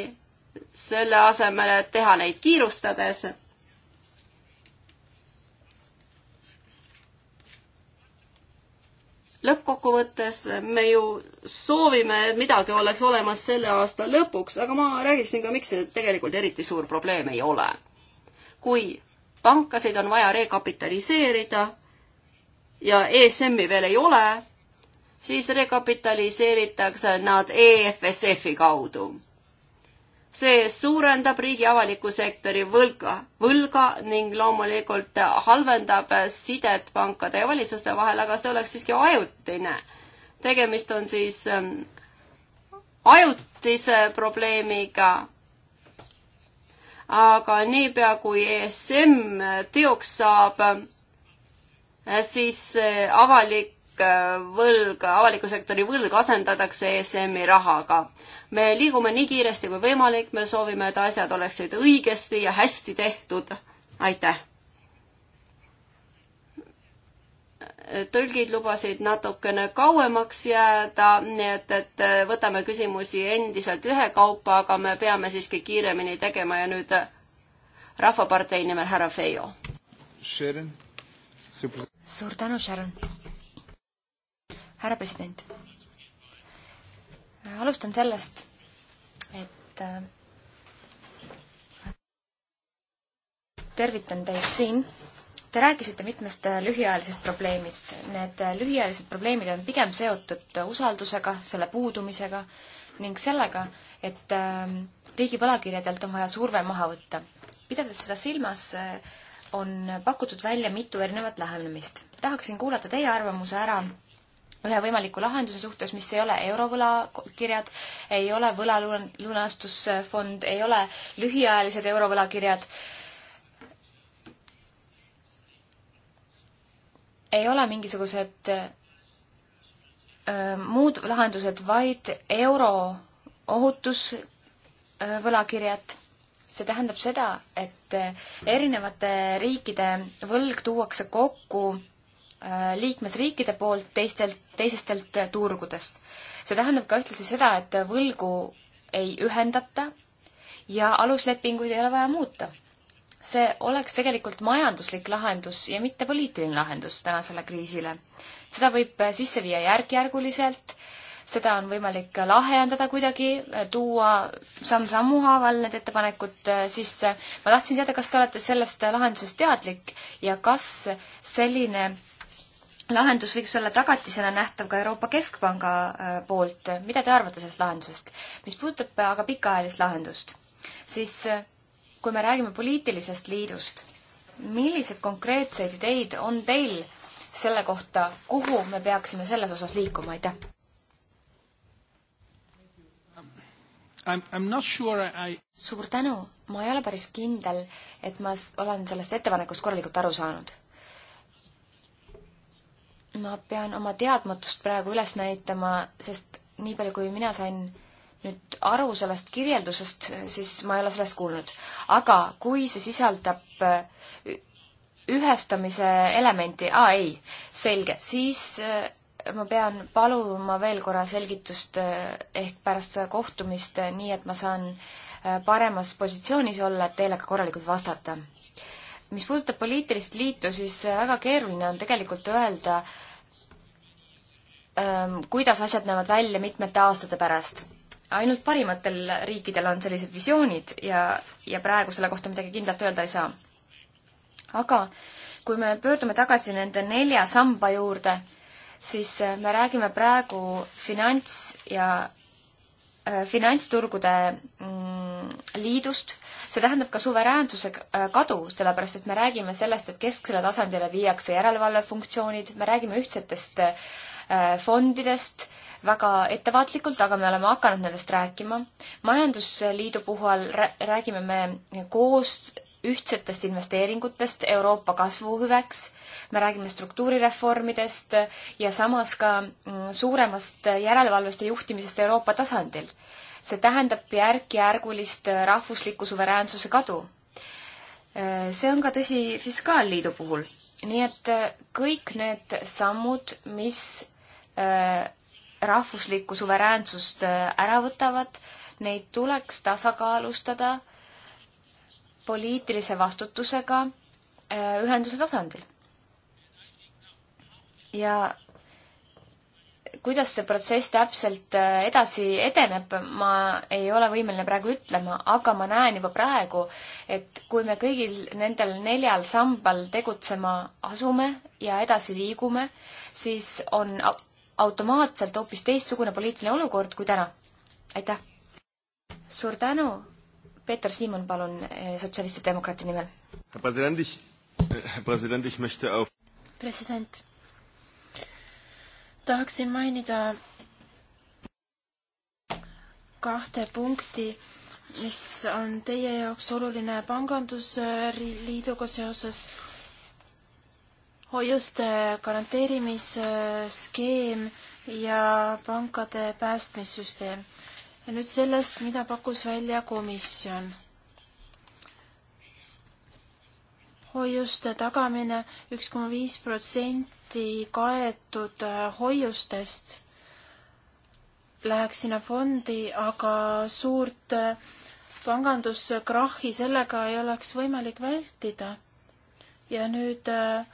selle asemel, et teha neid kiirustades. lõppkokkuvõttes me ju soovime, et midagi oleks olemas selle aasta lõpuks, aga ma räägiksin ka, miks see tegelikult eriti suur probleem ei ole. kui pankasid on vaja rekapitaliseerida ja ESM-i veel ei ole, siis rekapitaliseeritakse nad EFSF-i kaudu see suurendab riigi avaliku sektori võlga, võlga ning loomulikult halvendab sidet pankade ja valitsuste vahel, aga see oleks siiski ajutine. tegemist on siis ähm, ajutise probleemiga. aga niipea, kui ESM teoks saab, äh, siis avalik risk, võlg, avaliku sektori võlg asendatakse ESM-i rahaga. me liigume nii kiiresti kui võimalik, me soovime, et asjad oleksid õigesti ja hästi tehtud. aitäh! tõlgid lubasid natukene kauemaks jääda, nii et, et võtame küsimusi endiselt ühekaupa, aga me peame siiski kiiremini tegema ja nüüd Rahvapartei nimel härra Feio. suur tänu, Sharon härra president. alustan sellest, et äh, tervitan teid siin. Te rääkisite mitmest äh, lühiajalisest probleemist. Need äh, lühiajalised probleemid on pigem seotud usaldusega, selle puudumisega ning sellega, et ähm, riigi võlakirjadelt on vaja surve maha võtta. pidades seda silmas, on pakutud välja mitu erinevat lähenemist. tahaksin kuulata teie arvamuse ära ühe võimaliku lahenduse suhtes, mis ei ole eurovõlakirjad, ei ole võlalunastusfond, ei ole lühiajalised eurovõlakirjad, ei ole mingisugused muud lahendused, vaid euro ohutusvõlakirjad. see tähendab seda, et erinevate riikide võlg tuuakse kokku Äh, liikmesriikide poolt teistelt, teisestelt turgudest. see tähendab ka ühtlasi seda, et võlgu ei ühendata ja aluslepinguid ei ole vaja muuta. see oleks tegelikult majanduslik lahendus ja mitte poliitiline lahendus tänasele kriisile. seda võib sisse viia järk-järguliselt, seda on võimalik lahendada kuidagi, tuua samm-sammu haaval need ettepanekud äh, sisse. ma tahtsin teada, kas te olete sellest lahendusest teadlik ja kas selline lahendus võiks olla tagatisena nähtav ka Euroopa Keskpanga äh, poolt. mida te arvate sellest lahendusest? mis puudutab aga pikaajalist lahendust, siis äh, kui me räägime poliitilisest liidust, milliseid konkreetseid ideid on teil selle kohta, kuhu me peaksime selles osas liikuma, aitäh? Sure I... suur tänu, ma ei ole päris kindel, et ma olen sellest ettepanekust korralikult aru saanud ma pean oma teadmatust praegu üles näitama, sest nii palju, kui mina sain nüüd aru sellest kirjeldusest, siis ma ei ole sellest kuulnud. aga kui see sisaldab äh, ühestamise elementi, aa ei, selge, siis äh, ma pean paluma veel korra selgitust äh, ehk pärast seda kohtumist, nii et ma saan paremas positsioonis olla, et teile ka korralikult vastata mis puudutab poliitilist liitu, siis äh, väga keeruline on tegelikult öelda, ähm, kuidas asjad näevad välja mitmete aastate pärast. ainult parimatel riikidel on sellised visioonid ja, ja praegu selle kohta midagi kindlalt öelda ei saa. aga kui me pöördume tagasi nende nelja samba juurde, siis äh, me räägime praegu finants ja äh, finantsturgude mm, liidust see tähendab ka suveräänsuse äh, kadu, sellepärast et me räägime sellest, et kesksele tasandile viiakse järelevalvefunktsioonid, me räägime ühtsetest äh, fondidest väga ettevaatlikult, aga me oleme hakanud nendest rääkima. majandusliidu puhul räägime me koos ühtsetest investeeringutest Euroopa kasvu hüveks, me räägime struktuurireformidest ja samas ka mm, suuremast järelevalvest ja juhtimisest Euroopa tasandil see tähendab järk-järgulist rahvusliku suveräänsuse kadu. see on ka tõsi Fiskaalliidu puhul. nii et kõik need sammud, mis äh, rahvuslikku suveräänsust äh, ära võtavad, neid tuleks tasakaalustada poliitilise vastutusega äh, ühenduse tasandil. ja kuidas see protsess täpselt äh, edasi edeneb, ma ei ole võimeline praegu ütlema, aga ma näen juba praegu, et kui me kõigil nendel neljal sambal tegutsema asume ja edasi liigume, siis on automaatselt hoopis teistsugune poliitiline olukord kui täna. aitäh! suur tänu! Peeter Siimon, palun, äh, sotsialistide demokraatide nimel. Äh, president, president, tahaksin mainida kahte punkti, mis on teie jaoks oluline pangandusliiduga seoses. hoiuste garanteerimisskeem ja pankade päästmissüsteem. ja nüüd sellest, mida pakkus välja komisjon. hoiuste tagamine üks koma viis protsenti protsenti kaetud äh, hoiustest läheks sinna fondi, aga suurt äh, panganduskrahhi sellega ei oleks võimalik vältida. ja nüüd äh,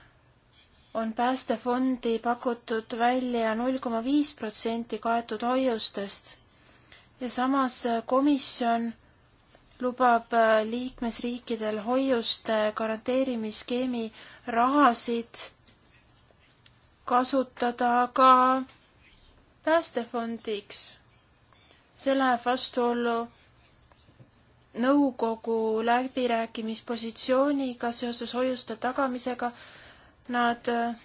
on päästefondi pakutud välja null koma viis protsenti kaetud hoiustest ja samas komisjon lubab liikmesriikidel hoiuste garanteerimisskeemi rahasid kasutada ka päästefondiks. see läheb vastuollu nõukogu läbirääkimispositsiooniga seoses hoiuste tagamisega. Nad äh,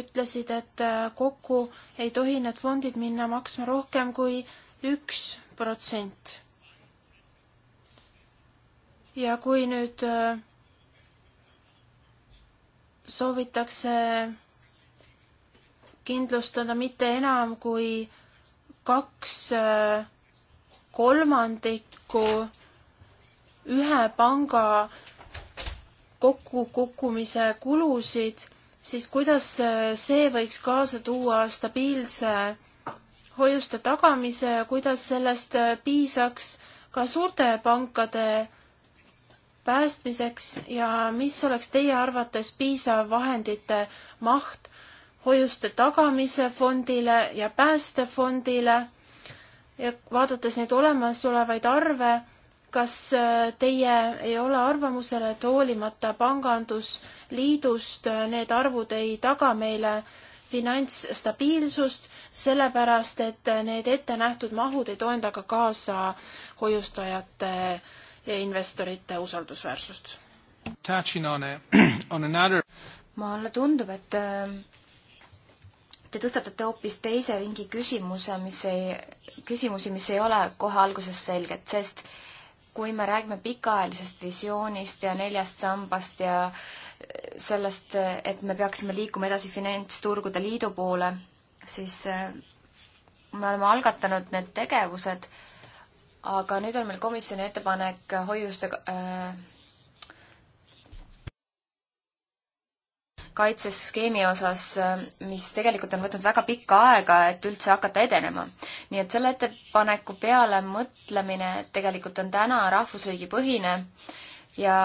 ütlesid, et äh, kokku ei tohi need fondid minna maksma rohkem kui üks protsent. ja kui nüüd äh, soovitakse kindlustada mitte enam kui kaks äh, kolmandikku ühe panga kokkukukkumise kulusid, siis kuidas äh, see võiks kaasa tuua stabiilse hoiuste tagamise ja kuidas sellest äh, piisaks ka suurte pankade päästmiseks ja mis oleks teie arvates piisav vahendite maht hoiuste tagamise fondile ja päästefondile ja vaadates neid olemasolevaid arve, kas äh, teie ei ole arvamusel, et hoolimata pangandusliidust äh, need arvud ei taga meile finantsstabiilsust, sellepärast et äh, need ettenähtud mahud ei toenda ka kaasa hoiustajate äh, ja investorite usaldusväärsust. (clears throat) Another... mulle tundub, et äh, te tõstatate hoopis teise ringi küsimuse, mis ei, küsimusi, mis ei ole kohe alguses selged, sest kui me räägime pikaajalisest visioonist ja neljast sambast ja äh, sellest, et me peaksime liikuma edasi finantsturgude liidu poole, siis äh, me oleme algatanud need tegevused aga nüüd on meil komisjoni ettepanek hoiuste äh, kaitseskeemi osas, äh, mis tegelikult on võtnud väga pikka aega, et üldse hakata edenema. nii et selle ettepaneku peale mõtlemine tegelikult on täna rahvusriigi põhine ja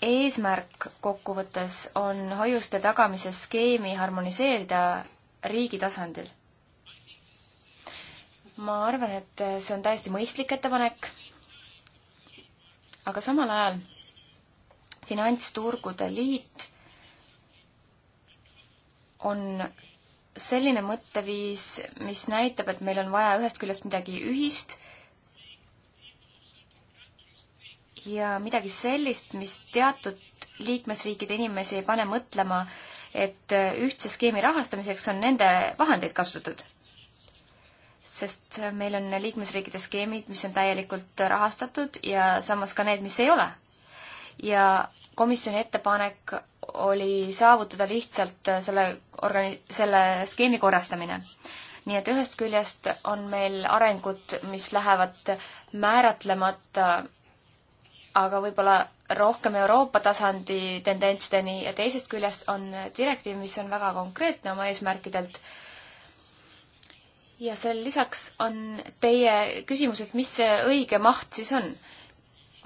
eesmärk kokkuvõttes on hoiuste tagamise skeemi harmoniseerida riigi tasandil ma arvan, et see on täiesti mõistlik ettepanek, aga samal ajal Finantsturgude Liit on selline mõtteviis, mis näitab, et meil on vaja ühest küljest midagi ühist ja midagi sellist, mis teatud liikmesriikide inimesi ei pane mõtlema, et ühtse skeemi rahastamiseks on nende vahendeid kasutatud sest meil on liikmesriikide skeemid, mis on täielikult rahastatud ja samas ka need, mis ei ole. ja komisjoni ettepanek oli saavutada lihtsalt selle organi-, selle skeemi korrastamine. nii et ühest küljest on meil arengud, mis lähevad määratlemata, aga võib-olla rohkem Euroopa tasandi tendentsideni ja teisest küljest on direktiiv, mis on väga konkreetne oma eesmärkidelt äh, ja seal lisaks on teie küsimus, et mis see õige maht siis on?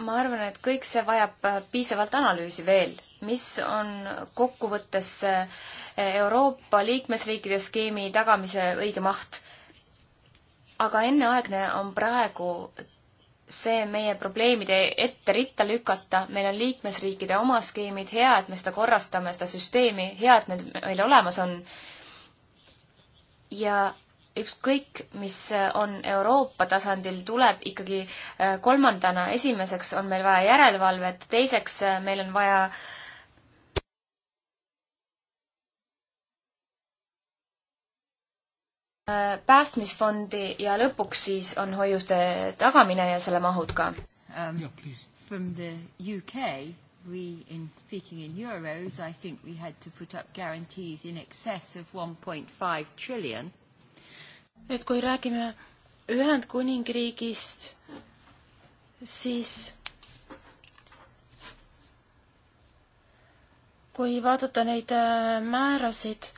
ma arvan, et kõik see vajab äh, piisavalt analüüsi veel, mis on kokkuvõttes äh, Euroopa liikmesriikide skeemi tagamise õige maht. aga enneaegne on praegu see meie probleemide ette ritta lükata, meil on liikmesriikide oma skeemid, hea, et me seda korrastame, seda süsteemi, hea, et need meil olemas on. ja ükskõik, mis on Euroopa tasandil, tuleb ikkagi äh, kolmandana, esimeseks on meil vaja järelevalvet, teiseks äh, meil on vaja äh, päästmisfondi ja lõpuks siis on hoiuste tagamine ja selle mahud ka um,. From the UK we in speaking in euros I think we had to put up guarantees in excess of one point five trillion nüüd, kui räägime Ühendkuningriigist, siis kui vaadata neid äh, määrasid,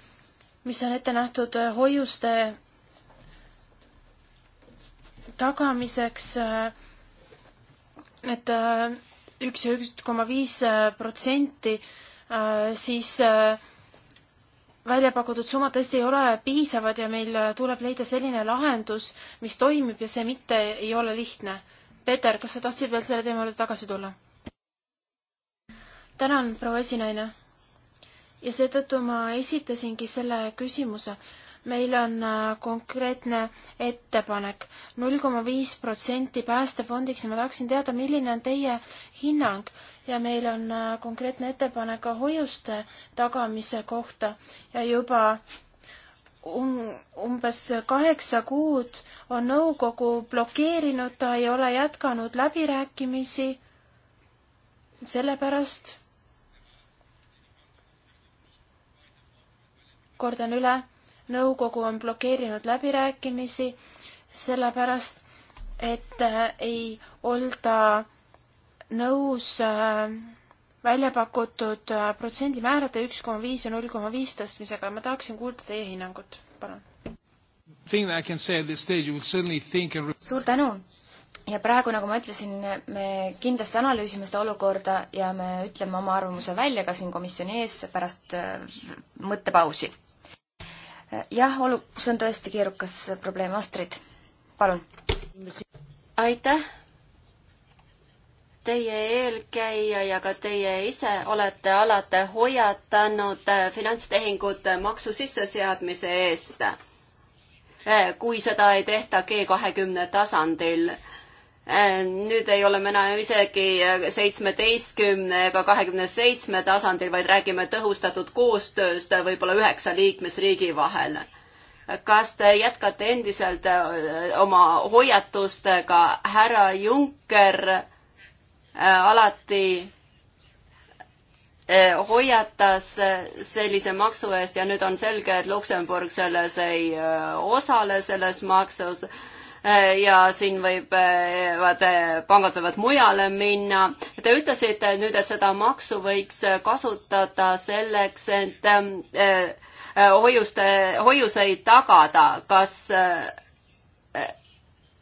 mis on ette nähtud äh, hoiuste tagamiseks, äh, et üks ja üks koma viis protsenti, siis äh, välja pakutud summad tõesti ei ole piisavad ja meil tuleb leida selline lahendus, mis toimib ja see mitte ei ole lihtne. Peeter, kas sa tahtsid veel selle teema juurde tagasi tulla? tänan, proua esinaine. ja seetõttu ma esitasingi selle küsimuse. meil on äh, konkreetne ettepanek, null koma viis protsenti päästefondiks ja ma tahaksin teada, milline on teie hinnang ja meil on äh, konkreetne ettepanek ka hoiuste tagamise kohta ja juba um, umbes kaheksa kuud on nõukogu blokeerinud, ta ei ole jätkanud läbirääkimisi. sellepärast kordan üle, nõukogu on blokeerinud läbirääkimisi sellepärast, et äh, ei olda nõus äh, välja pakutud äh, protsendimäärade üks koma viis ja null koma viis tõstmisega, ma tahaksin kuulda teie hinnangut, palun. suur tänu ja praegu, nagu ma ütlesin, me kindlasti analüüsime seda olukorda ja me ütleme oma arvamuse välja ka siin komisjoni ees pärast äh, mõttepausi. jah, olu-, see on tõesti keerukas probleem, Astrid, palun. aitäh Teie eelkäija ja ka teie ise olete alati hoiatanud eh, finantstehingute maksu sisseseadmise eest, eh, kui seda ei tehta G kahekümne tasandil. Eh, nüüd ei ole me enam isegi seitsmeteistkümne ega kahekümne seitsme tasandil, vaid räägime tõhustatud koostööst võib-olla üheksa liikmesriigi vahel kas te jätkate endiselt oma hoiatustega, härra Juncker Äh, alati äh, hoiatas äh, sellise maksu eest ja nüüd on selge, et Luksemburg selles ei osale, selles maksus ja siin võib, vaat pangad võivad mujale minna. Te ütlesite nüüd, et seda maksu võiks kasutada selleks, et ähm, hoiuste, hoiuseid tagada. kas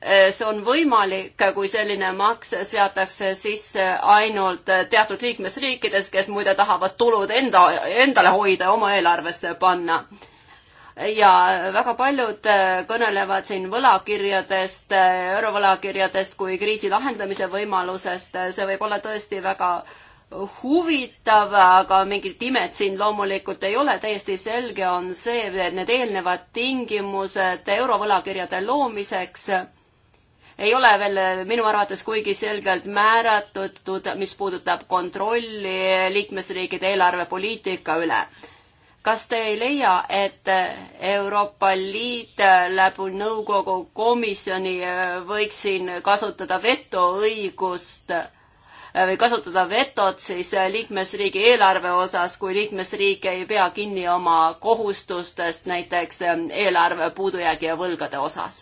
Äh, see on võimalik, kui selline maks seatakse sisse ainult äh, teatud liikmesriikides, kes muide tahavad tulud enda, endale hoida ja oma eelarvesse panna. ja väga paljud äh, kõnelevad siin võlakirjadest, eurovõlakirjadest kui kriisi lahendamise võimalusest, see võib olla tõesti väga huvitav, aga mingit imet siin loomulikult ei ole, täiesti selge on see, et need eelnevad tingimused eurovõlakirjade loomiseks ei ole veel eh, minu arvates kuigi selgelt määratud, mis puudutab kontrolli liikmesriikide eelarvepoliitika üle. kas te ei leia, et eh, Euroopa Liit eh, läbi nõukogu komisjoni võiks siin kasutada vetoõigust või kasutada vetot siis liikmesriigi eelarve osas, kui liikmesriik ei pea kinni oma kohustustest näiteks eelarve puudujäägi ja võlgade osas?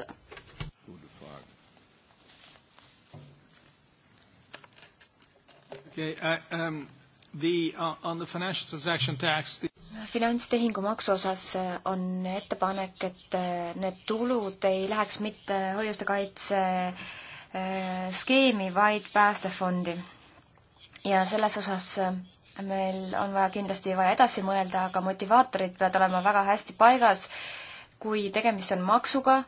okay,. Uh, um, the, uh, on the financial transaction tax the finantstehingu maksu osas uh, on ettepanek, et need tulud ei läheks mitte hoiuste kaitse skeemi, vaid päästefondi. ja selles osas meil on vaja kindlasti vaja edasi mõelda, aga motivaatorid peavad olema väga hästi paigas, kui tegemist on maksuga,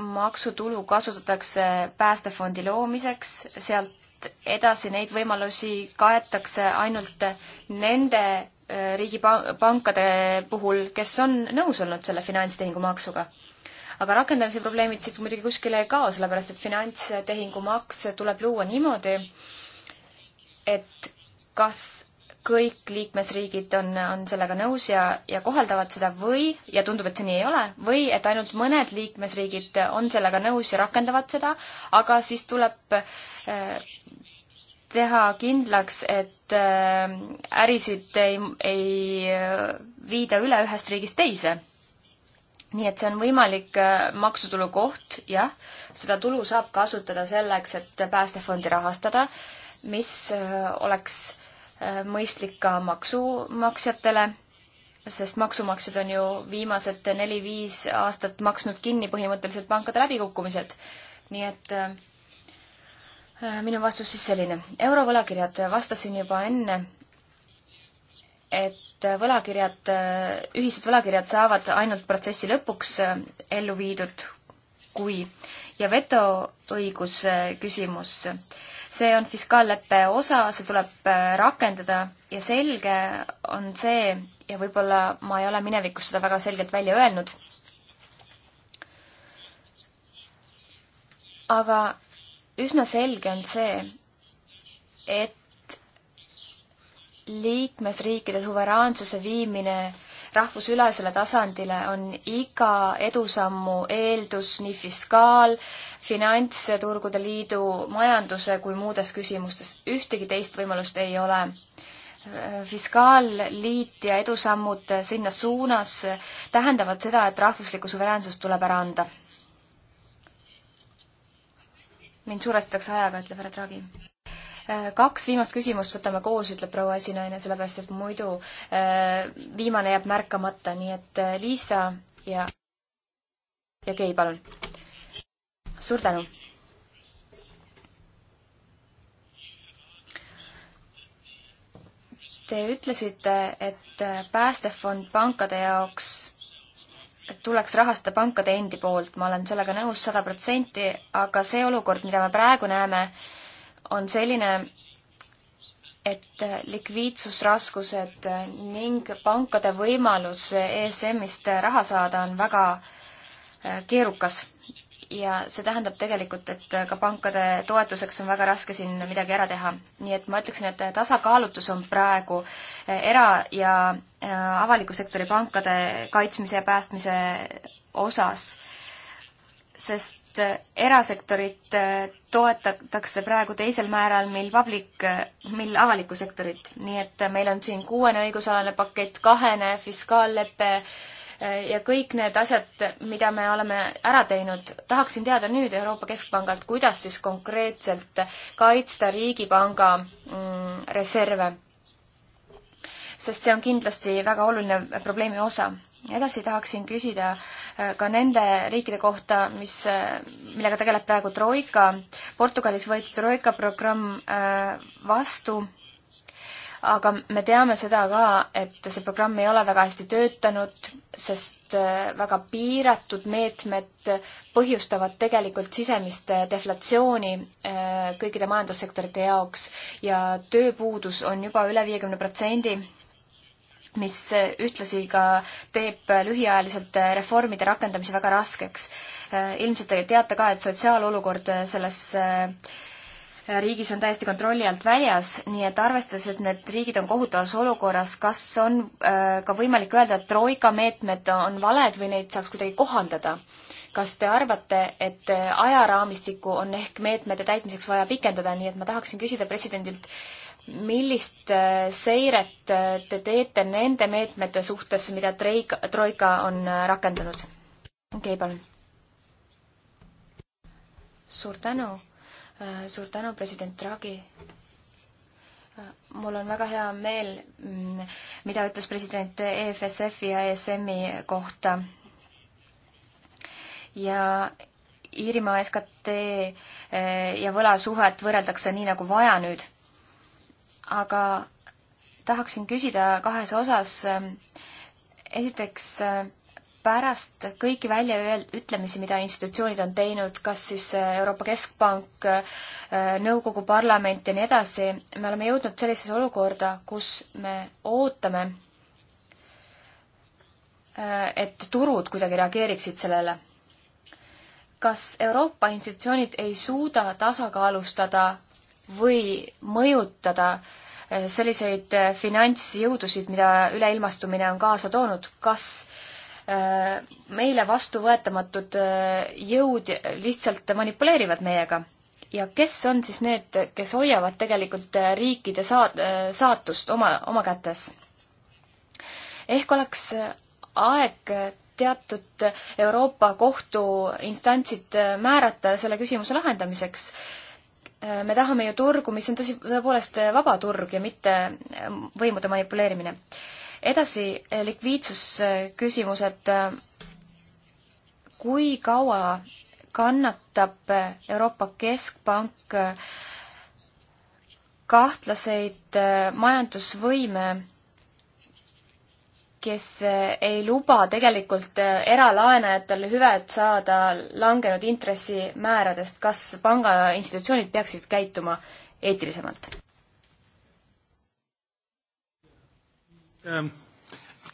maksutulu kasutatakse päästefondi loomiseks, sealt edasi neid võimalusi kaetakse ainult nende äh, riigipankade puhul, kes on nõus olnud selle finantstehingumaksuga. aga rakendamise probleemid siit muidugi kuskile ei kao, sellepärast et finantstehingumaks tuleb luua niimoodi, et kas kõik liikmesriigid on, on sellega nõus ja, ja kohaldavad seda või, ja tundub, et see nii ei ole, või et ainult mõned liikmesriigid on sellega nõus ja rakendavad seda, aga siis tuleb äh, teha kindlaks, et äh, ärisid ei, ei äh, viida üle ühest riigist teise. nii et see on võimalik äh, maksutulu koht, jah, seda tulu saab kasutada selleks, et päästefondi rahastada, mis äh, oleks äh, Äh, mõistlik ka maksumaksjatele, sest maksumaksjad on ju viimased neli-viis aastat maksnud kinni põhimõtteliselt pankade läbikukkumised. nii et äh, äh, minu vastus siis selline. eurovõlakirjad, vastasin juba enne, et võlakirjad, ühised võlakirjad saavad ainult protsessi lõpuks ellu viidud, kui ja vetoõiguse küsimus see on fiskaalleppe osa, see tuleb äh, rakendada ja selge on see ja võib-olla ma ei ole minevikus seda väga selgelt välja öelnud, aga üsna selge on see, et liikmesriikide suveraansuse viimine äh, rahvusülesele tasandile on iga edusammu eeldus nii fiskaal, finantsturgude liidu, majanduse kui muudes küsimustes. ühtegi teist võimalust ei ole. fiskaalliit ja edusammud sinna suunas tähendavad seda, et rahvuslikku suveräänsust tuleb ära anda. mind surestatakse ajaga, ütleb härra Draghi. Äh, kaks viimast küsimust võtame koos, ütleb proua esinaine, sellepärast et muidu äh, viimane jääb märkamata, nii et äh, Liisa ja, ja Kei, palun. suur tänu te ütlesite, et päästefond pankade jaoks tuleks rahastada pankade endi poolt, ma olen sellega nõus sada protsenti, aga see olukord, mida me praegu näeme, on selline, et likviidsusraskused ning pankade võimalus ESM-ist raha saada on väga äh, keerukas. ja see tähendab tegelikult, et ka pankade toetuseks on väga raske siin midagi ära teha. nii et ma ütleksin, et tasakaalutus on praegu äh, era- ja äh, avaliku sektori pankade kaitsmise ja päästmise osas, sest et erasektorit äh, toetatakse praegu teisel määral, mil public, äh, mil avalikku sektorit. nii et äh, meil on siin kuuene õigusalane pakett, kahene fiskaallepe ja kõik need asjad, mida me oleme ära teinud. tahaksin teada nüüd Euroopa Keskpangalt, kuidas siis konkreetselt kaitsta Riigipanga mm, reserve. sest see on kindlasti väga oluline probleemi osa edasi tahaksin küsida äh, ka nende riikide kohta, mis, äh, millega tegeleb praegu Troika. Portugalis võeti Troika programm äh, vastu, aga me teame seda ka, et see programm ei ole väga hästi töötanud, sest väga piiratud meetmed põhjustavad tegelikult sisemist deflatsiooni kõikide majandussektorite jaoks ja tööpuudus on juba üle viiekümne protsendi mis ühtlasi ka teeb lühiajaliselt reformide rakendamise väga raskeks. ilmselt te teate ka, et sotsiaalolukord selles äh, riigis on täiesti kontrolli alt väljas, nii et arvestades, et need riigid on kohutavas olukorras, kas on äh, ka võimalik öelda, et troika meetmed on valed või neid saaks kuidagi kohandada? kas te arvate, et ajaraamistikku on ehk meetmete täitmiseks vaja pikendada, nii et ma tahaksin küsida presidendilt äh, millist äh, seiret äh, te teete nende meetmete suhtes, mida treik-, Troika on äh, rakendanud? okei okay,, palun. suur tänu, suur tänu, president Draghi. mul on väga hea meel, mm, mida ütles president EFSF-i ja ESM-i kohta. ja Iirimaa SKT ja võlasuhet võrreldakse nii, nagu vaja nüüd aga tahaksin küsida kahes osas. esiteks, pärast kõiki väljaütlemisi, mida institutsioonid on teinud, kas siis Euroopa Keskpank, nõukogu parlament ja nii edasi, me oleme jõudnud sellisesse olukorda, kus me ootame, et turud kuidagi reageeriksid sellele. kas Euroopa institutsioonid ei suuda tasakaalustada või mõjutada eh, selliseid eh, finantsjõudusid, mida üleilmastumine on kaasa toonud, kas eh, meile vastuvõetamatud jõud lihtsalt manipuleerivad meiega? ja kes on siis need, kes hoiavad tegelikult riikide saat-, saatust oma, oma kätes? ehk oleks aeg teatud Euroopa kohtuinstantsid määrata selle küsimuse lahendamiseks Äh, me tahame ju turgu, mis on tõsi, tõepoolest äh, vaba turg ja mitte äh, võimude manipuleerimine. edasi, likviidsusküsimused. kui kaua kannatab Euroopa Keskpank kahtlaseid majandusvõime kes eh, ei luba tegelikult eh, eralaenajatel hüved saada langenud intressimääradest, kas pangainstitutsioonid peaksid käituma eetilisemalt um,?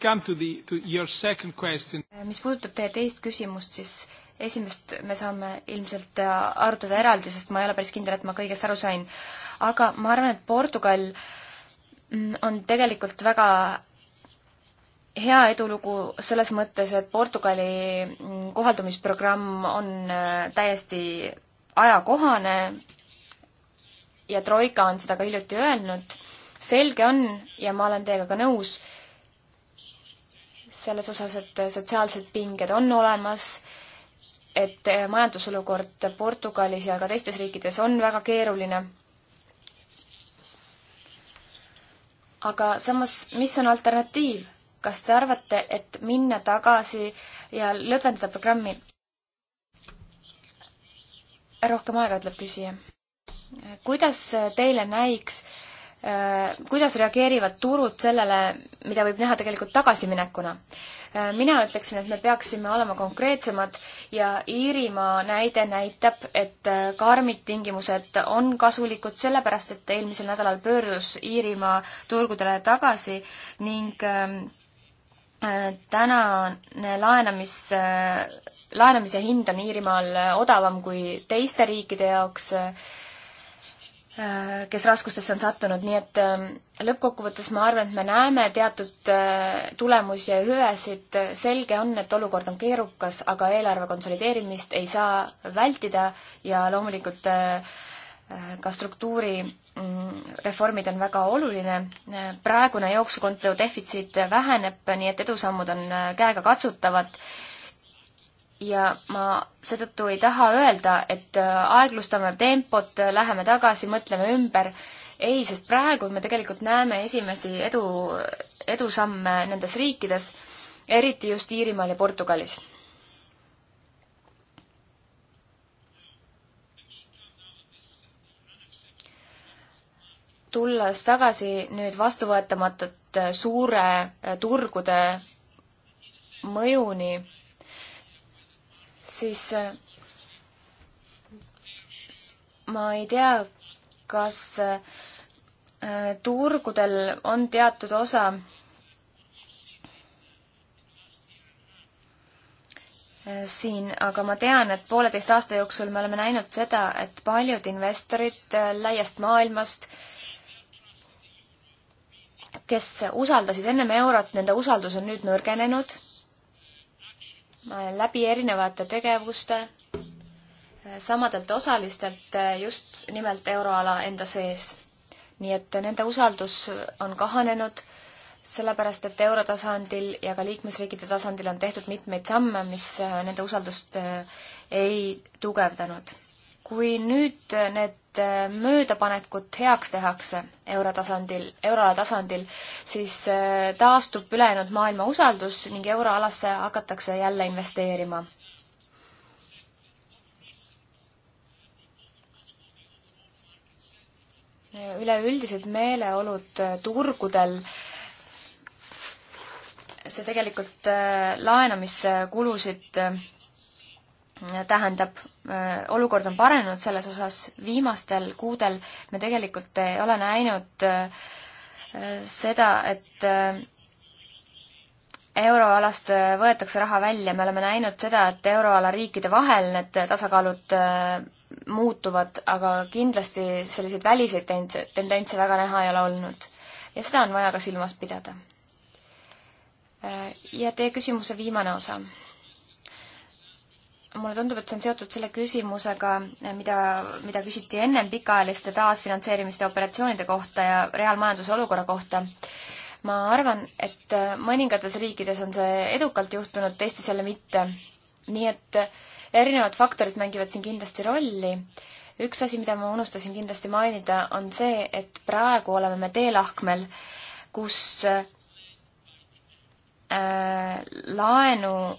To the, to eh, mis puudutab teie teist küsimust, siis esimest me saame ilmselt arutada eraldi, sest ma ei ole päris kindel, et ma kõigest aru sain. aga ma arvan, et Portugal mm, on tegelikult väga hea edulugu selles mõttes, et Portugali mm, kohaldumisprogramm on äh, täiesti ajakohane ja Troika on seda ka hiljuti öelnud. selge on ja ma olen teiega ka nõus selles osas, et sotsiaalsed pinged on olemas, et äh, majandusolukord Portugalis ja ka teistes riikides on väga keeruline aga samas, mis on alternatiiv? kas te arvate, et minna tagasi ja lõdvendada programmi? rohkem aega, ütleb küsija. kuidas teile näiks, äh, kuidas reageerivad turud sellele, mida võib näha tegelikult tagasiminekuna? Äh, mina ütleksin, et me peaksime olema konkreetsemad ja Iirimaa näide näitab, et äh, karmid tingimused on kasulikud, sellepärast et eelmisel nädalal pöördus Iirimaa turgudele tagasi ning ähm, tänane laenamis, laenamise hind on Iirimaal odavam kui teiste riikide jaoks, kes raskustesse on sattunud, nii et lõppkokkuvõttes ma arvan, et me näeme teatud tulemusi ja hüvesid, selge on, et olukord on keerukas, aga eelarve konsolideerimist ei saa vältida ja loomulikult äh, ka struktuurireformid mm, on väga oluline. praegune jooksukonto defitsiit väheneb, nii et edusammud on äh, käegakatsutavad. ja ma seetõttu ei taha öelda, et äh, aeglustame tempot, äh, läheme tagasi, mõtleme ümber. ei, sest praegu me tegelikult näeme esimesi edu, edusamme nendes riikides, eriti just Iirimaal ja Portugalis tulles tagasi nüüd vastuvõetamatute suure eh, turgude mõjuni, siis eh, ma ei tea, kas eh, turgudel on teatud osa siin, aga ma tean, et pooleteist aasta jooksul me oleme näinud seda, et paljud investorid laiast maailmast äh, kes usaldasid ennem eurot, nende usaldus on nüüd nõrgenenud läbi erinevate tegevuste eh, samadelt osalistelt eh, just nimelt euroala enda sees. nii et nende usaldus on kahanenud, sellepärast et eurotasandil ja ka liikmesriikide tasandil on tehtud mitmeid samme, mis eh, nende usaldust ei tugevdanud kui nüüd need äh, möödapanekud heaks tehakse eurotasandil, euroala tasandil, siis äh, taastub ülejäänud maailma usaldus ning euroalasse hakatakse jälle investeerima. üleüldised meeleolud äh, turgudel, see tegelikult laenamiskulusid tähendab Äh, olukord on parenenud selles osas, viimastel kuudel me tegelikult ei ole näinud äh, seda, et äh, euroalast võetakse raha välja, me oleme näinud seda, et euroala riikide vahel need tasakaalud muutuvad, aga kindlasti selliseid väliseid tendentse väga näha ei ole olnud. ja seda on vaja ka silmas pidada. ja teie küsimuse viimane osa mulle tundub, et see on seotud selle küsimusega, eh, mida, mida küsiti ennem pikaajaliste taasfinantseerimiste operatsioonide kohta ja reaalmajanduse olukorra kohta. ma arvan, et eh, mõningates riikides on see edukalt juhtunud, teistes jälle mitte. nii et eh, erinevad faktorid mängivad siin kindlasti rolli. üks asi, mida ma unustasin kindlasti mainida, on see, et praegu oleme me teelahkmel, kus äh, laenu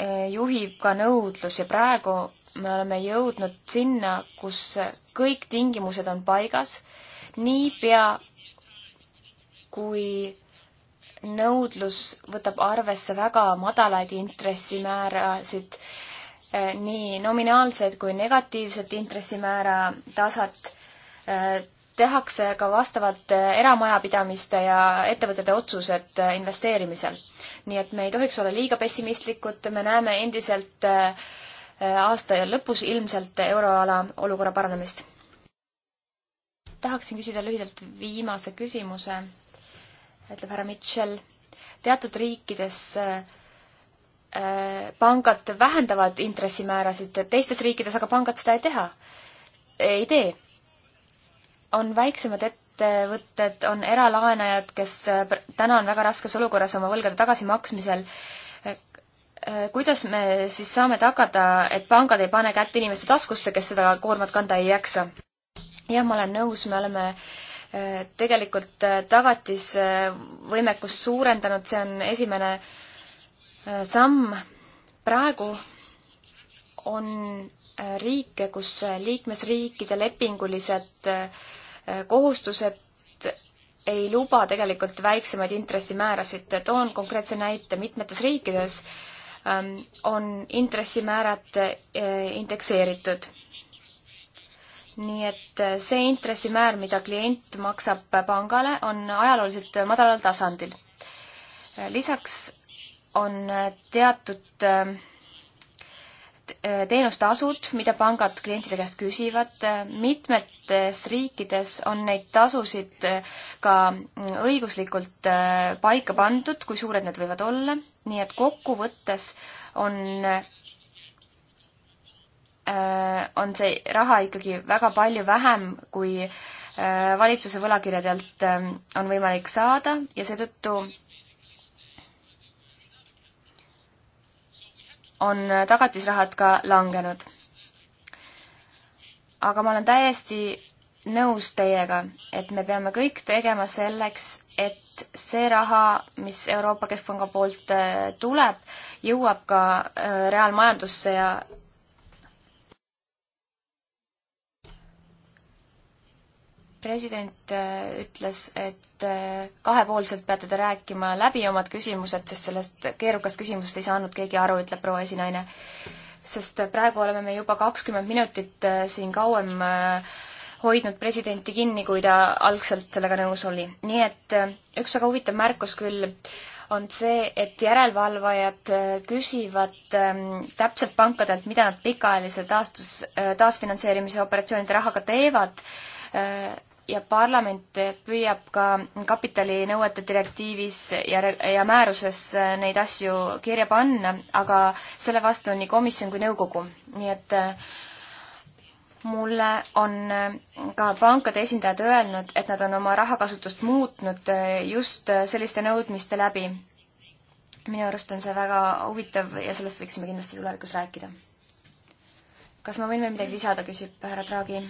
Eh, juhib ka nõudlus ja praegu me oleme jõudnud sinna, kus kõik tingimused on paigas, niipea kui nõudlus võtab arvesse väga madalaid intressimäärasid, eh, nii nominaalset kui negatiivset intressimäära tasat, eh, tehakse ka vastavalt eh, eramajapidamiste ja ettevõtete otsused eh, investeerimisel. nii et me ei tohiks olla liiga pessimistlikud, me näeme endiselt eh, aasta lõpus ilmselt euroala olukorra paranemist. tahaksin küsida lühidalt viimase küsimuse, ütleb härra Mitchell. teatud riikides pangad vähendavad intressimäärasid, teistes riikides aga pangad seda ei teha, ei tee on väiksemad ettevõtted, on eralaenajad, kes äh, täna on väga raskes olukorras oma võlgade tagasimaksmisel. Äh, äh, kuidas me siis saame tagada, et pangad ei pane kätt inimeste taskusse, kes seda koormat kanda ei jaksa? jah, ma olen nõus, me oleme tegelikult tagatisvõimekust suurendanud, see on esimene samm. praegu on riike, kus liikmesriikide lepingulised äh, kohustused ei luba tegelikult väiksemaid intressimäärasid. toon konkreetse näite, mitmetes riikides ähm, on intressimäärad äh, indekseeritud. nii et äh, see intressimäär, mida klient maksab pangale, on ajalooliselt madalal tasandil. lisaks on teatud äh, Eh, teenustasud, mida pangad klientide käest küsivad, eh, mitmetes riikides on neid tasusid eh, ka mm, õiguslikult paika pandud, kui suured need võivad olla, nii et kokkuvõttes on on see raha ikkagi väga palju vähem, kui valitsuse võlakirjadelt on võimalik saada ja seetõttu on tagatisrahad ka langenud. aga ma olen täiesti nõus teiega, et me peame kõik tegema selleks, et see raha, mis Euroopa Keskpanga poolt äh, tuleb, jõuab ka äh, reaalmajandusse ja president äh, ütles, et äh, kahepoolselt peate te rääkima läbi omad küsimused, sest sellest keerukast küsimusest ei saanud keegi aru, ütleb proua esinaine. sest äh, praegu oleme me juba kakskümmend minutit siin kauem hoidnud presidenti kinni, kui ta algselt sellega nõus oli. nii et üks väga huvitav märkus küll on see, et järelevalvajad küsivad ähm, täpselt pankadelt, mida nad pikaajalise taastus, taasfinantseerimise operatsioonide rahaga teevad ja parlament püüab ka kapitalinõuete direktiivis ja, ja määruses neid asju kirja panna, aga selle vastu on nii komisjon kui nõukogu, nii et äh, mulle on äh, ka pankade esindajad öelnud, et nad on oma rahakasutust muutnud äh, just selliste nõudmiste läbi. minu arust on see väga huvitav ja sellest võiksime kindlasti tulevikus rääkida. kas ma võin veel midagi lisada, küsib härra Draghi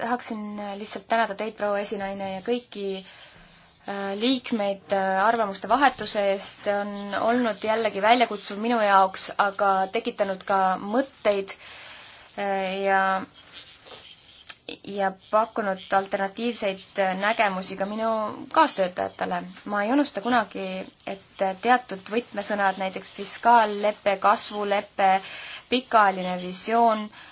tahaksin lihtsalt tänada teid, proua esinaine, ja kõiki äh, liikmeid äh, arvamuste vahetuse eest, see on olnud jällegi väljakutsuv minu jaoks, aga tekitanud ka mõtteid äh, ja ja pakkunud alternatiivseid nägemusi ka minu kaastöötajatele. ma ei unusta kunagi, et teatud võtmesõnad, näiteks fiskaallepe, kasvulepe, pikaajaline visioon äh,,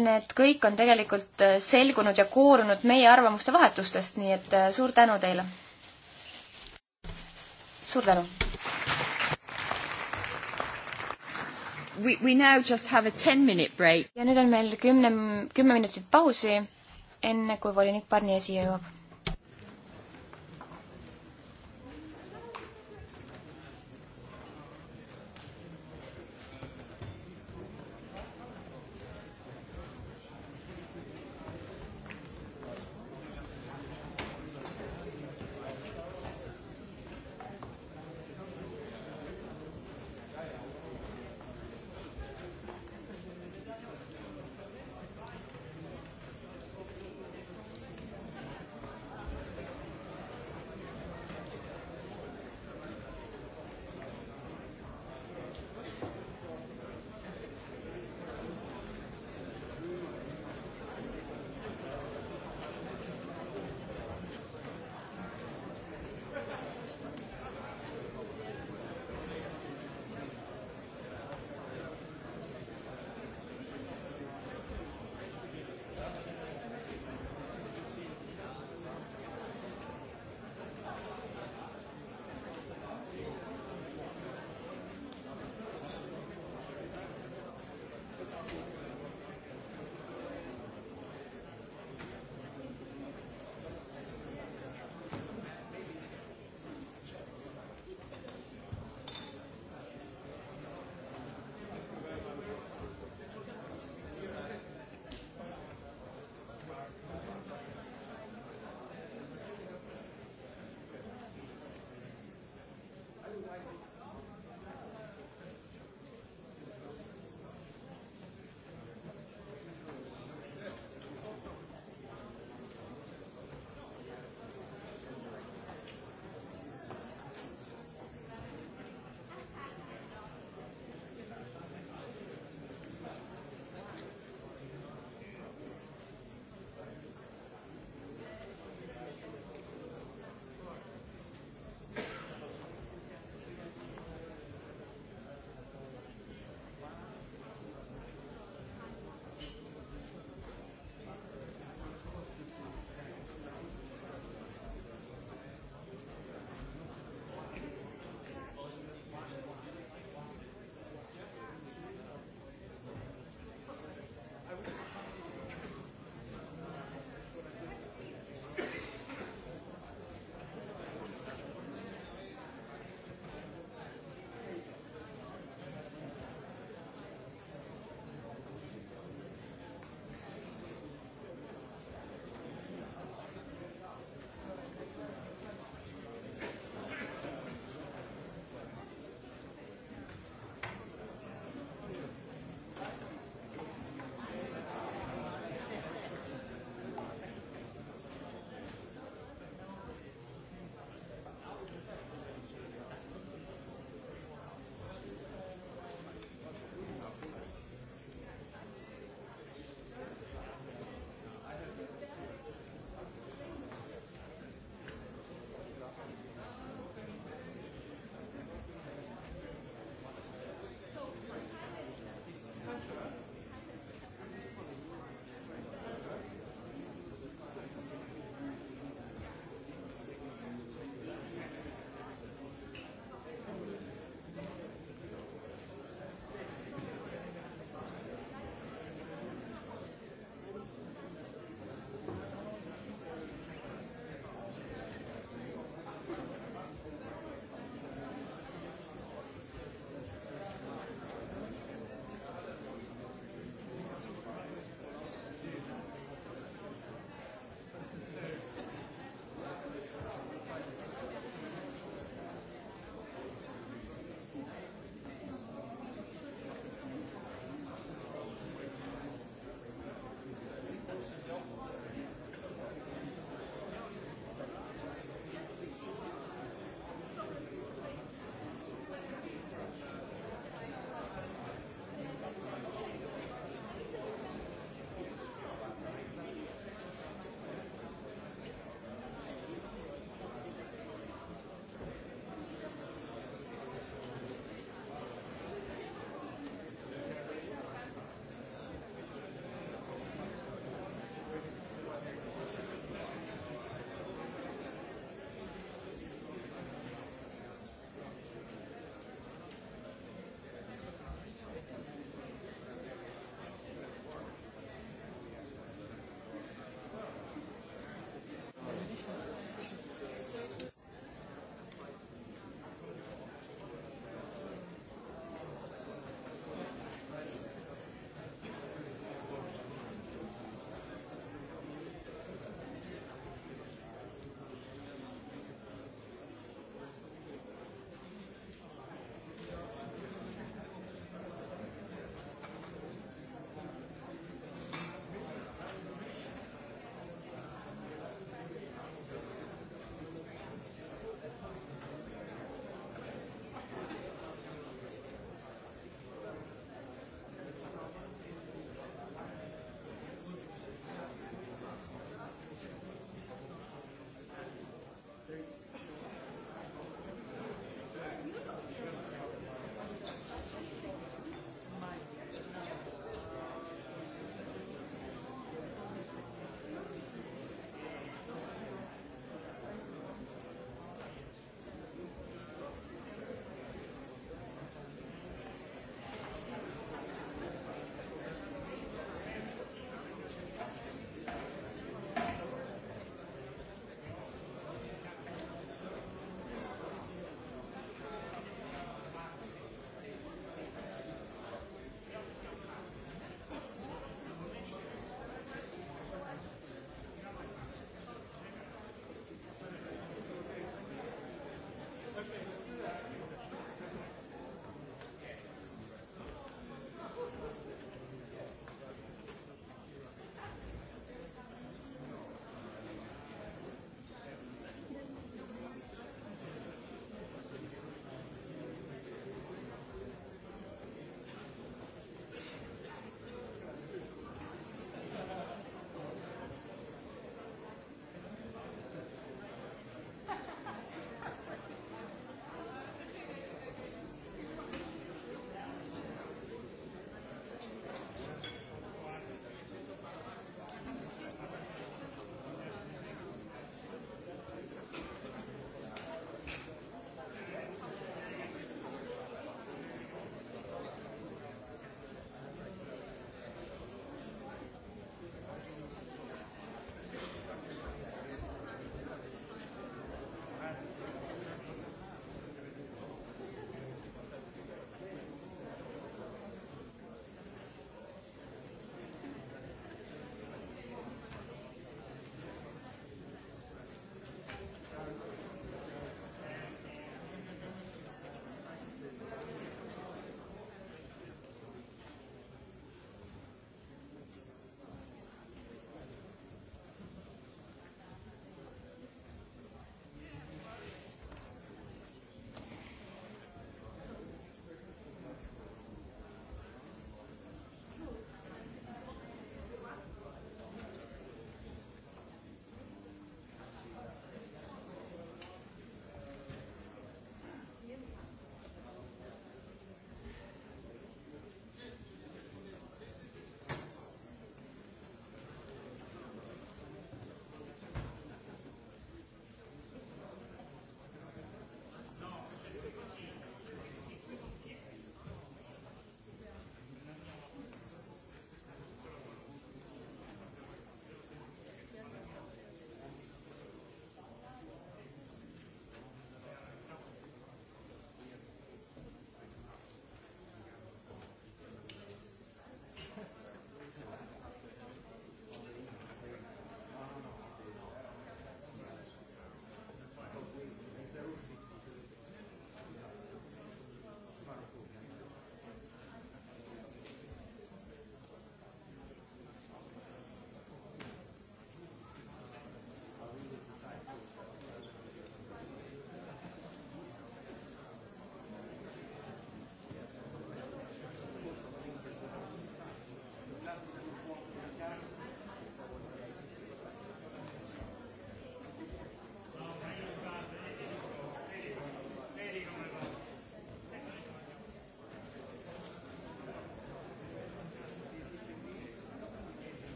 need kõik on tegelikult äh, selgunud ja koorunud meie arvamuste vahetustest, nii et äh, suur tänu teile! suur tänu! We, we now just have a ten minute break. ja nüüd on meil kümne, kümme minutit pausi, enne kui volinik Barnier siia jõuab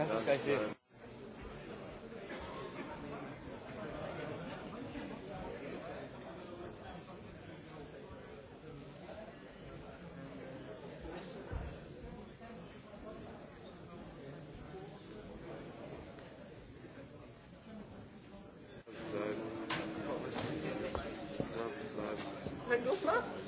kannst es gleich sehen. Wenn du es machst?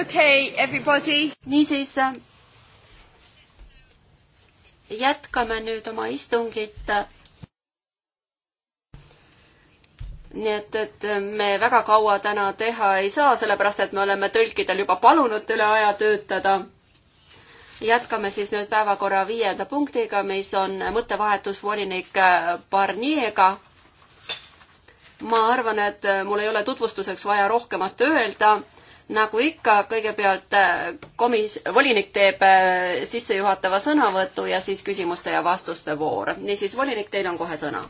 okei okay,, everybody. niisiis, jätkame nüüd oma istungit. nii et, et me väga kaua täna teha ei saa, sellepärast et me oleme tõlkidel juba palunud üle aja töötada. jätkame siis nüüd päevakorra viienda punktiga, mis on mõttevahetus volinik Barnieriga ma arvan, et mul ei ole tutvustuseks vaja rohkemat öelda nagu ikka, kõigepealt äh, komis-, volinik teeb äh, sissejuhatava sõnavõtu ja siis küsimuste ja vastuste voor. niisiis, volinik, teil on kohe sõna.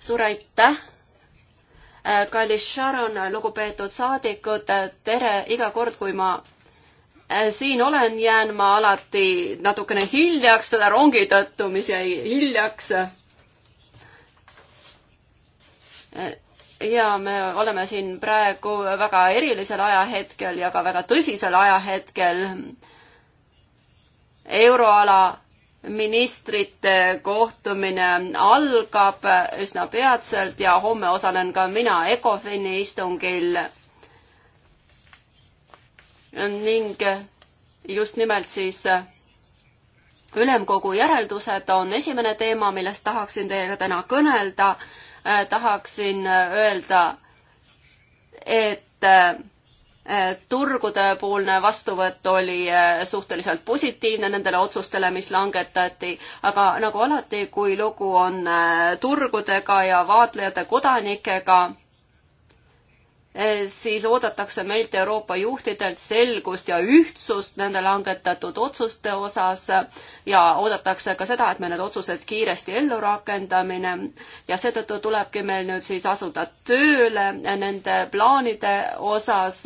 suur aitäh! Äh, kallis Sharon, lugupeetud saadikud, tere iga kord, kui ma siin olen, jään ma alati natukene hiljaks selle rongi tõttu, mis jäi hiljaks ja me oleme siin praegu väga erilisel ajahetkel ja ka väga tõsisel ajahetkel. euroala ministrite kohtumine algab üsna peatselt ja homme osalen ka mina Ecofini istungil. ning just nimelt siis ülemkogu järeldused on esimene teema, millest tahaksin teiega täna kõnelda Äh, tahaksin äh, öelda, et äh, turgudepoolne vastuvõtt oli suhteliselt positiivne nendele otsustele, mis langetati, aga nagu alati, kui lugu on turgudega ja vaatlejate kodanikega, Eh, siis oodatakse meilt Euroopa juhtidelt selgust ja ühtsust nende langetatud otsuste osas ja oodatakse ka seda, et me need otsused kiiresti ellu rakendamine ja seetõttu tulebki meil nüüd siis asuda tööle nende plaanide osas,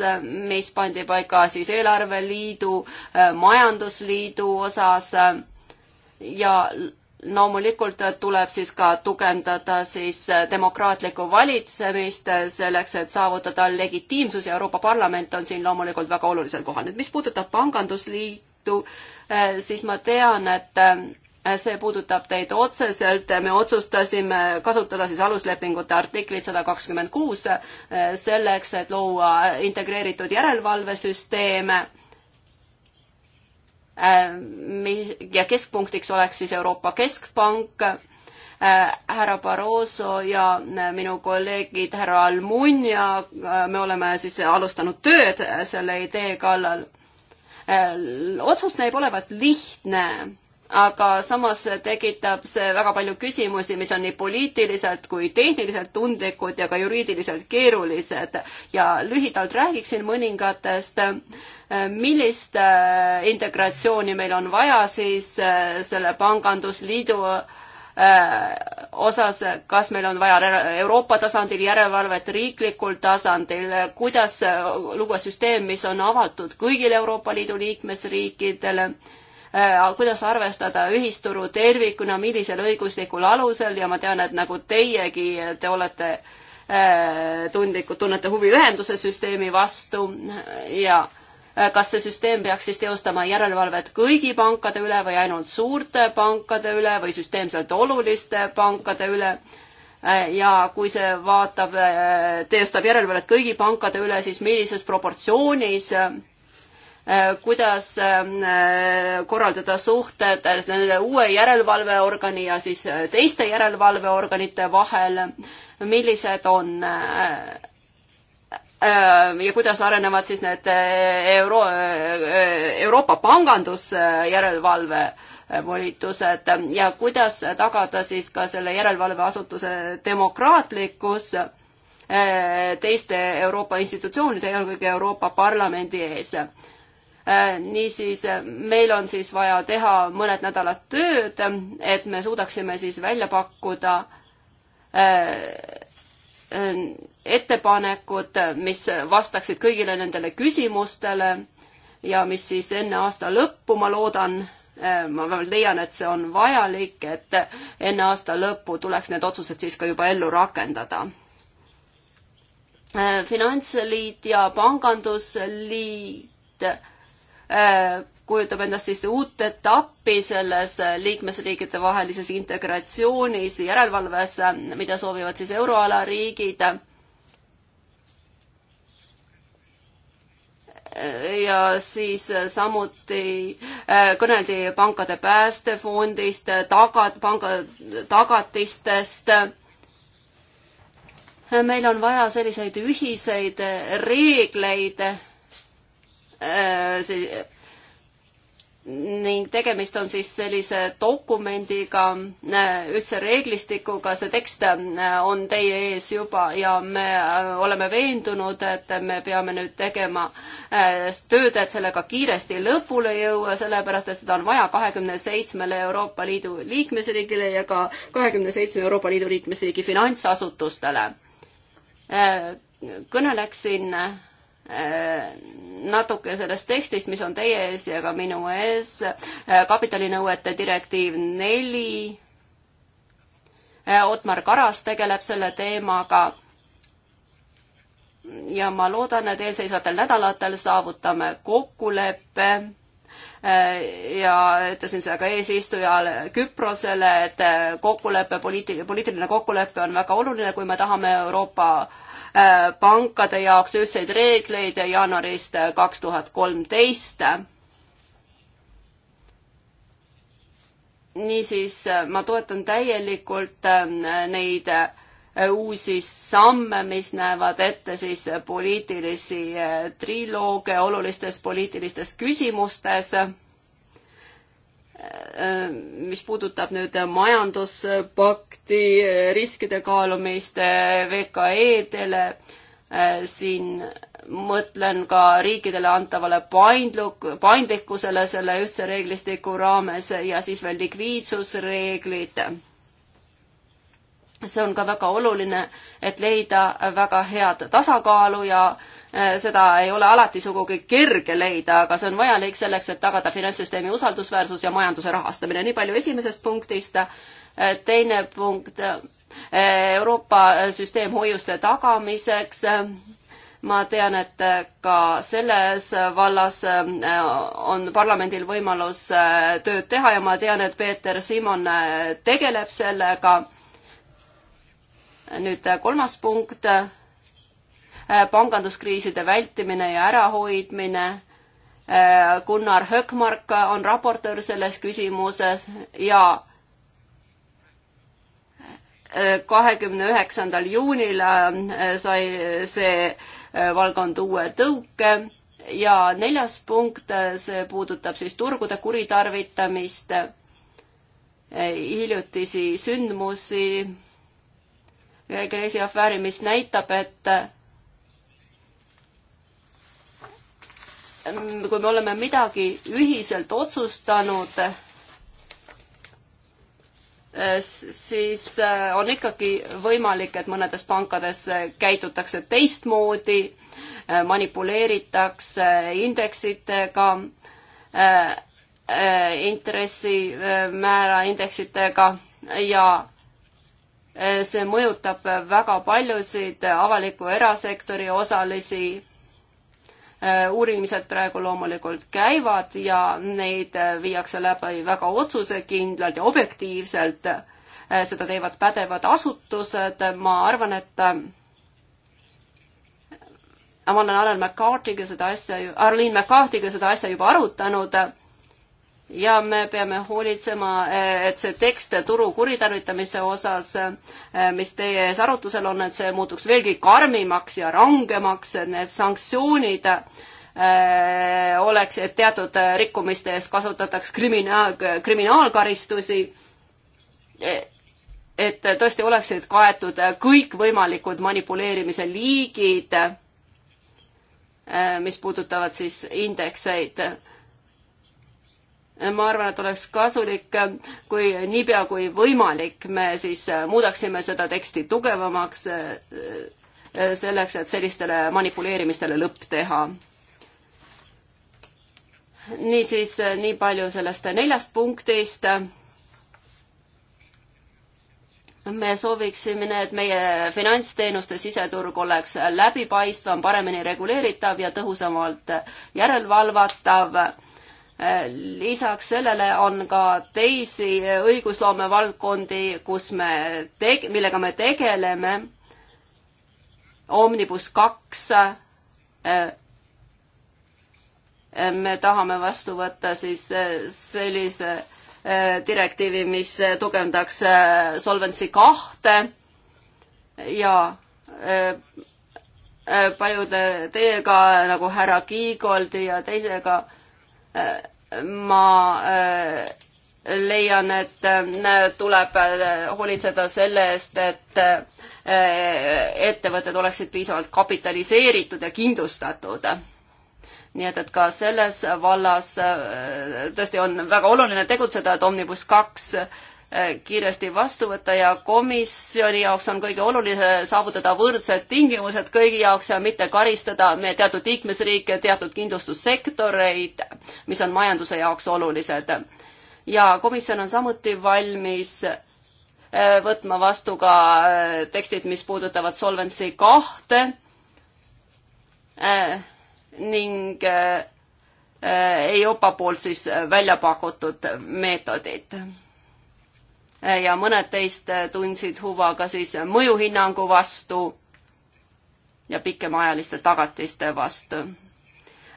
mis pandi paika siis eelarveliidu, eh, majandusliidu osas ja loomulikult tuleb siis ka tugevdada siis demokraatlikku valitsemist selleks, et saavutada legitiimsus ja Euroopa Parlament on siin loomulikult väga olulisel kohal. nüüd mis puudutab pangandusliitu, eh, siis ma tean, et eh, see puudutab teid otseselt, me otsustasime kasutada siis aluslepingute artiklit sada kakskümmend kuus eh, selleks, et luua integreeritud järelevalvesüsteeme Äh, ja keskpunktiks oleks siis Euroopa Keskpank, äh, härra Barroso ja äh, minu kolleegid härra Almunia, me oleme siis alustanud tööd selle idee kallal. otsus näib olevat lihtne aga samas tekitab see väga palju küsimusi, mis on nii poliitiliselt kui tehniliselt tundlikud ja ka juriidiliselt keerulised. ja lühidalt räägiksin mõningatest, eh, millist eh, integratsiooni meil on vaja siis eh, selle pangandusliidu osas, kas meil on vaja Euroopa tasandil järelevalvet, riiklikul tasandil, kuidas luua süsteem, mis on avatud kõigile Euroopa Liidu liikmesriikidele Äh, kuidas arvestada ühisturu tervikuna, millisel õiguslikul alusel ja ma tean, et nagu teiegi, te olete äh, tundlikud, tunnete huvi ühenduse süsteemi vastu ja äh, kas see süsteem peaks siis teostama järelevalvet kõigi pankade üle või ainult suurte pankade üle või süsteemselt oluliste pankade üle? ja kui see vaatab, teostab järelevalvet kõigi pankade üle, siis millises proportsioonis Äh, kuidas äh, korraldada suhted nende uue järelevalveorgani ja siis äh, teiste järelevalveorganite vahel, millised on ja kuidas arenevad siis need euro, Euroopa pangandusjärelevalve volitused ja kuidas tagada siis ka selle järelevalveasutuse demokraatlikkus teiste Euroopa institutsioonide, eelkõige Euroopa Parlamendi ees Äh, niisiis äh, meil on siis vaja teha mõned nädalad tööd, et me suudaksime siis välja pakkuda äh, ettepanekud, mis vastaksid kõigile nendele küsimustele ja mis siis enne aasta lõppu, ma loodan, ma vähemalt leian, et see on vajalik, et enne aasta lõppu tuleks need otsused siis ka juba ellu rakendada. finantsliit ja pangandusliit Äh, kujutab endast siis uut etappi selles äh, liikmesriikide vahelises integratsioonis, järelevalves, äh, mida soovivad siis euroala riigid. ja siis samuti kõneldi pankade päästefondist, tagat-, panga tagatistest meil on vaja selliseid ühiseid reegleid, Äh, see ning tegemist on siis sellise dokumendiga, äh, üldse reeglistikuga, see tekst äh, on teie ees juba ja me oleme veendunud, et me peame nüüd tegema tööd, et sellega kiiresti lõpule jõua, sellepärast et seda on vaja kahekümne seitsmele Euroopa Liidu liikmesriigile ja ka kahekümne seitsme Euroopa Liidu liikmesriigi finantsasutustele. kõneleksin natuke sellest tekstist, mis on teie ees ja ka minu ees, kapitalinõuete direktiiv neli. Otmar Karas tegeleb selle teemaga. ja ma loodan, et eelseisvatel nädalatel saavutame kokkuleppe ja ütlesin seda ka eesistujale Küprosele, et kokkulepe, poliitiline, poliitiline kokkulepe on väga oluline, kui me tahame Euroopa Äh, pankade jaoks ühtseid reegleid jaanuarist äh, kaks tuhat kolmteist. niisiis, äh, ma toetan täielikult neid uusi samme, mis näevad ette siis poliitilisi trilooge olulistes poliitilistes küsimustes mis puudutab nüüd majanduspakti, riskide kaalumist VKE-dele, eh, siin mõtlen ka riikidele antavale paindluk-, paindlikkusele selle ühtse reeglistiku raames ja siis veel likviidsusreeglid. see on ka väga oluline, et leida väga head tasakaalu ja äh, Äh, seda ei ole alati sugugi kerge leida, aga see on vajalik selleks, et tagada finantssüsteemi usaldusväärsus ja majanduse rahastamine. nii palju esimesest punktist. Äh, teine punkt, äh, Euroopa süsteem hoiuste tagamiseks ma tean, et ka selles vallas on parlamendil võimalus tööd teha ja ma tean, et Peeter Simon tegeleb sellega. nüüd kolmas punkt Äh, panganduskriiside vältimine ja ärahoidmine. Äh, Gunnar Hökmark on raportöör selles küsimuses ja äh, kahekümne üheksandal juunil sai see valdkond uue tõuke ja neljas punkt, see puudutab siis turgude kuritarvitamist, hiljutisi sündmusi, Kreisi afääri, mis näitab, et kui me oleme midagi ühiselt otsustanud, eh, siis eh, on ikkagi võimalik, et mõnedes pankades käidutakse teistmoodi, eh, manipuleeritakse indeksitega, intressimäära indeksitega ja see mõjutab väga paljusid avaliku erasektori osalisi Äh, uurimised praegu loomulikult käivad ja neid äh, viiakse läbi väga otsusekindlalt ja objektiivselt. Äh, seda teevad pädevad asutused, ma arvan, et ma olen Alan McCarthy'ga seda asja, Arlene McCarthy'ga seda asja juba arutanud ja me peame hoolitsema, et see tekst turu kuritarvitamise osas, mis teie ees arutusel on, et see muutuks veelgi karmimaks ja rangemaks, et need sanktsioonid eh, oleks, et teatud rikkumiste eest kasutataks kriminaal, kriminaalkaristusi, et tõesti oleksid kaetud kõikvõimalikud manipuleerimise liigid, eh, mis puudutavad siis indekseid ma arvan, et oleks kasulik, kui niipea kui võimalik, me siis muudaksime seda teksti tugevamaks eh, selleks, et sellistele manipuleerimistele lõpp teha. niisiis, nii palju sellest neljast punktist. me sooviksime, et meie finantsteenuste siseturg oleks läbipaistvam, paremini reguleeritav ja tõhusamalt järelevalvatav lisaks sellele on ka teisi õigusloome valdkondi, kus me teg-, millega me tegeleme. Omnibus kaks. Äh, äh, me tahame vastu võtta siis äh, sellise direktiivi, mis tugevdaks Solvency kahte ja paljud teiega nagu härra Kiigold ja teisega äh, ma äh, leian, et äh, tuleb äh, hoolitseda selle eest, et ettevõtted oleksid piisavalt kapitaliseeritud ja kindlustatud. nii et, et ka selles vallas tõesti on väga oluline tegutseda, et Omnibus kaks 2 Eh, kiiresti vastu võtta ja komisjoni jaoks on kõige olulisem saavutada võrdsed tingimused kõigi jaoks ja mitte karistada me teatud liikmesriike, teatud kindlustussektoreid, mis on majanduse jaoks olulised. ja komisjon on samuti valmis eh, võtma vastu ka eh, tekstid, mis puudutavad Solvency kahte ning EIOPA poolt siis välja pakutud meetodid Eh, ja mõned teist eh, tundsid huva ka siis mõjuhinnangu vastu ja pikemaajaliste tagatiste vastu.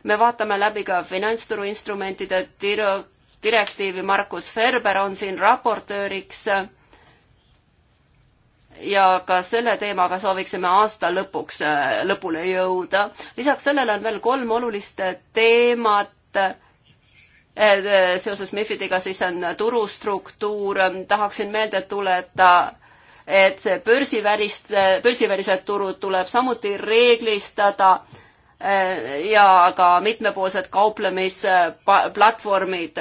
me vaatame läbi ka finantsturuinstrumentide direktiivi, Markus Ferber on siin raportööriks ja ka selle teemaga sooviksime aasta lõpuks eh, lõpule jõuda. lisaks sellele on veel kolm olulist teemat, Eh, eh, seoses MIFIDiga, siis on turustruktuur, tahaksin meelde tuleta, et see börsivälist, börsivälised turud tuleb samuti reeglistada eh, ja ka mitmepoolsed kauplemisplatvormid,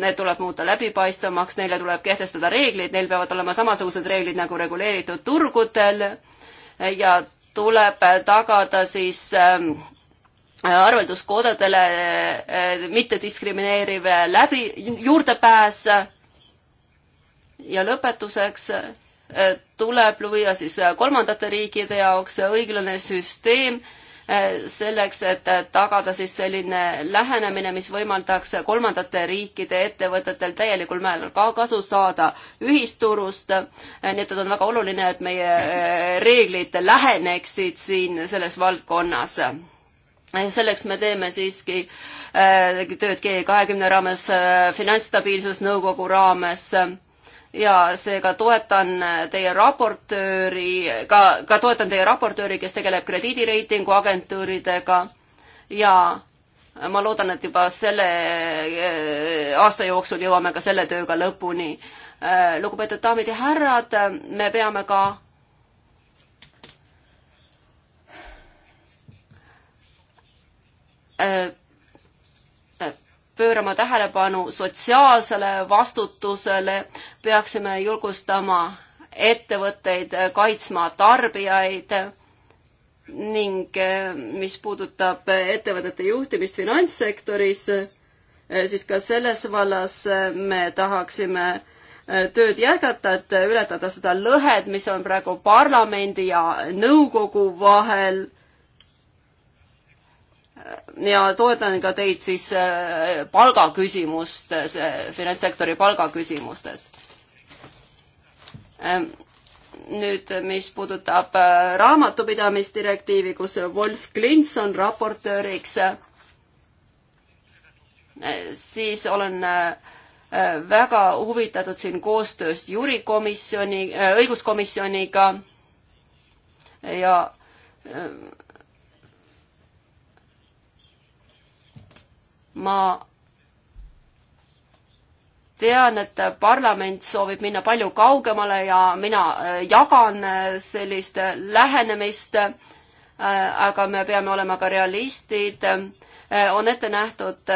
need tuleb muuta läbipaistvamaks, neile tuleb kehtestada reeglid, neil peavad olema samasugused reeglid nagu reguleeritud turgudel ja tuleb tagada siis äh, arvelduskodadele eh, mittediskrimineeriv läbi, juurdepääs. ja lõpetuseks eh, tuleb luua siis eh, kolmandate riikide jaoks õiglane süsteem selleks, et tagada siis selline lähenemine, mis võimaldaks kolmandate riikide ettevõtetel täielikul määral ka kasu saada ühisturust. nii et on väga oluline, et meie reeglid läheneksid siin selles valdkonnas selleks me teeme siiski äh, tööd G kahekümne raames, äh, finantsstabiilsusnõukogu raames ja seega toetan äh, teie raportööri, ka, ka toetan teie raportööri, kes tegeleb krediidireitingu agentuuridega ja ma loodan, et juba selle aasta jooksul jõuame ka selle tööga lõpuni. lugupeetud daamid ja härrad, me peame ka Äh, pöörama tähelepanu sotsiaalsele vastutusele, peaksime julgustama ettevõtteid äh, kaitsma tarbijaid ning äh, mis puudutab ettevõtete juhtimist finantssektoris, siis ka selles vallas me tahaksime tööd jätkata, et ületada seda lõhet, mis on praegu parlamendi ja nõukogu vahel ja toetan ka teid siis äh, palgaküsimustes, äh, finantssektori palgaküsimustes. Ähm, nüüd, mis puudutab äh, raamatupidamisdirektiivi, kus Wolf Klints on raportööriks, siis olen väga huvitatud siin koostööst juurikomisjoni, õiguskomisjoniga ja ma tean, et parlament soovib minna palju kaugemale ja mina äh, jagan äh, sellist äh, lähenemist, aga me peame olema ka realistid. on ette nähtud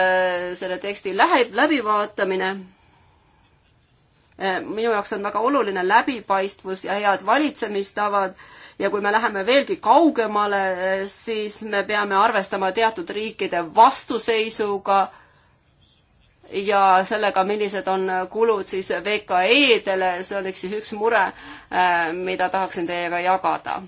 selle teksti lähe-, läbivaatamine. minu jaoks on väga oluline läbipaistvus ja head valitsemistavad ja kui me läheme veelgi kaugemale, eh, siis me peame arvestama teatud riikide vastuseisuga ja sellega, millised on kulud siis VKE-dele, see oleks siis üks mure, eh, mida tahaksin teiega jagada.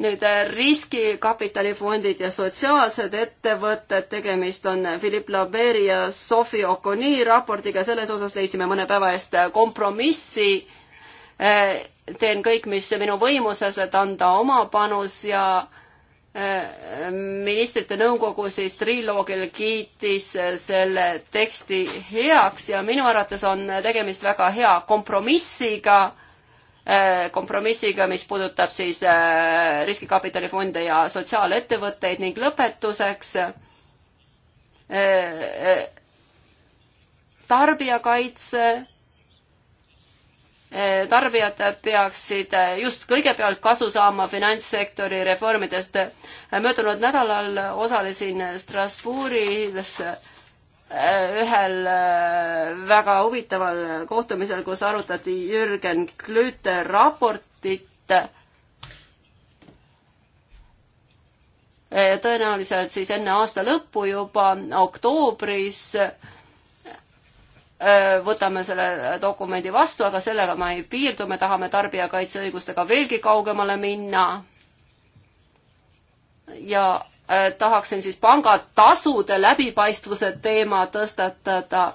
nüüd eh, riskikapitalifondid ja sotsiaalsed ettevõtted, tegemist on Philippe Laberi ja Sophie Oconi raportiga, selles osas leidsime mõne päeva eest kompromissi teen kõik, mis minu võimuses, et anda oma panus ja äh, ministrite nõukogu siis triloogil kiitis äh, selle teksti heaks ja minu arvates on tegemist väga hea kompromissiga, äh, kompromissiga, mis puudutab siis riskikapitalifonde ja sotsiaalettevõtteid ning lõpetuseks tarbijakaitse Eh, tarbijad peaksid eh, just kõigepealt kasu saama finantssektori reformidest. Eh, möödunud nädalal osalesin Strasbourgis ühel väga huvitaval kohtumisel, kus arutati Jürgen Klüüte raportit. tõenäoliselt siis enne aasta lõppu juba oktoobris võtame selle dokumendi vastu, aga sellega ma ei piirdu, me tahame tarbijakaitseõigustega veelgi kaugemale minna. ja tahaksin siis pangatasude läbipaistvuse teema tõstatada.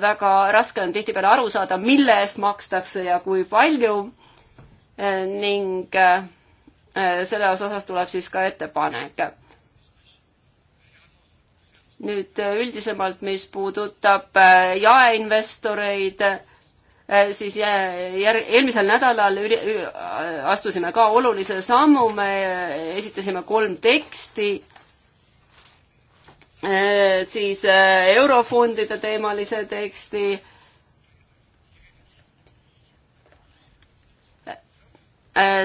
väga raske on tihtipeale aru saada, mille eest makstakse ja kui palju ning selles osas tuleb siis ka ettepanek nüüd äh, üldisemalt, mis puudutab äh, jaeinvestoreid, äh, siis jär-, eelmisel nädalal üli, ü, astusime ka olulise sammu, me esitasime kolm teksti, siis eurofondide teemalise teksti,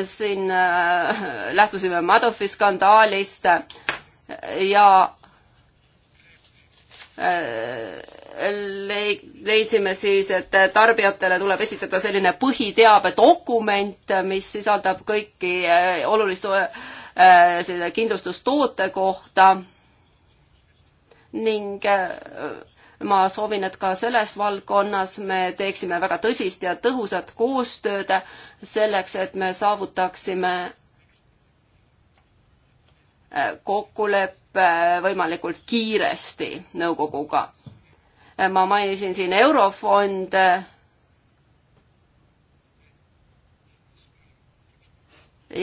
siin lähtusime Madofi skandaalist ja leidsime siis, et tarbijatele tuleb esitada selline põhiteabedokument, mis sisaldab kõiki äh, olulist äh, selle kindlustustoote kohta. ning äh, ma soovin, et ka selles valdkonnas me teeksime väga tõsist ja tõhusat koostööd selleks, et me saavutaksime kokkulepe võimalikult kiiresti nõukoguga. ma mainisin siin Eurofonde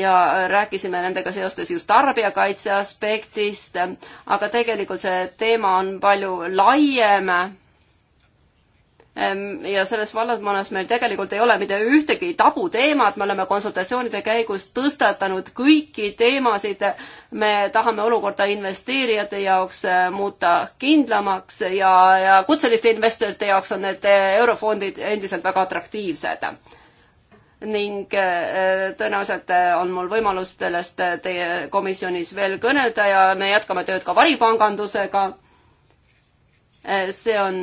ja rääkisime nendega seostes just tarbijakaitse aspektist, aga tegelikult see teema on palju laiem Ehm, ja selles vallasmannas meil tegelikult ei ole mitte ühtegi tabuteemat, me oleme konsultatsioonide käigus tõstatanud kõiki teemasid. me tahame olukorda investeerijate jaoks eh, muuta kindlamaks ja, ja kutseliste investorite jaoks on need eh, eurofondid endiselt väga atraktiivsed. ning eh, tõenäoliselt on mul võimalus sellest teie komisjonis veel kõnelda ja me jätkame tööd ka varipangandusega see on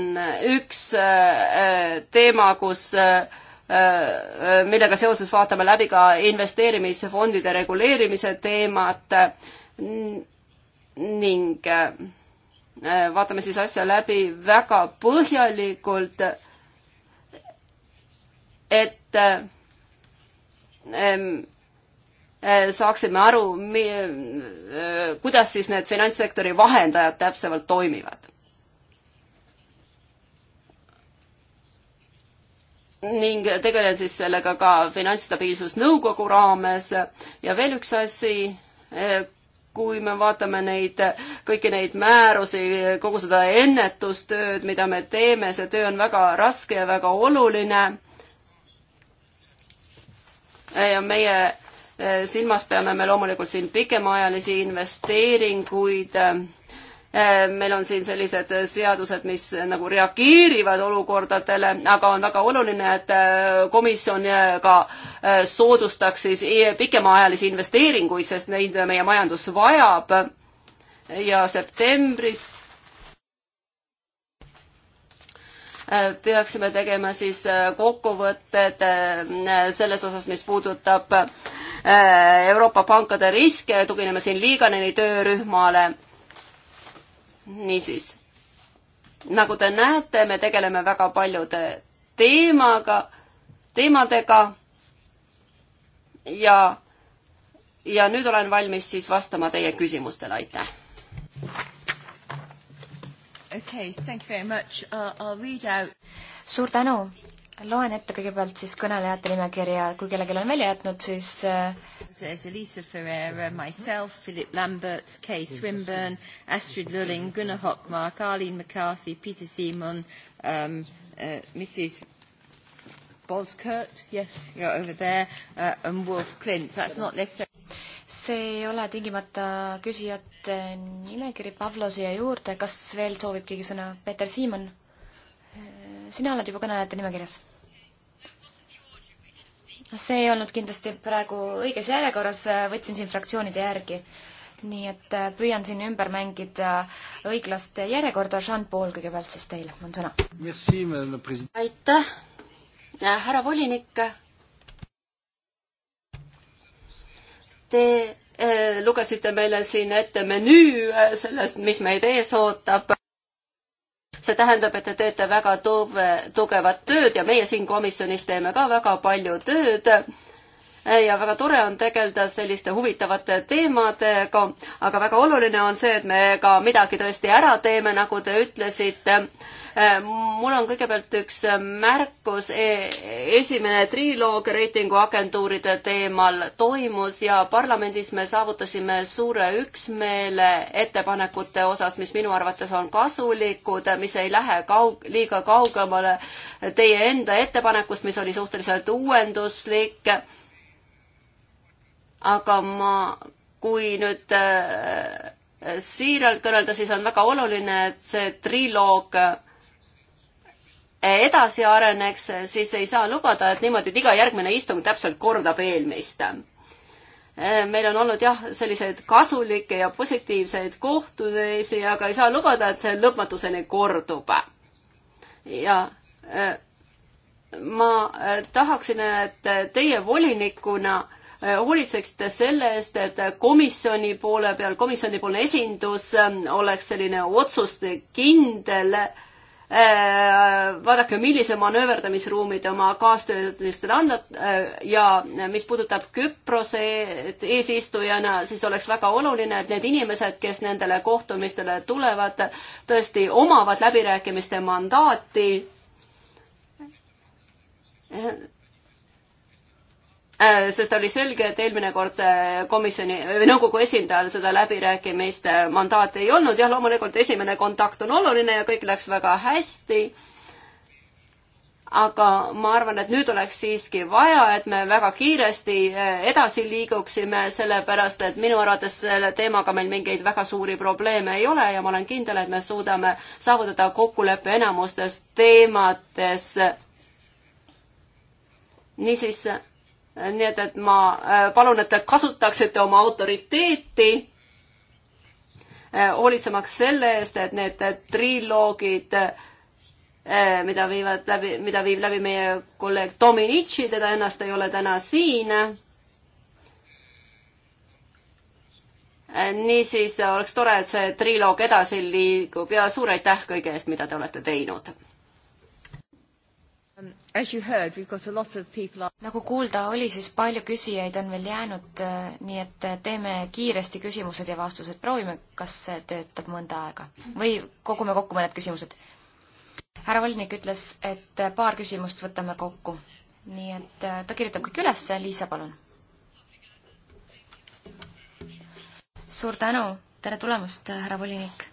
üks äh, teema, kus äh, äh, millega seoses vaatame läbi ka investeerimisfondide reguleerimise teemat ning vaatame siis asja läbi väga põhjalikult, et saaksime aru, kuidas siis need finantssektori vahendajad täpsemalt toimivad ning tegelen siis sellega ka Finantsstabiilsusnõukogu raames ja veel üks asi, eh, kui me vaatame neid, kõiki neid määrusi, kogu seda ennetustööd, mida me teeme, see töö on väga raske ja väga oluline. ja meie eh, silmas peame me loomulikult siin pikemaajalisi investeeringuid eh, Äh, meil on siin sellised seadused, mis nagu reageerivad olukordadele, aga on väga oluline, et äh, komisjon äh, ka soodustaks siis pikemaajalisi investeeringuid, sest neid meie majandus vajab. ja septembris peaksime tegema siis kokkuvõtted selles osas, mis puudutab Euroopa pankade riske, tugineme siin Liiganeni töörühmale niisiis, nagu te näete, me tegeleme väga paljude teemaga, teemadega ja, ja nüüd olen valmis siis vastama teie küsimustele, aitäh! Okay, thank you very much. Uh, I'll read out. Suur tänu loen ette kõigepealt siis kõnelejate nimekirja, kui kellelgi on välja jätnud, siis Elisa Ferreira, myself, Philip Lamberts, Kay Swinburne, Astrid Lulling, Gunnar Hockmark, Arlene McCarthy, Peter Simon um,, uh, Mrs Boskurt, yes, you are over there uh,, and Wolf Clint, that's not necessarily see ei ole tingimata küsijate nimekiri, Pavlo siia juurde, kas veel soovib keegi sõna? Peeter Siimann sina oled juba kõnelejate nimekirjas. see ei olnud kindlasti praegu õiges järjekorras, võtsin siin fraktsioonide järgi. nii et äh, püüan siin ümber mängida õiglast järjekorda. Jean-Paul kõigepealt siis teile on sõna. aitäh, äh, härra volinik. Te äh, lugesite meile siin ette menüü sellest, mis meid ees ootab see tähendab, et te teete väga tuge, tugevat tööd ja meie siin komisjonis teeme ka väga palju tööd ja väga tore on tegeleda selliste huvitavate teemadega, aga väga oluline on see, et me ka midagi tõesti ära teeme, nagu te ütlesite. Äh, mul on kõigepealt üks märkus, e, esimene triloog reitinguagentuuride teemal toimus ja parlamendis me saavutasime suure üksmeele ettepanekute osas, mis minu arvates on kasulikud, mis ei lähe kaug-, liiga kaugemale teie enda ettepanekust, mis oli suhteliselt uuenduslik. aga ma, kui nüüd äh, siiralt kõnelda, siis on väga oluline, et see triloog edasi areneks, siis ei saa lubada, et niimoodi, et iga järgmine istung täpselt kordab eelmist. meil on olnud jah, selliseid kasulikke ja positiivseid kohtumisi, aga ei saa lubada, et see lõpmatuseni kordub. ja ma äh, tahaksin, et teie volinikuna äh, hoolitseksite selle eest, et komisjoni poole peal, komisjonipoolne esindus äh, oleks selline otsuste kindel äh, Äh, vaadake, millise manööverdamisruumi te oma kaastöölistele annate äh, ja mis puudutab Küprose eesistujana, siis oleks väga oluline, et need inimesed, kes nendele kohtumistele tulevad, tõesti omavad läbirääkimiste mandaati Äh, sest oli selge, et eelmine kord komisjoni, äh, nõukogu esindajal seda läbirääkimiste mandaati ei olnud, jah, loomulikult esimene kontakt on oluline ja kõik läks väga hästi, aga ma arvan, et nüüd oleks siiski vaja, et me väga kiiresti äh, edasi liiguksime, sellepärast et minu arvates selle teemaga meil mingeid väga suuri probleeme ei ole ja ma olen kindel, et me suudame saavutada kokkuleppe enamustes teemates. niisiis nii et, et ma äh, palun, et te kasutaksite oma autoriteeti äh, hoolitsemaks selle eest, et need äh, triloogid, mida viivad läbi, mida viib läbi meie kolleeg Dominici, teda ennast ei ole täna siin. niisiis oleks tore, et see triloog edasi liigub ja suur aitäh kõige eest, mida te olete teinud nagu kuulda oli, siis palju küsijaid on veel jäänud, äh, nii et äh, teeme kiiresti küsimused ja vastused, proovime, kas see töötab mõnda aega või kogume kokku mõned küsimused. härra Volnik ütles, et äh, paar küsimust võtame kokku, nii et ta kirjutab kõik üles, Liisa, palun. suur tänu, tere tulemast, härra volinik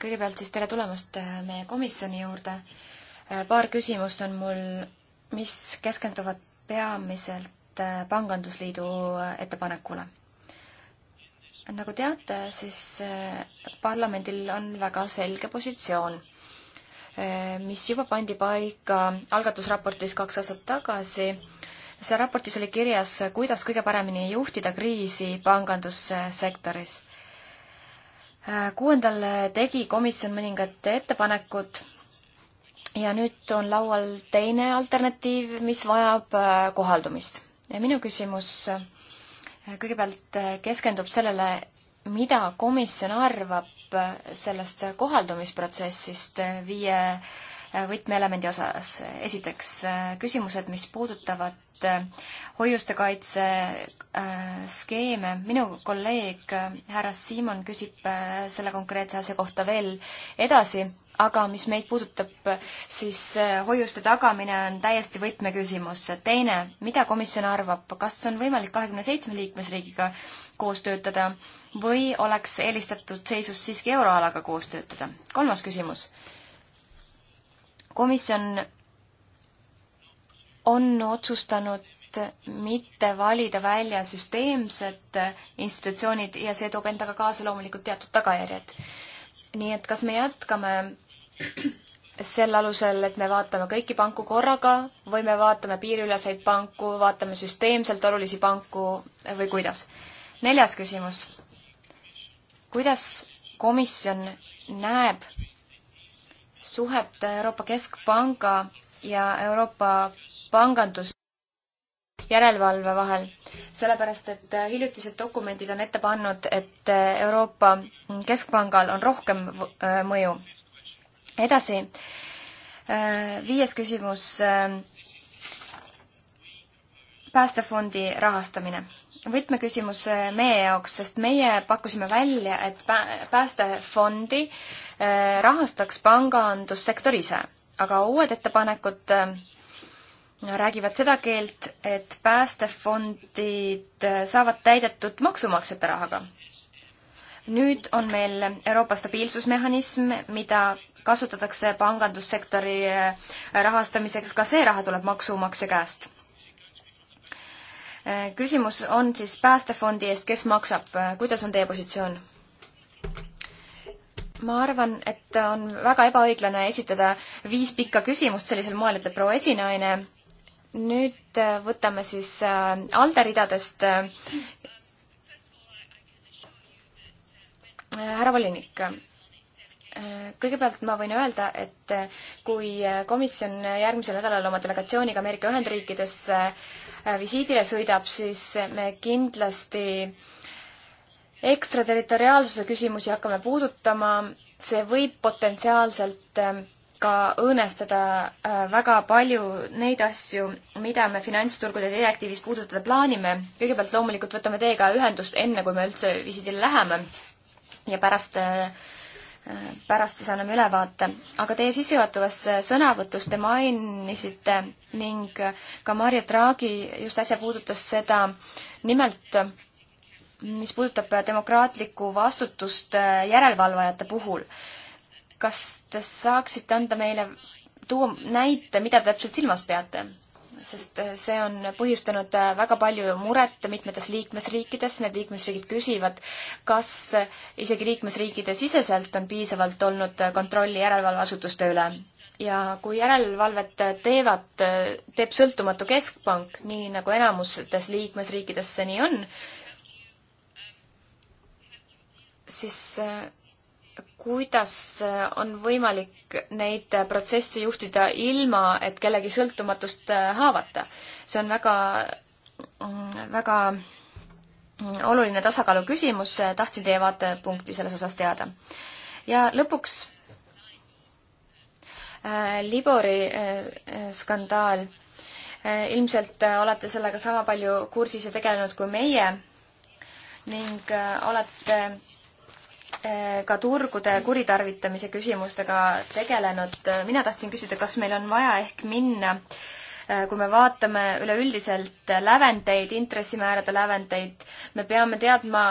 kõigepealt siis tere tulemast äh, meie komisjoni juurde. Äh, paar küsimust on mul, mis keskenduvad peamiselt äh, Pangandusliidu ettepanekule. nagu teate, siis parlamendil on väga selge positsioon, mis juba pandi paika algatusraportis kaks aastat tagasi seal raportis oli kirjas, kuidas kõige paremini juhtida kriisi pangandussektoris kuuendal tegi komisjon mõningad ettepanekud ja nüüd on laual teine alternatiiv, mis vajab äh, kohaldumist. ja minu küsimus äh, kõigepealt äh, keskendub sellele, mida komisjon arvab sellest kohaldumisprotsessist viie võtmeelemendi osas. esiteks äh, küsimused, mis puudutavad äh, hoiuste kaitse äh, skeeme. minu kolleeg härra Siimon küsib selle konkreetse asja kohta veel edasi, aga mis meid puudutab, siis hoiuste tagamine on täiesti võtmeküsimus. teine, mida komisjon arvab, kas on võimalik kahekümne seitsme liikmesriigiga koos töötada või oleks eelistatud seisus siiski euroalaga koos töötada? kolmas küsimus komisjon on otsustanud mitte valida välja süsteemsed institutsioonid ja see toob endaga kaasa loomulikult teatud tagajärjed. nii et kas me jätkame sel alusel, et me vaatame kõiki panku korraga või me vaatame piiriüleseid panku, vaatame süsteemselt olulisi panku või kuidas? neljas küsimus. kuidas komisjon näeb suhet Euroopa Keskpanga ja Euroopa pangandus järelevalve vahel. sellepärast, et hiljutised dokumendid on ette pannud, et Euroopa Keskpangal on rohkem äh, mõju. edasi, äh, viies küsimus, äh, päästefondi rahastamine võtmeküsimus meie jaoks, sest meie pakkusime välja, et päästefondi äh, rahastaks pangandussektor ise. aga uued ettepanekud äh, räägivad seda keelt, et päästefondid äh, saavad täidetud maksumaksjate rahaga. nüüd on meil Euroopa stabiilsusmehhanism, mida kasutatakse pangandussektori rahastamiseks, ka see raha tuleb maksumaksja käest Äh, küsimus on siis päästefondi eest, kes maksab, äh, kuidas on teie positsioon? ma arvan, et on väga ebaõiglane esitada viis pikka küsimust sellisel moel, ütleb proua esinaine. nüüd äh, võtame siis ALDE ridadest härra volinik kõigepealt ma võin öelda, et kui komisjon järgmisel nädalal oma delegatsiooniga Ameerika Ühendriikidesse Äh, visiidile sõidab, siis me kindlasti ekstraterritoriaalsuse küsimusi hakkame puudutama, see võib potentsiaalselt äh, ka õõnestada äh, väga palju neid asju, mida me finantsturgude direktiivis puudutada plaanime. kõigepealt loomulikult võtame teiega ühendust, enne kui me üldse visiidile läheme ja pärast äh, pärast siis anname ülevaate. aga teie sissejuhatavas sõnavõtus te mainisite ning ka Marje Draagi just äsja puudutas seda, nimelt mis puudutab demokraatlikku vastutust järelevalvajate puhul. kas te saaksite anda meile, tuua näite, mida täpselt silmas peate? sest äh, see on põhjustanud äh, väga palju muret mitmetes liikmesriikides, need liikmesriigid küsivad, kas äh, isegi liikmesriikide siseselt on piisavalt olnud kontrolli järelevalveasutuste üle. ja kui järelevalvet teevad, teeb sõltumatu keskpank, nii nagu enamustes liikmesriikides see nii on, siis kuidas on võimalik neid protsesse juhtida ilma, et kellegi sõltumatust äh, haavata. see on väga, mm, väga mm, oluline tasakaalu küsimus, äh, tahtsin teie vaatepunkti selles osas teada. ja lõpuks äh, Libori skandaal. ilmselt olete sellega sama palju kursis ja tegelenud kui meie ning olete Eh, ka turgude kuritarvitamise küsimustega tegelenud. mina tahtsin küsida, kas meil on vaja ehk minna eh, kui me vaatame üleüldiselt lävendeid, intressimäärade lävendeid, me peame teadma,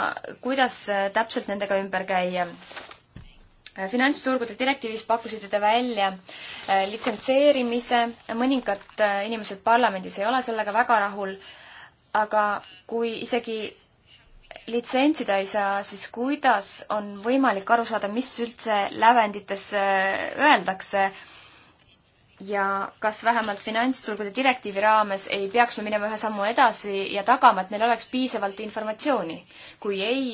kuidas täpselt nendega ümber käia. Eh, finantsturgude direktiivis pakkusite te välja litsenseerimise, mõningad inimesed parlamendis ei ole sellega väga rahul, aga kui isegi litsentsida ei saa, siis kuidas on võimalik aru saada, mis üldse lävendites äh, öeldakse ja kas vähemalt finantsturgude direktiivi raames ei peaks me minema ühe sammu edasi ja tagama, et meil oleks piisavalt informatsiooni? kui ei,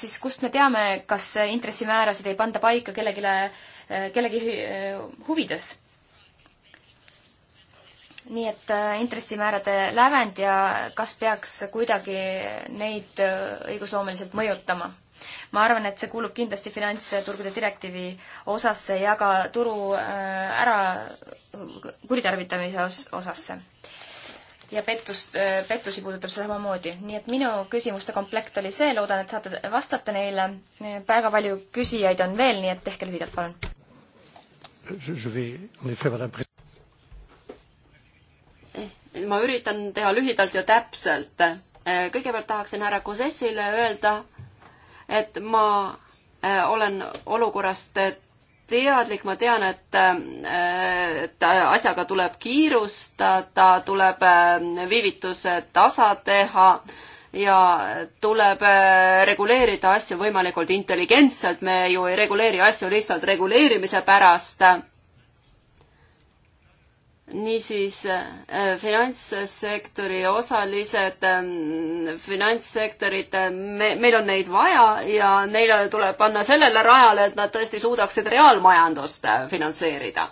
siis kust me teame, kas intressimäärasid ei panda paika kellelegi, äh, kellegi äh, huvides? nii et äh, intressimäärade lävend ja kas peaks kuidagi neid äh, õigusloomeliselt mõjutama? ma arvan, et see kuulub kindlasti finantsturgude direktiivi osasse ja ka turu äh, ära kuritarvitamise os-, osasse. ja pettust, pettusi puudutab see samamoodi. nii et minu küsimuste komplekt oli see, loodan, et saate vastata neile. väga palju küsijaid on veel, nii et tehke lühidalt, palun ma üritan teha lühidalt ja täpselt. Eh, kõigepealt tahaksin härra Kosessile öelda, et ma eh, olen olukorrast eh, teadlik, ma tean, et, et asjaga tuleb kiirustada, tuleb viivitused tasa teha ja tuleb reguleerida asju võimalikult intelligentselt, me ju ei reguleeri asju lihtsalt reguleerimise pärast niisiis äh, finantssektori osalised, ähm, finantssektorid, äh, me, meil on neid vaja ja neile tuleb panna sellele rajale, et nad tõesti suudaksid reaalmajandust äh, finantseerida.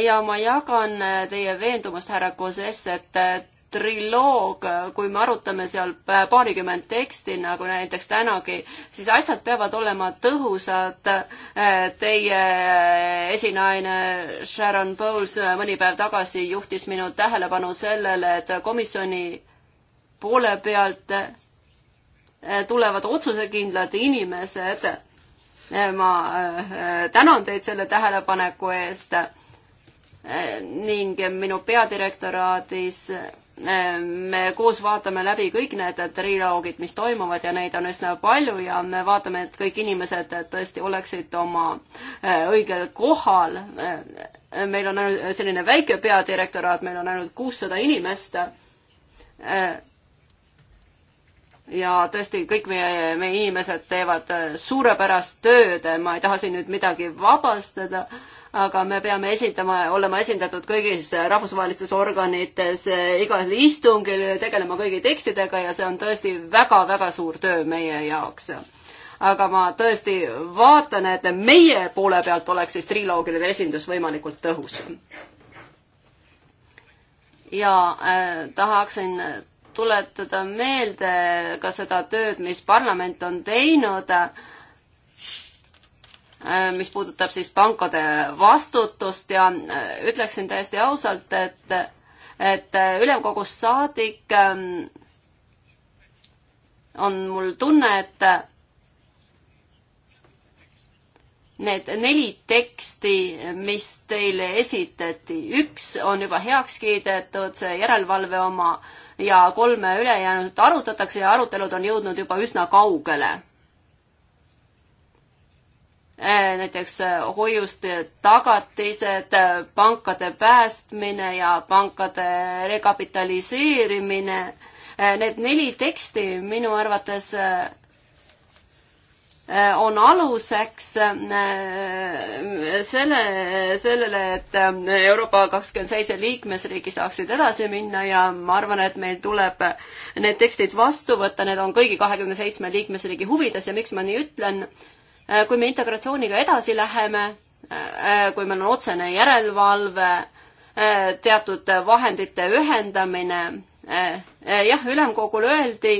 ja ma jagan teie veendumust, härra Kozes, et triloog, kui me arutame seal paarikümmend teksti, nagu näiteks tänagi, siis asjad peavad olema tõhusad. Eh, teie esinaine Sharon Bowles mõni päev tagasi juhtis minu tähelepanu sellele, et komisjoni poole pealt eh, tulevad otsusekindlad inimesed. Eh, ma tänan teid selle tähelepaneku eest ning minu peadirektoraadis me koos vaatame läbi kõik need triloogid, mis toimuvad ja neid on üsna palju ja me vaatame, et kõik inimesed tõesti oleksid oma äh, õigel kohal. Äh, meil on ainult selline väike peadirektoraat, meil on ainult kuussada inimest. Äh, ja tõesti, kõik meie, meie inimesed teevad suurepärast tööd, ma ei taha siin nüüd midagi vabastada aga me peame esindama, olema esindatud kõigis rahvusvahelistes organites, eh, igal istungil tegelema kõigi tekstidega ja see on tõesti väga-väga suur töö meie jaoks aga ma tõesti vaatan, et meie poole pealt oleks siis triloogide esindus võimalikult tõhus. ja äh, tahaksin tuletada meelde ka seda tööd, mis parlament on teinud äh, Äh, mis puudutab siis pankade vastutust ja äh, ütleksin täiesti ausalt, et, et äh, ülemkogust saadik ähm, on mul tunne, et need neli teksti, mis teile esitati, üks on juba heaks kiidetud, see järelevalve oma, ja kolme ülejäänut arutatakse ja arutelud on jõudnud juba üsna kaugele Äh, näiteks äh, hoiuste tagatised, äh, pankade päästmine ja pankade rekapitaliseerimine. Need neli teksti minu arvates on aluseks selle, sellele, et Euroopa kakskümmend seitse liikmesriigi saaksid edasi minna ja ma arvan, et meil tuleb need tekstid vastu võtta, need on kõigi kahekümne seitsme liikmesriigi huvides ja miks ma nii ütlen, Äh, kui me integratsiooniga edasi läheme, äh, äh, kui meil on otsene järelevalve, teatud vahendite ühendamine, jah, ülemkogul öeldi,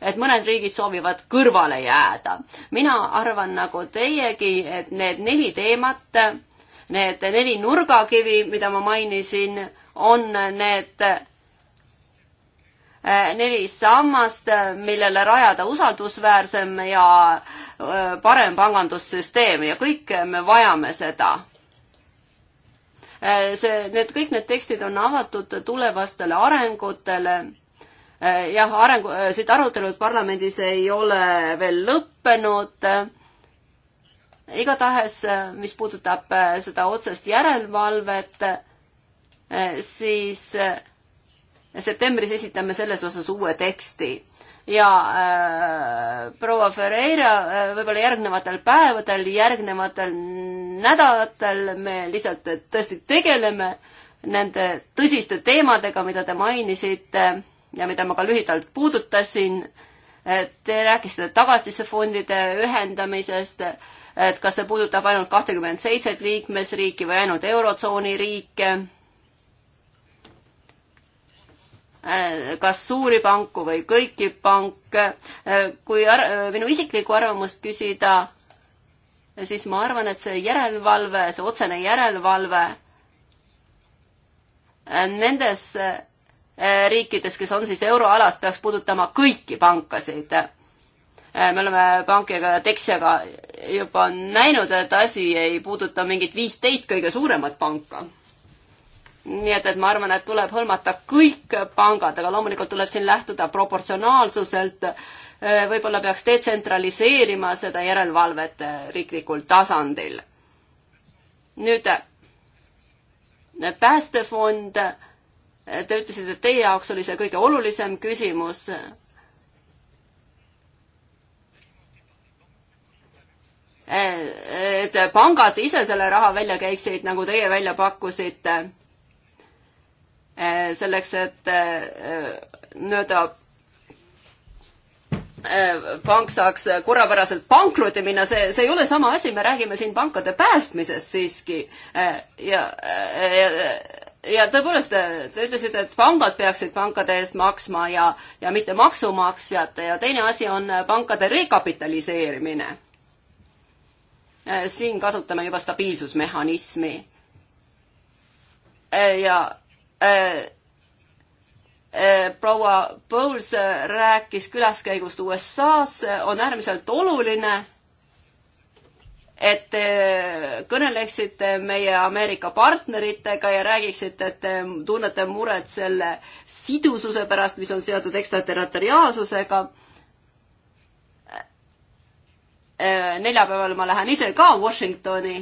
et mõned riigid soovivad kõrvale jääda. mina arvan nagu teiegi, et need neli teemat, need neli nurgakivi, mida ma mainisin, on need Äh, neli sammast, äh, millele rajada usaldusväärsem ja äh, parem pangandussüsteem ja kõike me vajame seda. see, need, kõik need tekstid on avatud tulevastele arengutele. jah, arengu, siit arutelud parlamendis ei ole veel lõppenud igatahes, mis puudutab seda otsest järelevalvet, siis septembris esitame selles osas uue teksti ja äh, proua Ferreira äh, võib-olla järgnevatel päevadel, järgnevatel nädalatel me lihtsalt äh, tõesti tegeleme nende tõsiste teemadega, mida te mainisite ja mida ma ka lühidalt puudutasin. Äh, te rääkisite tagatisefondide ühendamisest, äh, et kas see puudutab ainult kahtekümmend seitset liikmesriiki või ainult Eurotsooni riike Äh, kas suuri panku või kõiki panke. Äh, kui ar-, äh, minu isiklikku arvamust küsida, siis ma arvan, et see järelevalve, see otsene järelevalve nendes riikides, kes on siis euroalas, peaks puudutama kõiki pankasid. me oleme pankiga Dexiaga juba näinud, et asi ei puuduta mingit viisteist kõige suuremat panka nii et, et ma arvan, et tuleb hõlmata kõik pangad, aga loomulikult tuleb siin lähtuda proportsionaalsuselt. Äh, võib-olla peaks detsentraliseerima seda järelevalvet äh, riiklikul tasandil. nüüd äh, päästefond. Te ütlesite, et teie jaoks oli see kõige olulisem küsimus. et pangad ise selle raha välja käiksid, nagu teie välja pakkusite Eh, selleks, et eh, nii-öelda eh, pank saaks korrapäraselt pankrotti minna, see, see ei ole sama asi, me räägime siin pankade päästmisest siiski. ja, ja, ja tõepoolest, te ütlesite, et pangad peaksid pankade eest maksma ja, ja mitte maksumaksjad ja teine asi on pankade rekapitaliseerimine. siin kasutame juba stabiilsusmehhanismi. ja Äh, äh, proua Bowles rääkis külaskäigust USA-sse, on äärmiselt oluline, et te äh, kõneleksite meie Ameerika partneritega ja räägiksite, et te tunnete muret selle sidususe pärast, mis on seotud ekstraterritoriaalsusega. neljapäeval ma lähen ise ka Washingtoni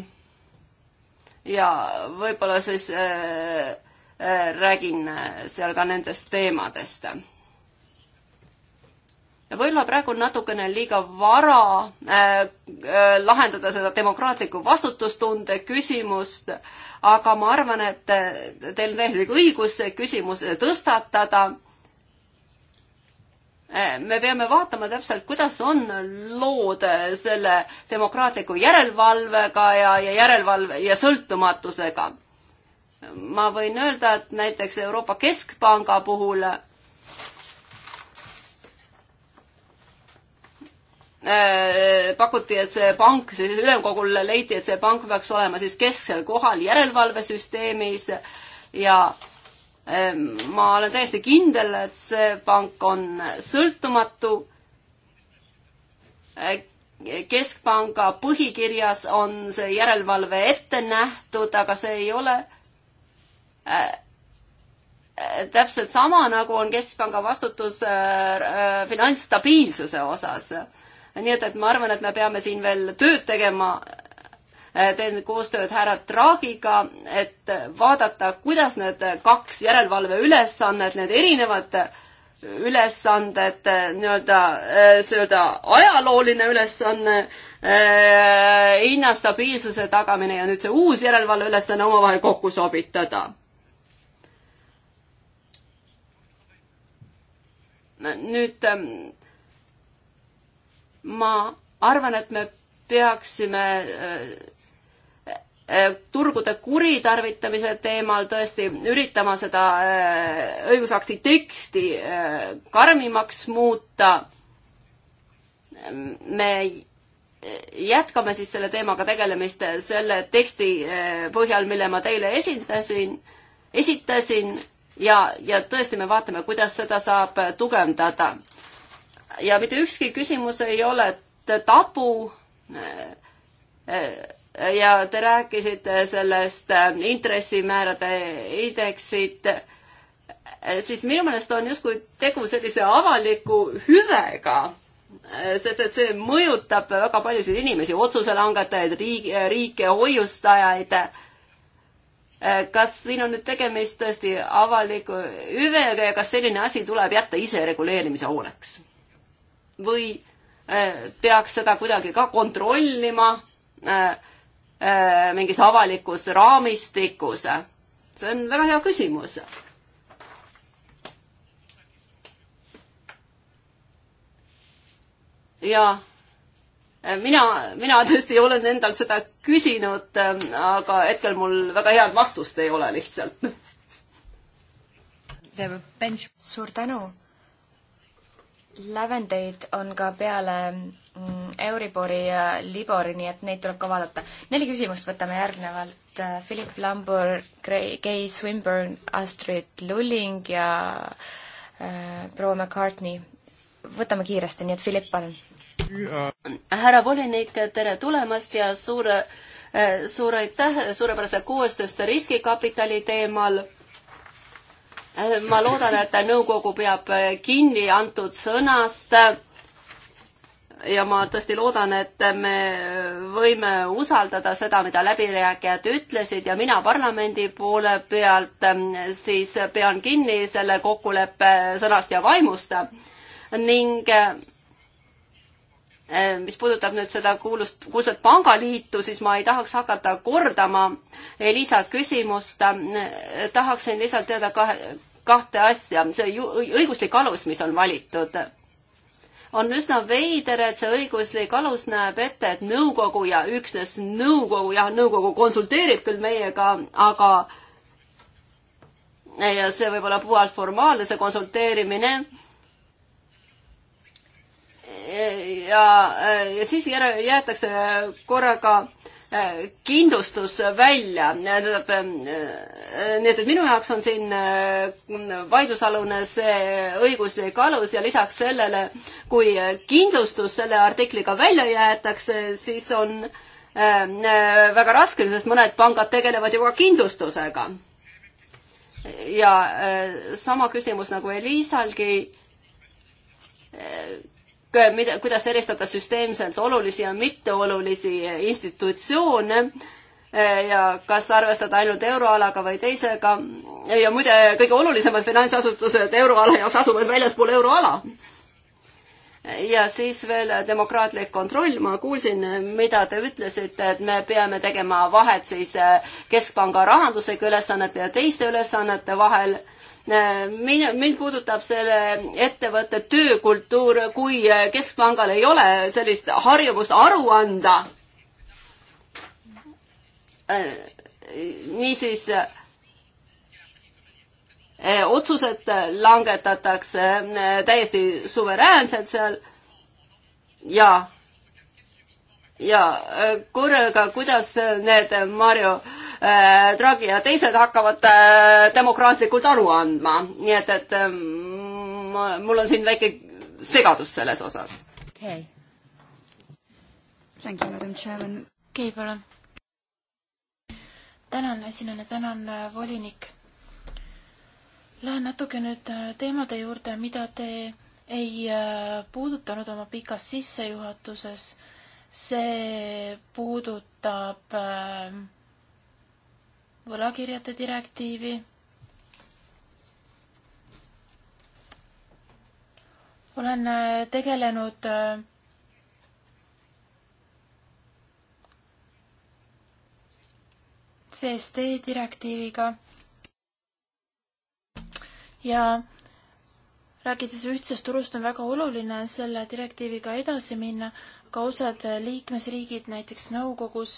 ja võib-olla siis äh, Äh, räägin äh, seal ka nendest teemadest. võib-olla praegu on natukene liiga vara äh, äh, lahendada seda demokraatliku vastutustunde küsimust, aga ma arvan, et äh, teil on täiesti õigus see küsimus tõstatada me peame vaatama täpselt, kuidas on lood selle demokraatliku järelevalvega ja, ja järelevalve ja sõltumatusega ma võin öelda, et näiteks Euroopa Keskpanga puhul äh, pakuti, et see pank, siis ülemkogul leiti, et see pank peaks olema siis kesksel kohal järelevalvesüsteemis ja ähm, ma olen täiesti kindel, et see pank on sõltumatu. Äh, keskpanga põhikirjas on see järelevalve ette nähtud, aga see ei ole äh, täpselt sama, nagu on Keskpanga vastutus äh, äh, finantsstabiilsuse osas. nii et, et ma arvan, et me peame siin veel tööd tegema äh, teen koostööd härra Draagiga, et vaadata, kuidas need kaks järelevalveülesannet, need erinevad ülesanded, nii-öelda nii-öelda ajalooline ülesanne äh,, hinnastabiilsuse tagamine ja nüüd see uus järelevalveülesanne omavahel kokku sobitada nüüd ähm, ma arvan, et me peaksime äh, äh, turgude kuritarvitamise teemal tõesti üritama seda äh, õigusakti teksti karmimaks muuta. me jätkame siis selle teemaga tegelemist selle teksti põhjal, mille ma teile esindasin, esitasin, esitasin ja, ja tõesti, me vaatame, kuidas seda saab tugevdada. ja mitte ükski küsimus ei ole tabu. ja te rääkisite sellest äh, intressimäärade indeksit, siis minu meelest on justkui tegu sellise avaliku hüvega sest et see mõjutab väga paljusid inimesi, otsuse langetajaid, riigi, riike, hoiustajaid äh, Äh, kas siin on nüüd tegemist tõesti avaliku hüvega ja kas selline asi tuleb jätta ise reguleerimise hooleks? või äh, peaks seda kuidagi ka kontrollima äh, mingis avalikus raamistikus? see on väga hea küsimus. ja mina, mina tõesti olen endalt seda küsinud, aga hetkel mul väga head vastust ei ole lihtsalt. suur tänu. lävendeid on ka peale mm, Euribori ja Libori, nii et neid tuleb ka vaadata. neli küsimust võtame järgnevalt. Philip Lambor, Gay Swinburne, Astrid Lulling ja äh, proua McCartney. võtame kiiresti, nii et Philip, palun härra volinik, tere tulemast ja suure, eh, suur aitäh suurepärase koostööst riskikapitali teemal eh, ma loodan, et nõukogu peab eh, kinni antud sõnast. ja ma tõesti loodan, et me võime usaldada seda, mida läbirääkijad ütlesid ja mina parlamendi poole pealt siis pean kinni selle kokkuleppe sõnast ja vaimust ning Äh, mis puudutab nüüd seda kuulust, kuulsat pangaliitu, siis ma ei tahaks hakata kordama Elisa küsimust. Äh, tahaksin lihtsalt teada kahe, kahte asja. see ju, õiguslik alus, mis on valitud, on üsna veider, et see õiguslik alus näeb ette, et nõukogu ja üksnes nõukogu, jah, nõukogu konsulteerib küll meiega, aga ja see võib olla puhalt formaalne, see konsulteerimine ja, ja siis jäetakse korraga äh, kindlustus välja. Ähm, äh, nii et, et minu jaoks on siin äh, vaidlusalune see õiguslik alus ja lisaks sellele, kui kindlustus selle artikliga välja jäetakse, siis on ähm, väga raske, sest mõned pangad tegelevad juba kindlustusega. ja sama küsimus nagu Eliisalgi mida, kuidas eristada süsteemselt olulisi ja mitteolulisi institutsioone eh, ja kas arvestada ainult euroalaga või teisega. ja muide, kõige olulisemad finantsasutused euroala jaoks asuvad väljaspool euroala. ja siis veel demokraatlik kontroll, ma kuulsin, mida te ütlesite, et me peame tegema vahet siis eh, keskpanga rahanduslike ülesannete ja teiste ülesannete vahel minu, mind puudutab selle ettevõtte töökultuur, kui keskpangal ei ole sellist harjumust aru anda. niisiis otsused langetatakse täiesti suveräänselt seal ja, ja korraga, kuidas need Mario äh, Draghi äh, ja teised hakkavad äh, demokraatlikult aru andma, nii et, et ähm, mul on siin väike segadus selles osas. okei. Thank you, madam chairman. okei okay,, palun. tänan, esinejana tänan, äh, volinik. Lähen natuke nüüd teemade juurde, mida te ei puudutanud oma pikas sissejuhatuses. see puudutab äh, võlakirjade direktiivi. olen äh, tegelenud äh, CSD direktiiviga ja rääkides ühtsest turust on väga oluline selle direktiiviga edasi minna, aga osad liikmesriigid näiteks nõukogus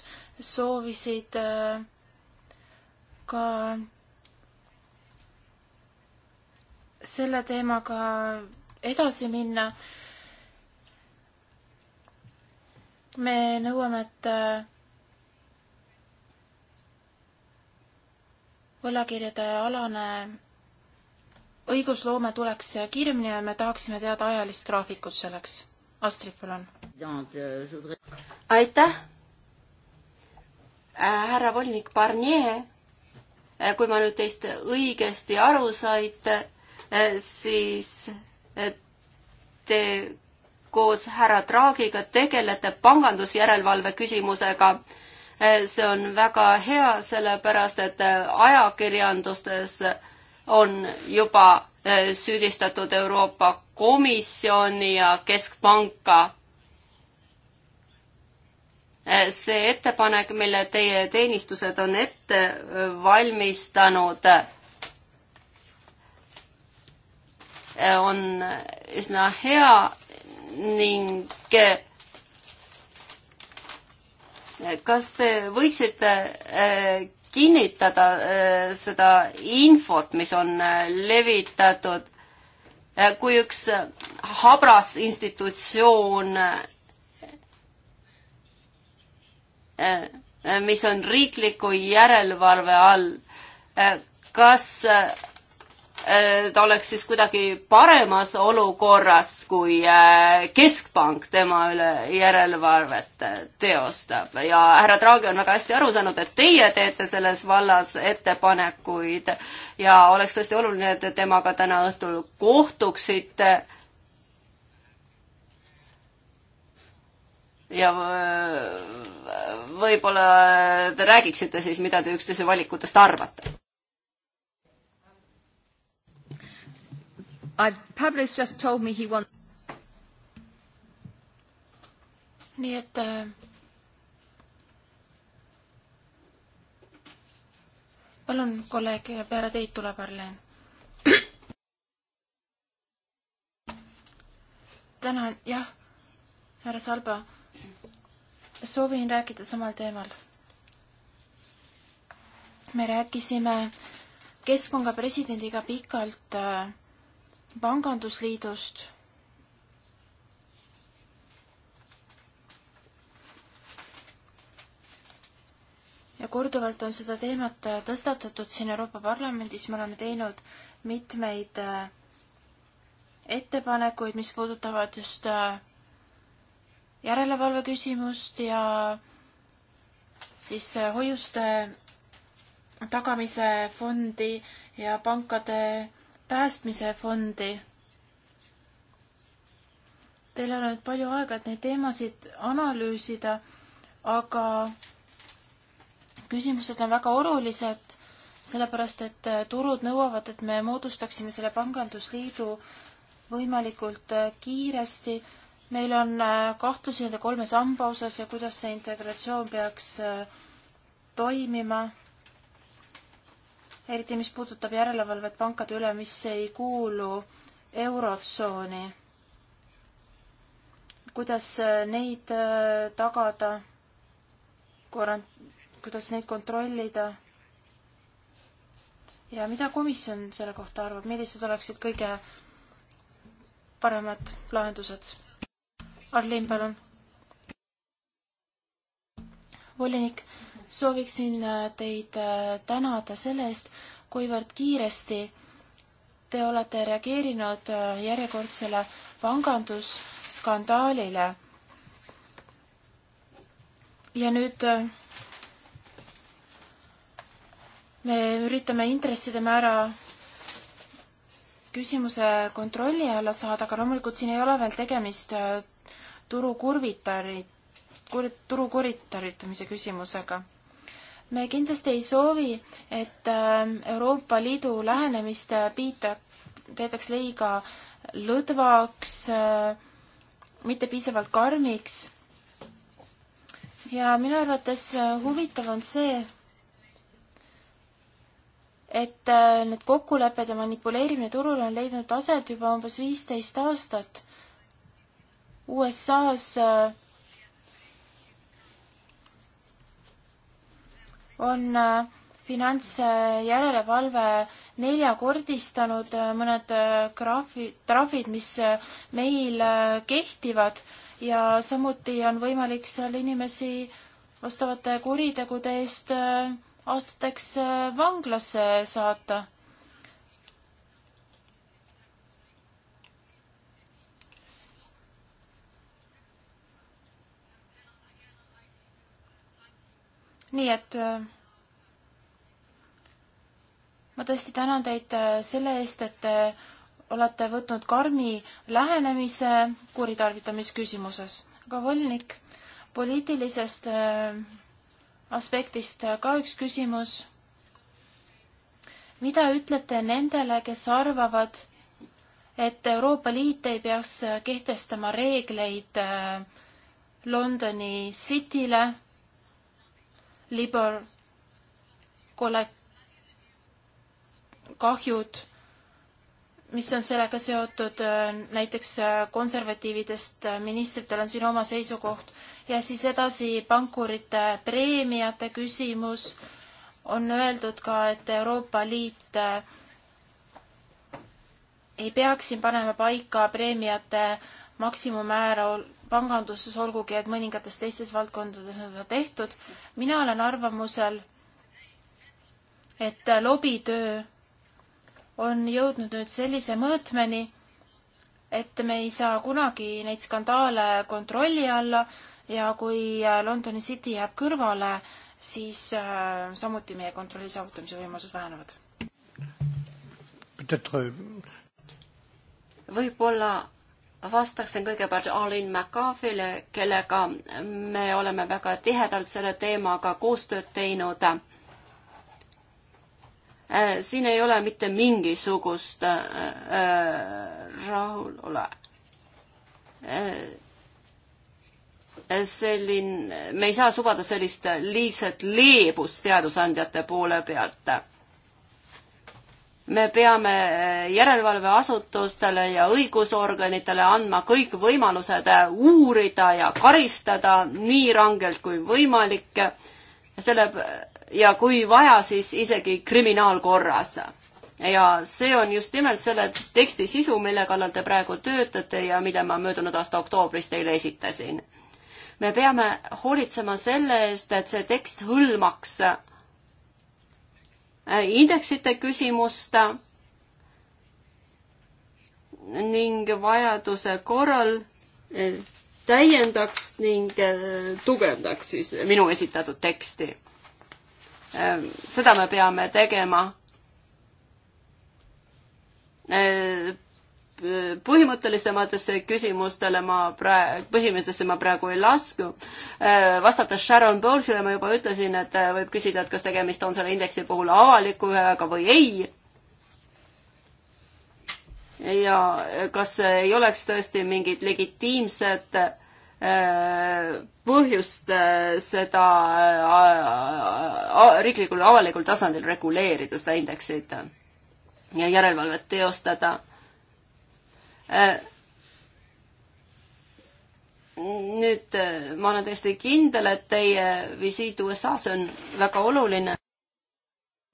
soovisid äh, ka selle teemaga edasi minna. me nõuame, et äh, võlakirjade alane õigusloome tuleks kiiremini ja me tahaksime teada ajalist graafikut selleks. Astrid, palun. aitäh äh,. härra volinik Barnier Eh, kui ma nüüd teist õigesti aru saite, eh, siis eh, te koos härra Draagiga tegelete pangandusjärelevalve küsimusega. see on väga hea, sellepärast et ajakirjandustes on juba süüdistatud Euroopa Komisjoni ja Keskpanka Äh, see ettepanek, mille teie teenistused on ette äh, valmistanud, äh, on üsna hea ning kas te võiksite kinnitada seda infot, mis on levitatud, kui üks habras institutsioon Äh, äh, mis on riikliku järelevalve all, äh, kas ta oleks siis kuidagi paremas olukorras, kui keskpank tema üle järelevalvet teostab ja härra Draghi on väga hästi aru saanud, et teie teete selles vallas ettepanekuid ja oleks tõesti oluline, et temaga täna õhtul kohtuksite ja äh, võib-olla te räägiksite siis, mida te üksteise valikutest arvate? Pablo's just told me he wants nii et äh, palun, kolleeg peale teid tuleb Arlen. tänan, jah, härra Salba soovin rääkida samal teemal. me rääkisime keskpanga presidendiga pikalt äh, pangandusliidust. ja korduvalt on seda teemat äh, tõstatatud siin Euroopa Parlamendis, me oleme teinud mitmeid äh, ettepanekuid, mis puudutavad just äh, järelevalve küsimust ja siis hoiuste tagamise fondi ja pankade päästmise fondi. Teil on nüüd palju aega, et neid teemasid analüüsida, aga küsimused on väga olulised, sellepärast et turud nõuavad, et me moodustaksime selle pangandusliidu võimalikult kiiresti meil on äh, kahtlusi nende kolme samba osas ja kuidas see integratsioon peaks äh, toimima, eriti mis puudutab järelevalvet pankade üle, mis ei kuulu Eurotsooni. kuidas äh, neid tagada, kuidas neid kontrollida ja mida komisjon selle kohta arvab, millised oleksid kõige paremad lahendused? Arlen, palun. volinik, sooviksin äh, teid äh, tänada selle eest, kuivõrd kiiresti te olete reageerinud äh, järjekordsele pangandusskandaalile. ja nüüd me üritame intresside määra küsimuse kontrolli alla saada, aga loomulikult siin ei ole veel tegemist turu kurvitari, kur-, turu kuritarvitamise küsimusega. me kindlasti ei soovi, et ähm, Euroopa Liidu lähenemist äh, piita, peetakse liiga lõdvaks, äh, mitte piisavalt karmiks. ja minu arvates äh, huvitav on see, et need kokkulepped ja manipuleerimine turul on leidnud aset juba umbes viisteist aastat USA-s äh, on äh, finantsjärelevalve neljakordistanud äh, mõned graafi-, trahvid, mis meil kehtivad ja samuti on võimalik seal inimesi vastavate kuritegude eest aastateks vanglasse saata nii et äh, ma tõesti tänan teid äh, selle eest, et te äh, olete võtnud karmi lähenemise kuritarvitamisküsimuses. aga volinik, poliitilisest aspektist ka üks küsimus. mida ütlete nendele, kes arvavad, et Euroopa Liit ei peaks kehtestama reegleid Londoni Cityle liber kahjud, mis on sellega seotud, äh, näiteks äh, konservatiividest äh, ministritel on siin oma seisukoht ja siis edasi pankurite preemiate küsimus. on öeldud ka, et Euroopa Liit ei peaks siin panema paika preemiate maksimummäära panganduses, olgugi et mõningates teistes valdkondades on seda tehtud. mina olen arvamusel, et lobitöö on jõudnud nüüd sellise mõõtmeni, et me ei saa kunagi neid skandaale kontrolli alla ja kui äh, Londoni City jääb kõrvale, siis äh, samuti meie kontrolli saavutamise võimalused vähenevad. Euh, võib-olla vastaksin kõigepealt Arlene McCarthy'le, kellega me oleme väga tihedalt selle teemaga koostööd teinud. Äh, siin ei ole mitte mingisugust äh, äh, rahulole. selline, me ei saa subada sellist liigset leebust seadusandjate poole pealt me peame järelevalveasutustele ja õigusorganitele andma kõik võimalused uurida ja karistada nii rangelt kui võimalik, selle ja kui vaja, siis isegi kriminaalkorras. ja see on just nimelt selle teksti sisu, mille kallal te praegu töötate ja mida ma möödunud aasta oktoobris teile esitasin. me peame hoolitsema selle eest, et see tekst hõlmaks Äh, indeksite küsimust ning vajaduse korral äh, täiendaks ning äh, tugevdaks siis minu esitatud teksti. seda me peame tegema põhimõttelisematesse küsimustele ma praegu, põhimõttesse ma praegu ei lasku. Äh, vastates Sharon Bowlesile ma juba ütlesin, et äh, võib küsida, et kas tegemist on selle indeksi puhul avaliku hüvega või ei. ja kas ei oleks tõesti mingit legitiimset äh, põhjust seda riiklikul avalikul tasandil reguleerida, seda indeksit ja järelevalvet teostada Äh, nüüd äh, ma olen täiesti kindel, et teie visiit USA-s on väga oluline.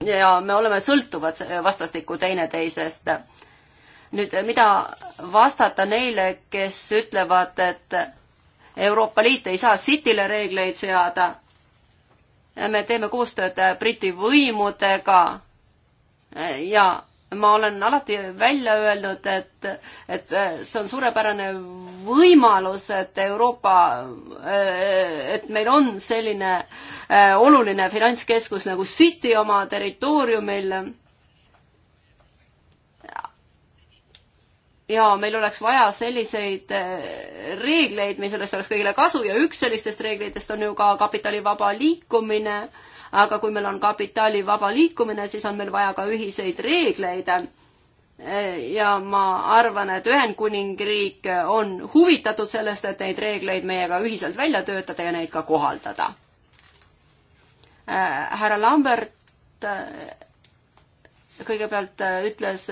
ja me oleme sõltuvad vastastikku teineteisest. nüüd, äh, mida vastata neile, kes ütlevad, et Euroopa Liit ei saa Cityle reegleid seada. me teeme koostööd Briti võimudega ja ma olen alati välja öeldud, et, et see on suurepärane võimalus, et Euroopa, et meil on selline äh, oluline finantskeskus nagu City oma territooriumil. ja meil oleks vaja selliseid äh, reegleid, mis sellest oleks kõigile kasu ja üks sellistest reeglitest on ju ka kapitali vaba liikumine aga kui meil on kapitali vaba liikumine, siis on meil vaja ka ühiseid reegleid e, ja ma arvan, et Ühendkuningriik on huvitatud sellest, et neid reegleid meiega ühiselt välja töötada ja neid ka kohaldada. E, härra Lambert e, kõigepealt ütles,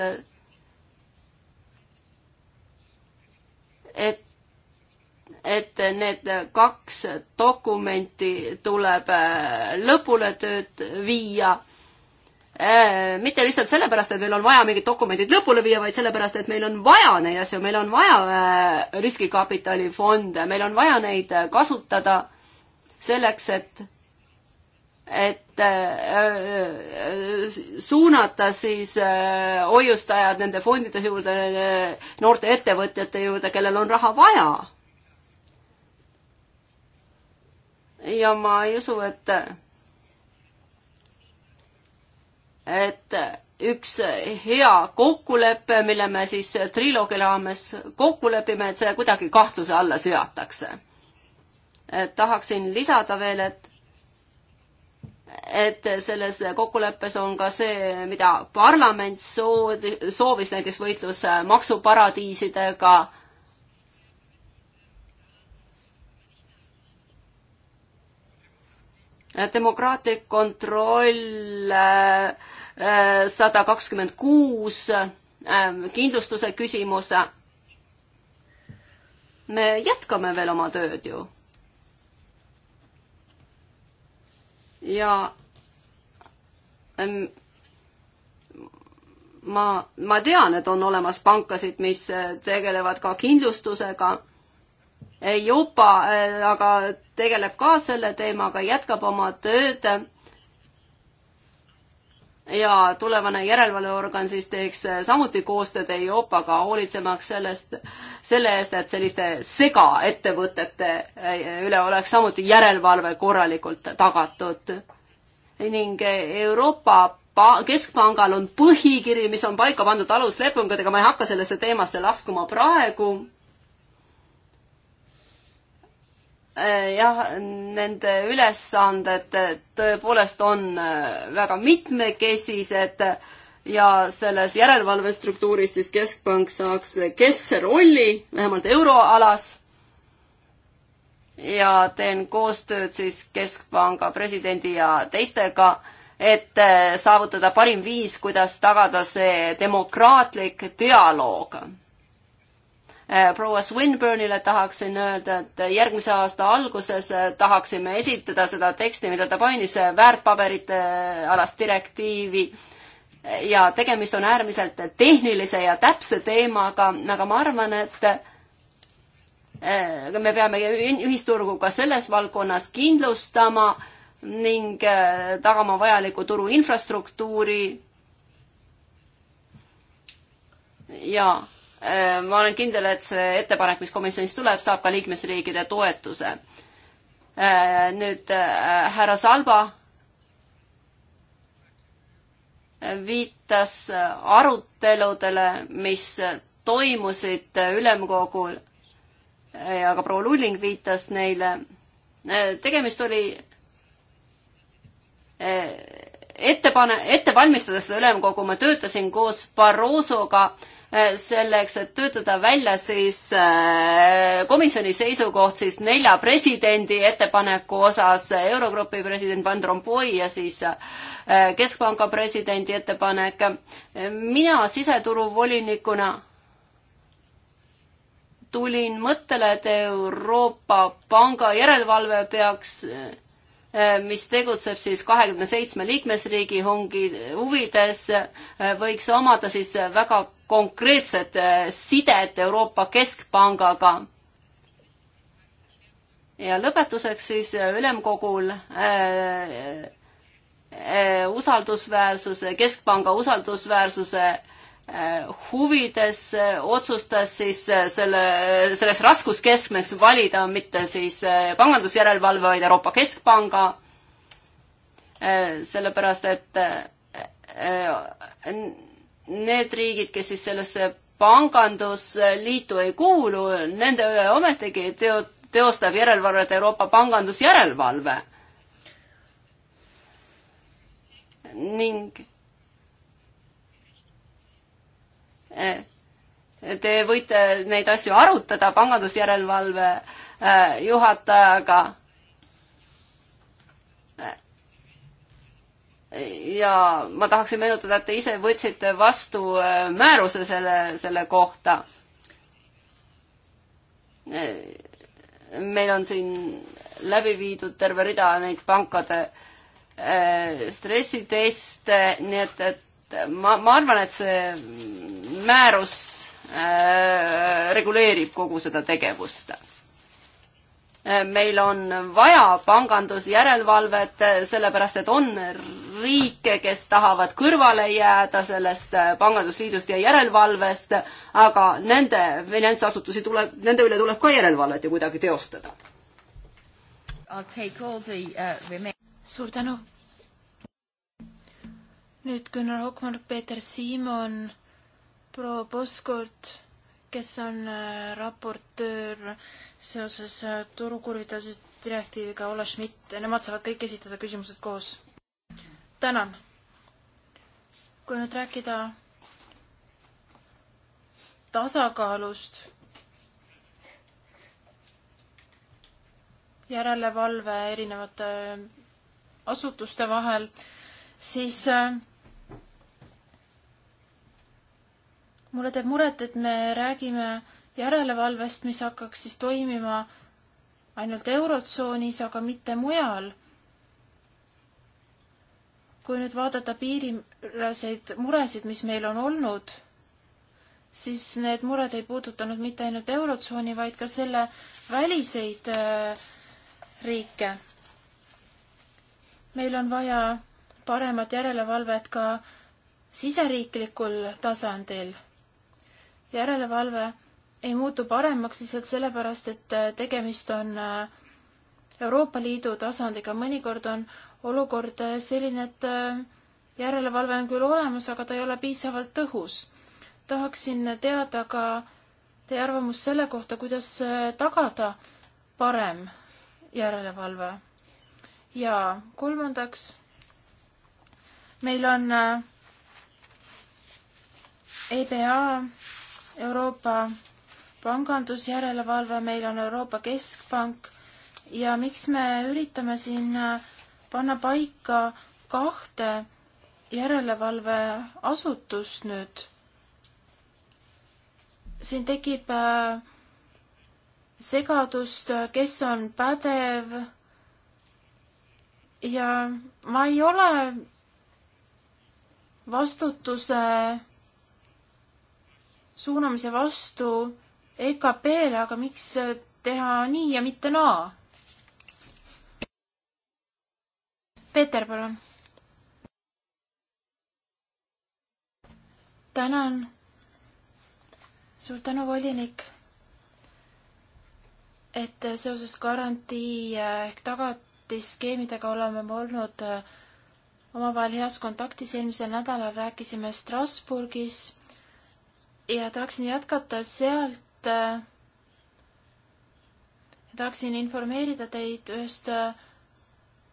et et need kaks dokumenti tuleb äh, lõpule tööd viia. Äh, mitte lihtsalt sellepärast, et meil on vaja mingid dokumendid lõpule viia, vaid sellepärast, et meil on vaja neid asju, meil on vaja äh, riskikapitalifonde, meil on vaja neid kasutada selleks, et et äh, suunata siis äh, hoiustajad nende fondide juurde, noorte ettevõtjate juurde, kellel on raha vaja. ja ma ei usu, et et üks hea kokkulepe, mille me siis triloogi raames kokku lepime, et see kuidagi kahtluse alla seatakse. et tahaksin lisada veel, et et selles kokkuleppes on ka see, mida parlament soodi, soovis näiteks võitlus maksuparadiisidega äh, demokraatlik kontroll äh, äh, sada kakskümmend kuus, äh, kindlustuse küsimus. me jätkame veel oma tööd ju. ja ähm, ma, ma tean, et on olemas pankasid, mis tegelevad ka kindlustusega Jupa äh, aga tegeleb ka selle teemaga, jätkab oma tööd. ja tulevane järelevalveorgan siis teeks samuti koostööd EIOPA-ga, hoolitsemaks sellest, selle eest, et selliste segaettevõtete äh, üle oleks samuti järelevalve korralikult tagatud. ning Euroopa pa-, keskpangal on põhikiri, mis on paika pandud aluslepingutega, ma ei hakka sellesse teemasse laskuma praegu Äh, jah, nende ülesanded äh, tõepoolest on äh, väga mitmekesised ja selles järelevalvestruktuuris siis Keskpank saaks keskse rolli, vähemalt euroalas. ja teen koostööd siis Keskpanga presidendi ja teistega, et saavutada parim viis, kuidas tagada see demokraatlik dialoog Äh, proua Swinburne'ile tahaksin öelda, et järgmise aasta alguses äh, tahaksime esitada seda teksti, mida ta mainis, äh, väärtpaberite alast direktiivi ja tegemist on äärmiselt tehnilise ja täpse teemaga, aga ma arvan, et me peame ühisturgu ka selles valdkonnas kindlustama ning tagama vajaliku turu infrastruktuuri ja Äh, ma olen kindel, et see ettepanek, mis komisjonist tuleb, saab ka liikmesriigide toetuse. Äh, nüüd äh, härra Salba viitas aruteludele, mis toimusid ülemkogul ja ka proua Lulling viitas neile. tegemist oli ettepane-, ette valmistades seda ülemkogu, ma töötasin koos Barrosoga Äh, selleks, et töötada välja siis äh, komisjoni seisukoht siis nelja presidendi ettepaneku osas, Eurogrupi president Van Rompuy ja siis äh, Keskpanga presidendi ettepanek. mina siseturuvolinikuna tulin mõttele, et Euroopa Panga järelevalve peaks mis tegutseb siis kahekümne seitsme liikmesriigi hungi, huvides, võiks omada siis väga konkreetset äh, sidet Euroopa Keskpangaga. ja lõpetuseks siis äh, ülemkogul äh, äh, usaldusväärsuse, keskpanga usaldusväärsuse huvides otsustas siis selle, selleks raskuskeskmeks valida mitte siis pangandusjärelevalve, vaid Euroopa Keskpanga. sellepärast, et need riigid, kes siis sellesse pangandusliitu ei kuulu, nende üle ometigi teo-, teostab järelevalvet Euroopa pangandusjärelevalve. ning eh, te võite neid asju arutada pangandusjärelevalve eh, juhatajaga ja ma tahaksin meenutada, et te ise võtsite vastu äh, määruse selle, selle kohta. meil on siin läbi viidud terve rida neid pankade äh, stressiteste, nii et, et ma, ma arvan, et see määrus äh, reguleerib kogu seda tegevust meil on vaja pangandusjärelevalvet, sellepärast et on riike, kes tahavad kõrvale jääda sellest pangandusliidust ja järelevalvest, aga nende finantsasutusi tuleb, nende üle tuleb ka järelevalvet ju kuidagi teostada. Uh, suur tänu. nüüd Gunnar Hokmar, Peeter Siimon, proua Poskurt kes on äh, raportöör seoses äh, turukurvituse direktiiviga, Olle Schmidt, nemad saavad kõik esitada küsimused koos. tänan. kui nüüd rääkida tasakaalust järelevalve erinevate äh, asutuste vahel, siis äh, mulle teeb muret, et me räägime järelevalvest, mis hakkaks siis toimima ainult Eurotsoonis, aga mitte mujal. kui nüüd vaadata piiriüleseid muresid, mis meil on olnud, siis need mured ei puudutanud mitte ainult Eurotsooni, vaid ka selle väliseid äh, riike. meil on vaja paremat järelevalvet ka siseriiklikul tasandil järelevalve ei muutu paremaks lihtsalt sellepärast, et äh, tegemist on äh, Euroopa Liidu tasandiga, mõnikord on olukord äh, selline, et järelevalve on küll olemas, aga ta ei ole piisavalt tõhus. tahaksin teada ka teie arvamust selle kohta, kuidas tagada parem järelevalve. ja kolmandaks, meil on EBA Euroopa pangandusjärelevalve, meil on Euroopa Keskpank ja miks me üritame siin äh, panna paika kahte järelevalveasutust nüüd? siin tekib äh, segadust, äh, kes on pädev ja ma ei ole vastutuse suunamise vastu EKP-le, aga miks teha nii ja mitte naa? Peeter, palun. tänan. suur tänu, volinik. et seoses garantii eh, ehk tagatisskeemidega oleme olnud eh, omavahel heas kontaktis. eelmisel nädalal rääkisime Strasburgis ja tahaksin jätkata sealt äh,. tahaksin informeerida teid ühest äh,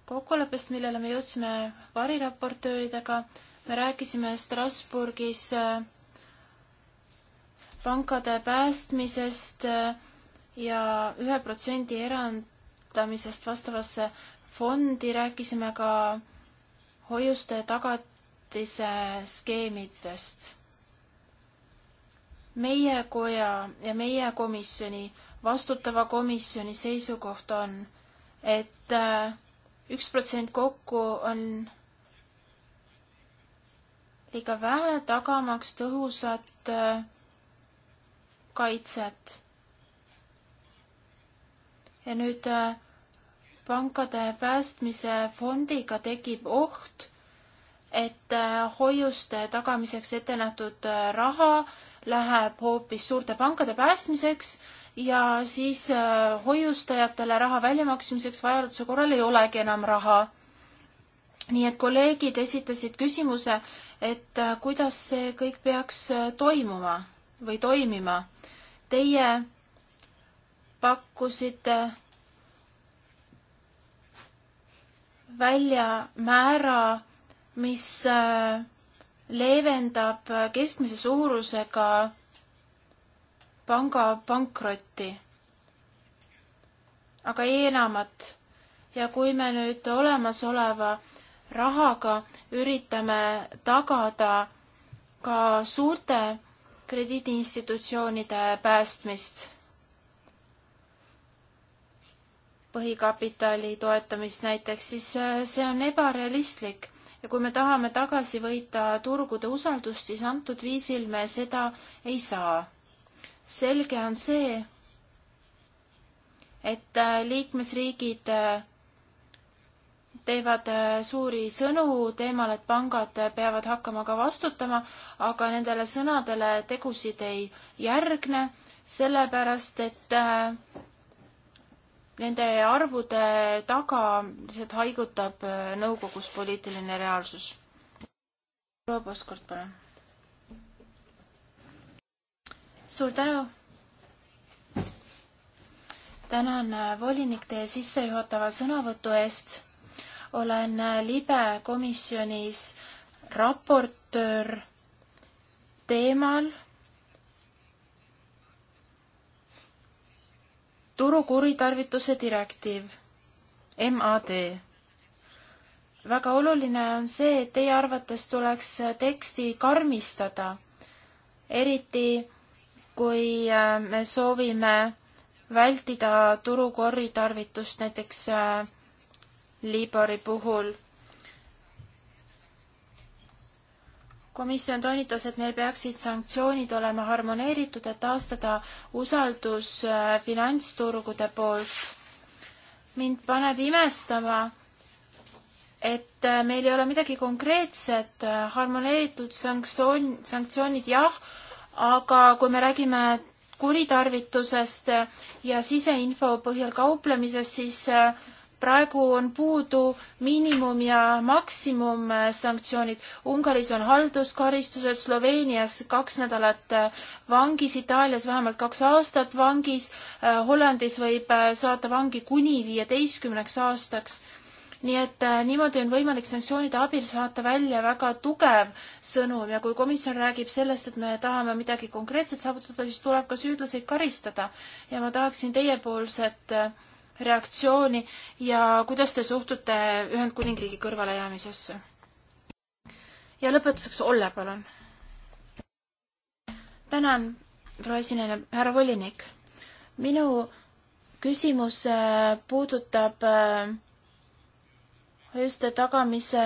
kokkuleppest, millele me jõudsime variraportööridega. me rääkisime Strasbourgis äh, pankade päästmisest äh, ja ühe protsendi erandamisest vastavasse fondi, rääkisime ka hoiuste tagatise skeemidest meie koja ja meie komisjoni, vastutava komisjoni seisukoht on et, et äh, üks protsent kokku on liiga vähe, tagamaks tõhusat äh, kaitset. ja nüüd äh, pankade päästmise fondiga tekib oht, et hoiuste tagamiseks ette nähtud raha läheb hoopis suurte pankade päästmiseks ja siis äh, hoiustajatele raha väljamaksmiseks vajaduse korral ei olegi enam raha. nii et kolleegid esitasid küsimuse, et äh, kuidas see kõik peaks äh, toimuma või toimima. Teie pakkusite välja määra, mis äh, leevendab keskmise suurusega panga pankrotti, aga ei enamat. ja kui me nüüd olemasoleva rahaga üritame tagada ka suurte krediidiinstitutsioonide päästmist, põhikapitali toetamist näiteks, siis äh, see on ebarealistlik ja kui me tahame tagasi võita turgude usaldust, siis antud viisil me seda ei saa. selge on see, et äh, liikmesriigid äh, teevad äh, suuri sõnu teemal, et pangad peavad hakkama ka vastutama, aga nendele sõnadele tegusid ei järgne, sellepärast et Nende arvude taga lihtsalt haigutab äh, nõukogus poliitiline reaalsus. proua Poskord, palun. suur tänu. tänan, äh, volinik, teie sissejuhatava sõnavõtu eest. olen äh, libe komisjonis raportöör teemal turu kuritarvituse direktiiv, MAD. väga oluline on see, et teie arvates tuleks teksti karmistada, eriti kui äh, me soovime vältida turu kuritarvitust näiteks äh, Libori puhul komisjon toonitas, et meil peaksid sanktsioonid olema harmoneeritud, et taastada usaldus äh, finantsturgude poolt. mind paneb imestama, et äh, meil ei ole midagi konkreetset, äh, harmoneeritud sanktsioon, sanktsioonid jah, aga kui me räägime kuritarvitusest ja siseinfo põhjal kauplemisest, siis praegu on puudu miinimum ja maksimumsanktsioonid. Äh, Ungaris on halduskaristused, Sloveenias kaks nädalat äh, vangis, Itaalias vähemalt kaks aastat vangis, äh, Hollandis võib saata vangi kuni viieteistkümneks aastaks. nii et niimoodi on võimalik sanktsioonide abil saata välja väga tugev sõnum ja kui komisjon räägib sellest, et me tahame midagi konkreetset saavutada, siis tuleb ka süüdlaseid karistada ja ma tahaksin teiepoolset äh, reaktsiooni ja kuidas te suhtute Ühendkuningriigi kõrvalejäämisesse? ja lõpetuseks Olle, palun. tänan, proua esineja, härra volinik. minu küsimus äh, puudutab äh, hoiuste tagamise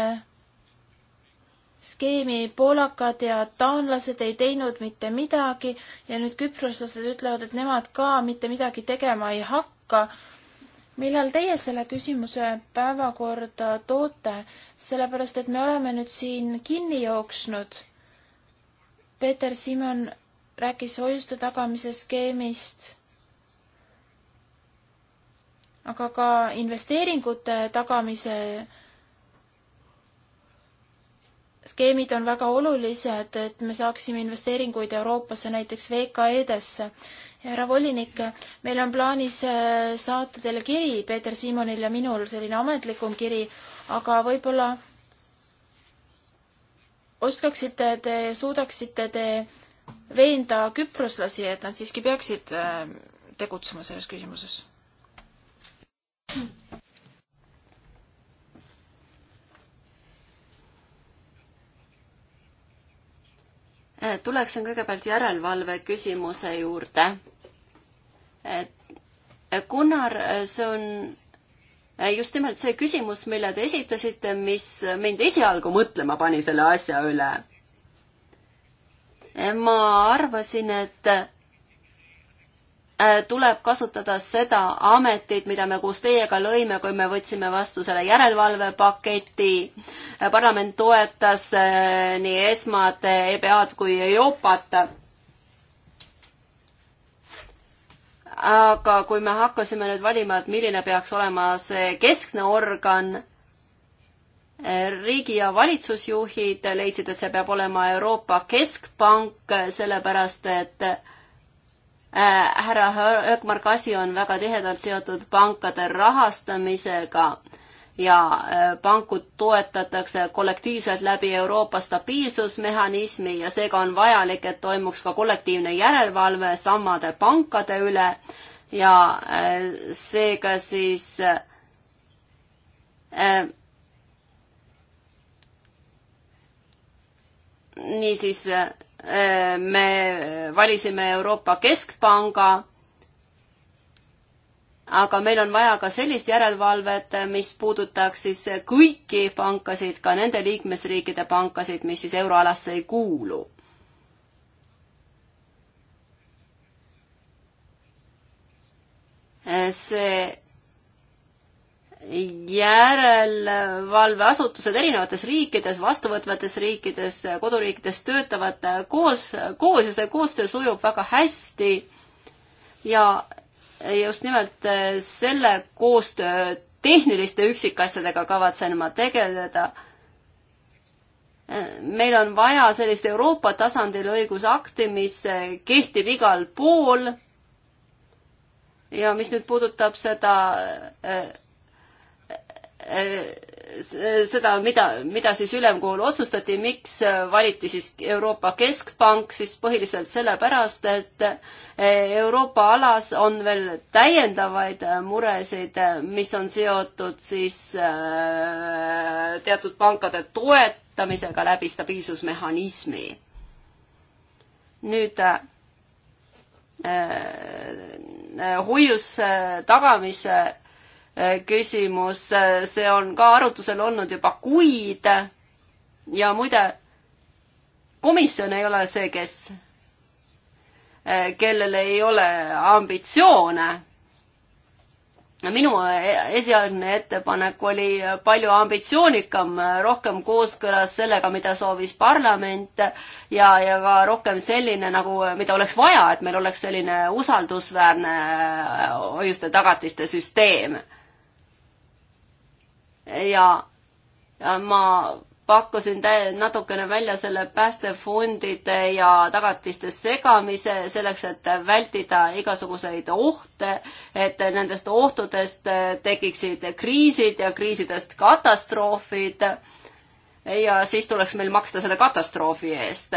skeemi poolakad ja taanlased ei teinud mitte midagi ja nüüd küproslased ütlevad, et nemad ka mitte midagi tegema ei hakka hakka millal teie selle küsimuse päevakorda toote, sellepärast et me oleme nüüd siin kinni jooksnud. Peeter Simon rääkis hoiuste tagamise skeemist, aga ka investeeringute tagamise skeemid on väga olulised, et me saaksime investeeringuid Euroopasse, näiteks VKE-desse härra volinik, meil on plaanis äh, saata teile kiri, Peeter Siimonil ja minul selline ametlikum kiri, aga võib-olla oskaksite te, suudaksite te veenda küproslasi, et nad siiski peaksid äh, tegutsema selles küsimuses? Äh, tuleksin kõigepealt järelevalve küsimuse juurde Gunnar, see on äh, just nimelt see küsimus, mille te esitasite, mis mind esialgu mõtlema pani selle asja üle. Äh, ma arvasin, et äh, tuleb kasutada seda ametit, mida me koos teiega lõime, kui me võtsime vastu selle järelevalvepaketi. parlament toetas nii ESMA-d, EBA-d kui EIOPA-t aga kui me hakkasime nüüd valima, et milline peaks olema see keskne organ, riigi- ja valitsusjuhid leidsid, et see peab olema Euroopa Keskpank, sellepärast et äh, härra Ökmark asi on väga tihedalt seotud pankade rahastamisega ja äh, pankud toetatakse kollektiivselt läbi Euroopa stabiilsusmehhanismi ja seega on vajalik, et toimuks ka kollektiivne järelevalve samade pankade üle ja äh, seega siis äh, niisiis äh, me valisime Euroopa Keskpanga aga meil on vaja ka sellist järelevalvet, mis puudutaks siis kõiki pankasid, ka nende liikmesriikide pankasid, mis siis euroalasse ei kuulu. see järelevalveasutused erinevates riikides, vastuvõtvates riikides, koduriikides töötavad koos, koos ja see koostöö sujub väga hästi ja just nimelt eh, selle koostöö tehniliste üksikasjadega kavatsen ma tegeleda. Eh, meil on vaja sellist Euroopa tasandil õigusakti, mis eh, kehtib igal pool. ja mis nüüd puudutab seda seda, mida, mida siis ülemkool otsustati, miks valiti siis Euroopa Keskpank, siis põhiliselt sellepärast, et eh, Euroopa alas on veel täiendavaid muresid, mis on seotud siis eh, teatud pankade toetamisega läbi stabiilsusmehhanismi. nüüd eh, hoiuse tagamise küsimus, see on ka arutusel olnud juba kuid. ja muide, komisjon ei ole see, kes, kellel ei ole ambitsioone. minu esialgne ettepanek oli palju ambitsioonikam, rohkem kooskõlas sellega, mida soovis parlament ja, ja ka rohkem selline nagu, mida oleks vaja, et meil oleks selline usaldusväärne hoiuste tagatiste süsteem ja, ja ma pakkusin natukene välja selle päästefondide ja tagatiste segamise selleks, et vältida igasuguseid ohte, et nendest ohtudest tekiksid kriisid ja kriisidest katastroofid. ja siis tuleks meil maksta selle katastroofi eest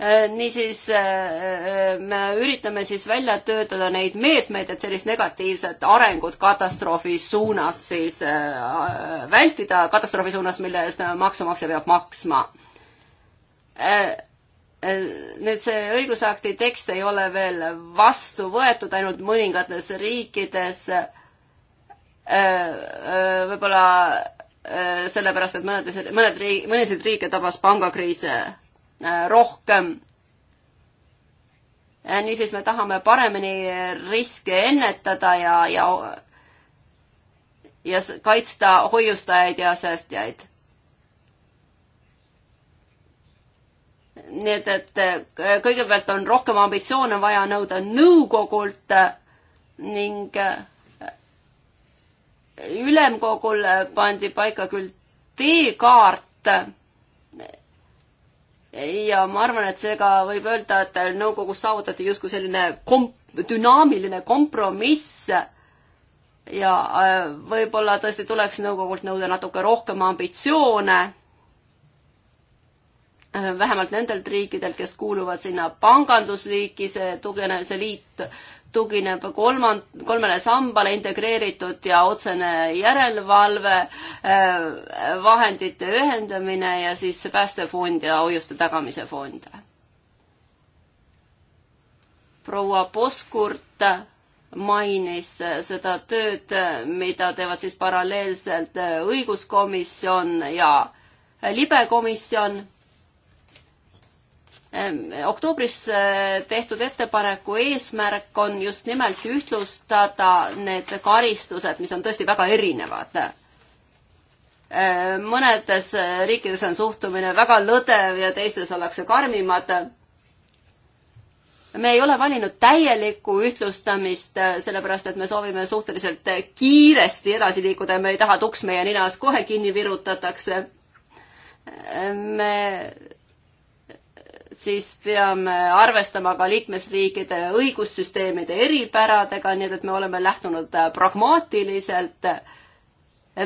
Äh, niisiis äh, äh, me üritame siis välja töötada neid meetmeid, et sellist negatiivset arengut katastroofi suunas siis vältida, katastroofi suunas, mille eest maksumaksja peab maksma. Nüüd see õigusakti tekst ei ole veel vastu võetud ainult mõningates riikides. võib-olla sellepärast, et mõnedes, mõned riik, mõnesid riike tabas pangakriis Äh, rohkem. Äh, niisiis me tahame paremini riske ennetada ja, ja, ja kaitsta hoiustajaid ja säästjaid. nii et, et äh, kõigepealt on rohkem ambitsioone vaja nõuda nõukogult ning ülemkogul pandi paika küll teekaart ja ma arvan, et seega võib öelda, et nõukogus saavutati justkui selline komp-, dünaamiline kompromiss ja äh, võib-olla tõesti tuleks nõukogult nõuda natuke rohkem ambitsioone, äh, vähemalt nendelt riikidelt, kes kuuluvad sinna pangandusliiki, see tugene, see liit tugineb kolmand-, kolmele sambale integreeritud ja otsene järelevalve, äh, vahendite ühendamine ja siis päästefond ja hoiuste tagamise fond. proua Poskurt mainis äh, seda tööd, äh, mida teevad siis paralleelselt õiguskomisjon ja libekomisjon Ehm, oktoobris eh, tehtud ettepaneku eesmärk on just nimelt ühtlustada need karistused, mis on tõesti väga erinevad. Ehm, mõnedes eh, riikides on suhtumine väga lõdev ja teistes ollakse karmimad. me ei ole valinud täielikku ühtlustamist, eh, sellepärast et me soovime suhteliselt kiiresti edasi liikuda ja me ei taha, et uks meie ninas kohe kinni virutatakse. Ehm, me siis peame arvestama ka liikmesriikide õigussüsteemide eripäradega, nii et me oleme lähtunud äh, pragmaatiliselt.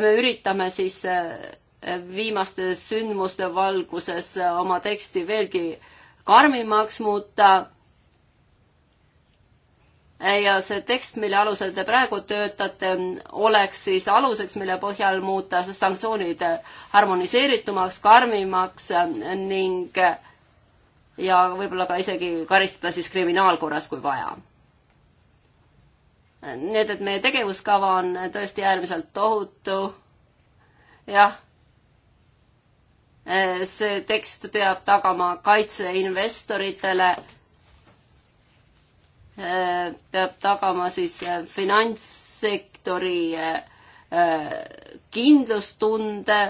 me üritame siis äh, viimaste sündmuste valguses äh, oma teksti veelgi karmimaks muuta. ja see tekst, mille alusel te praegu töötate, oleks siis aluseks, mille põhjal muuta sanktsioonid harmoniseeritumaks, karmimaks ning ja võib-olla ka isegi karistada siis kriminaalkorras, kui vaja. nii et, et meie tegevuskava on tõesti äärmiselt tohutu. jah, see tekst peab tagama kaitse investoritele, peab tagama siis finantssektori eh, eh, kindlustunde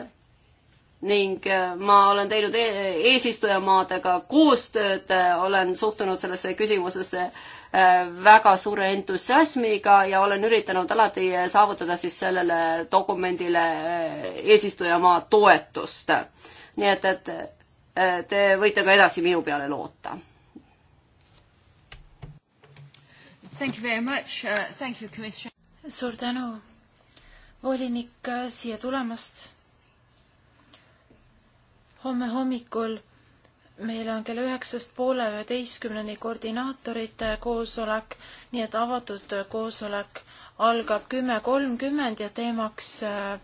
ning äh, ma olen teinud e-, eesistujamaadega koostööd, äh, olen suhtunud sellesse küsimusesse äh, väga suure entusiasmiga ja olen üritanud alati saavutada siis sellele dokumendile eesistujamaa toetust. nii et, et te võite ka edasi minu peale loota. Uh, suur tänu, volinik, siia tulemast homme hommikul meil on kella üheksast poole üheteistkümneni koordinaatorite koosolek, nii et avatud koosolek algab kümme kolmkümmend ja teemaks äh,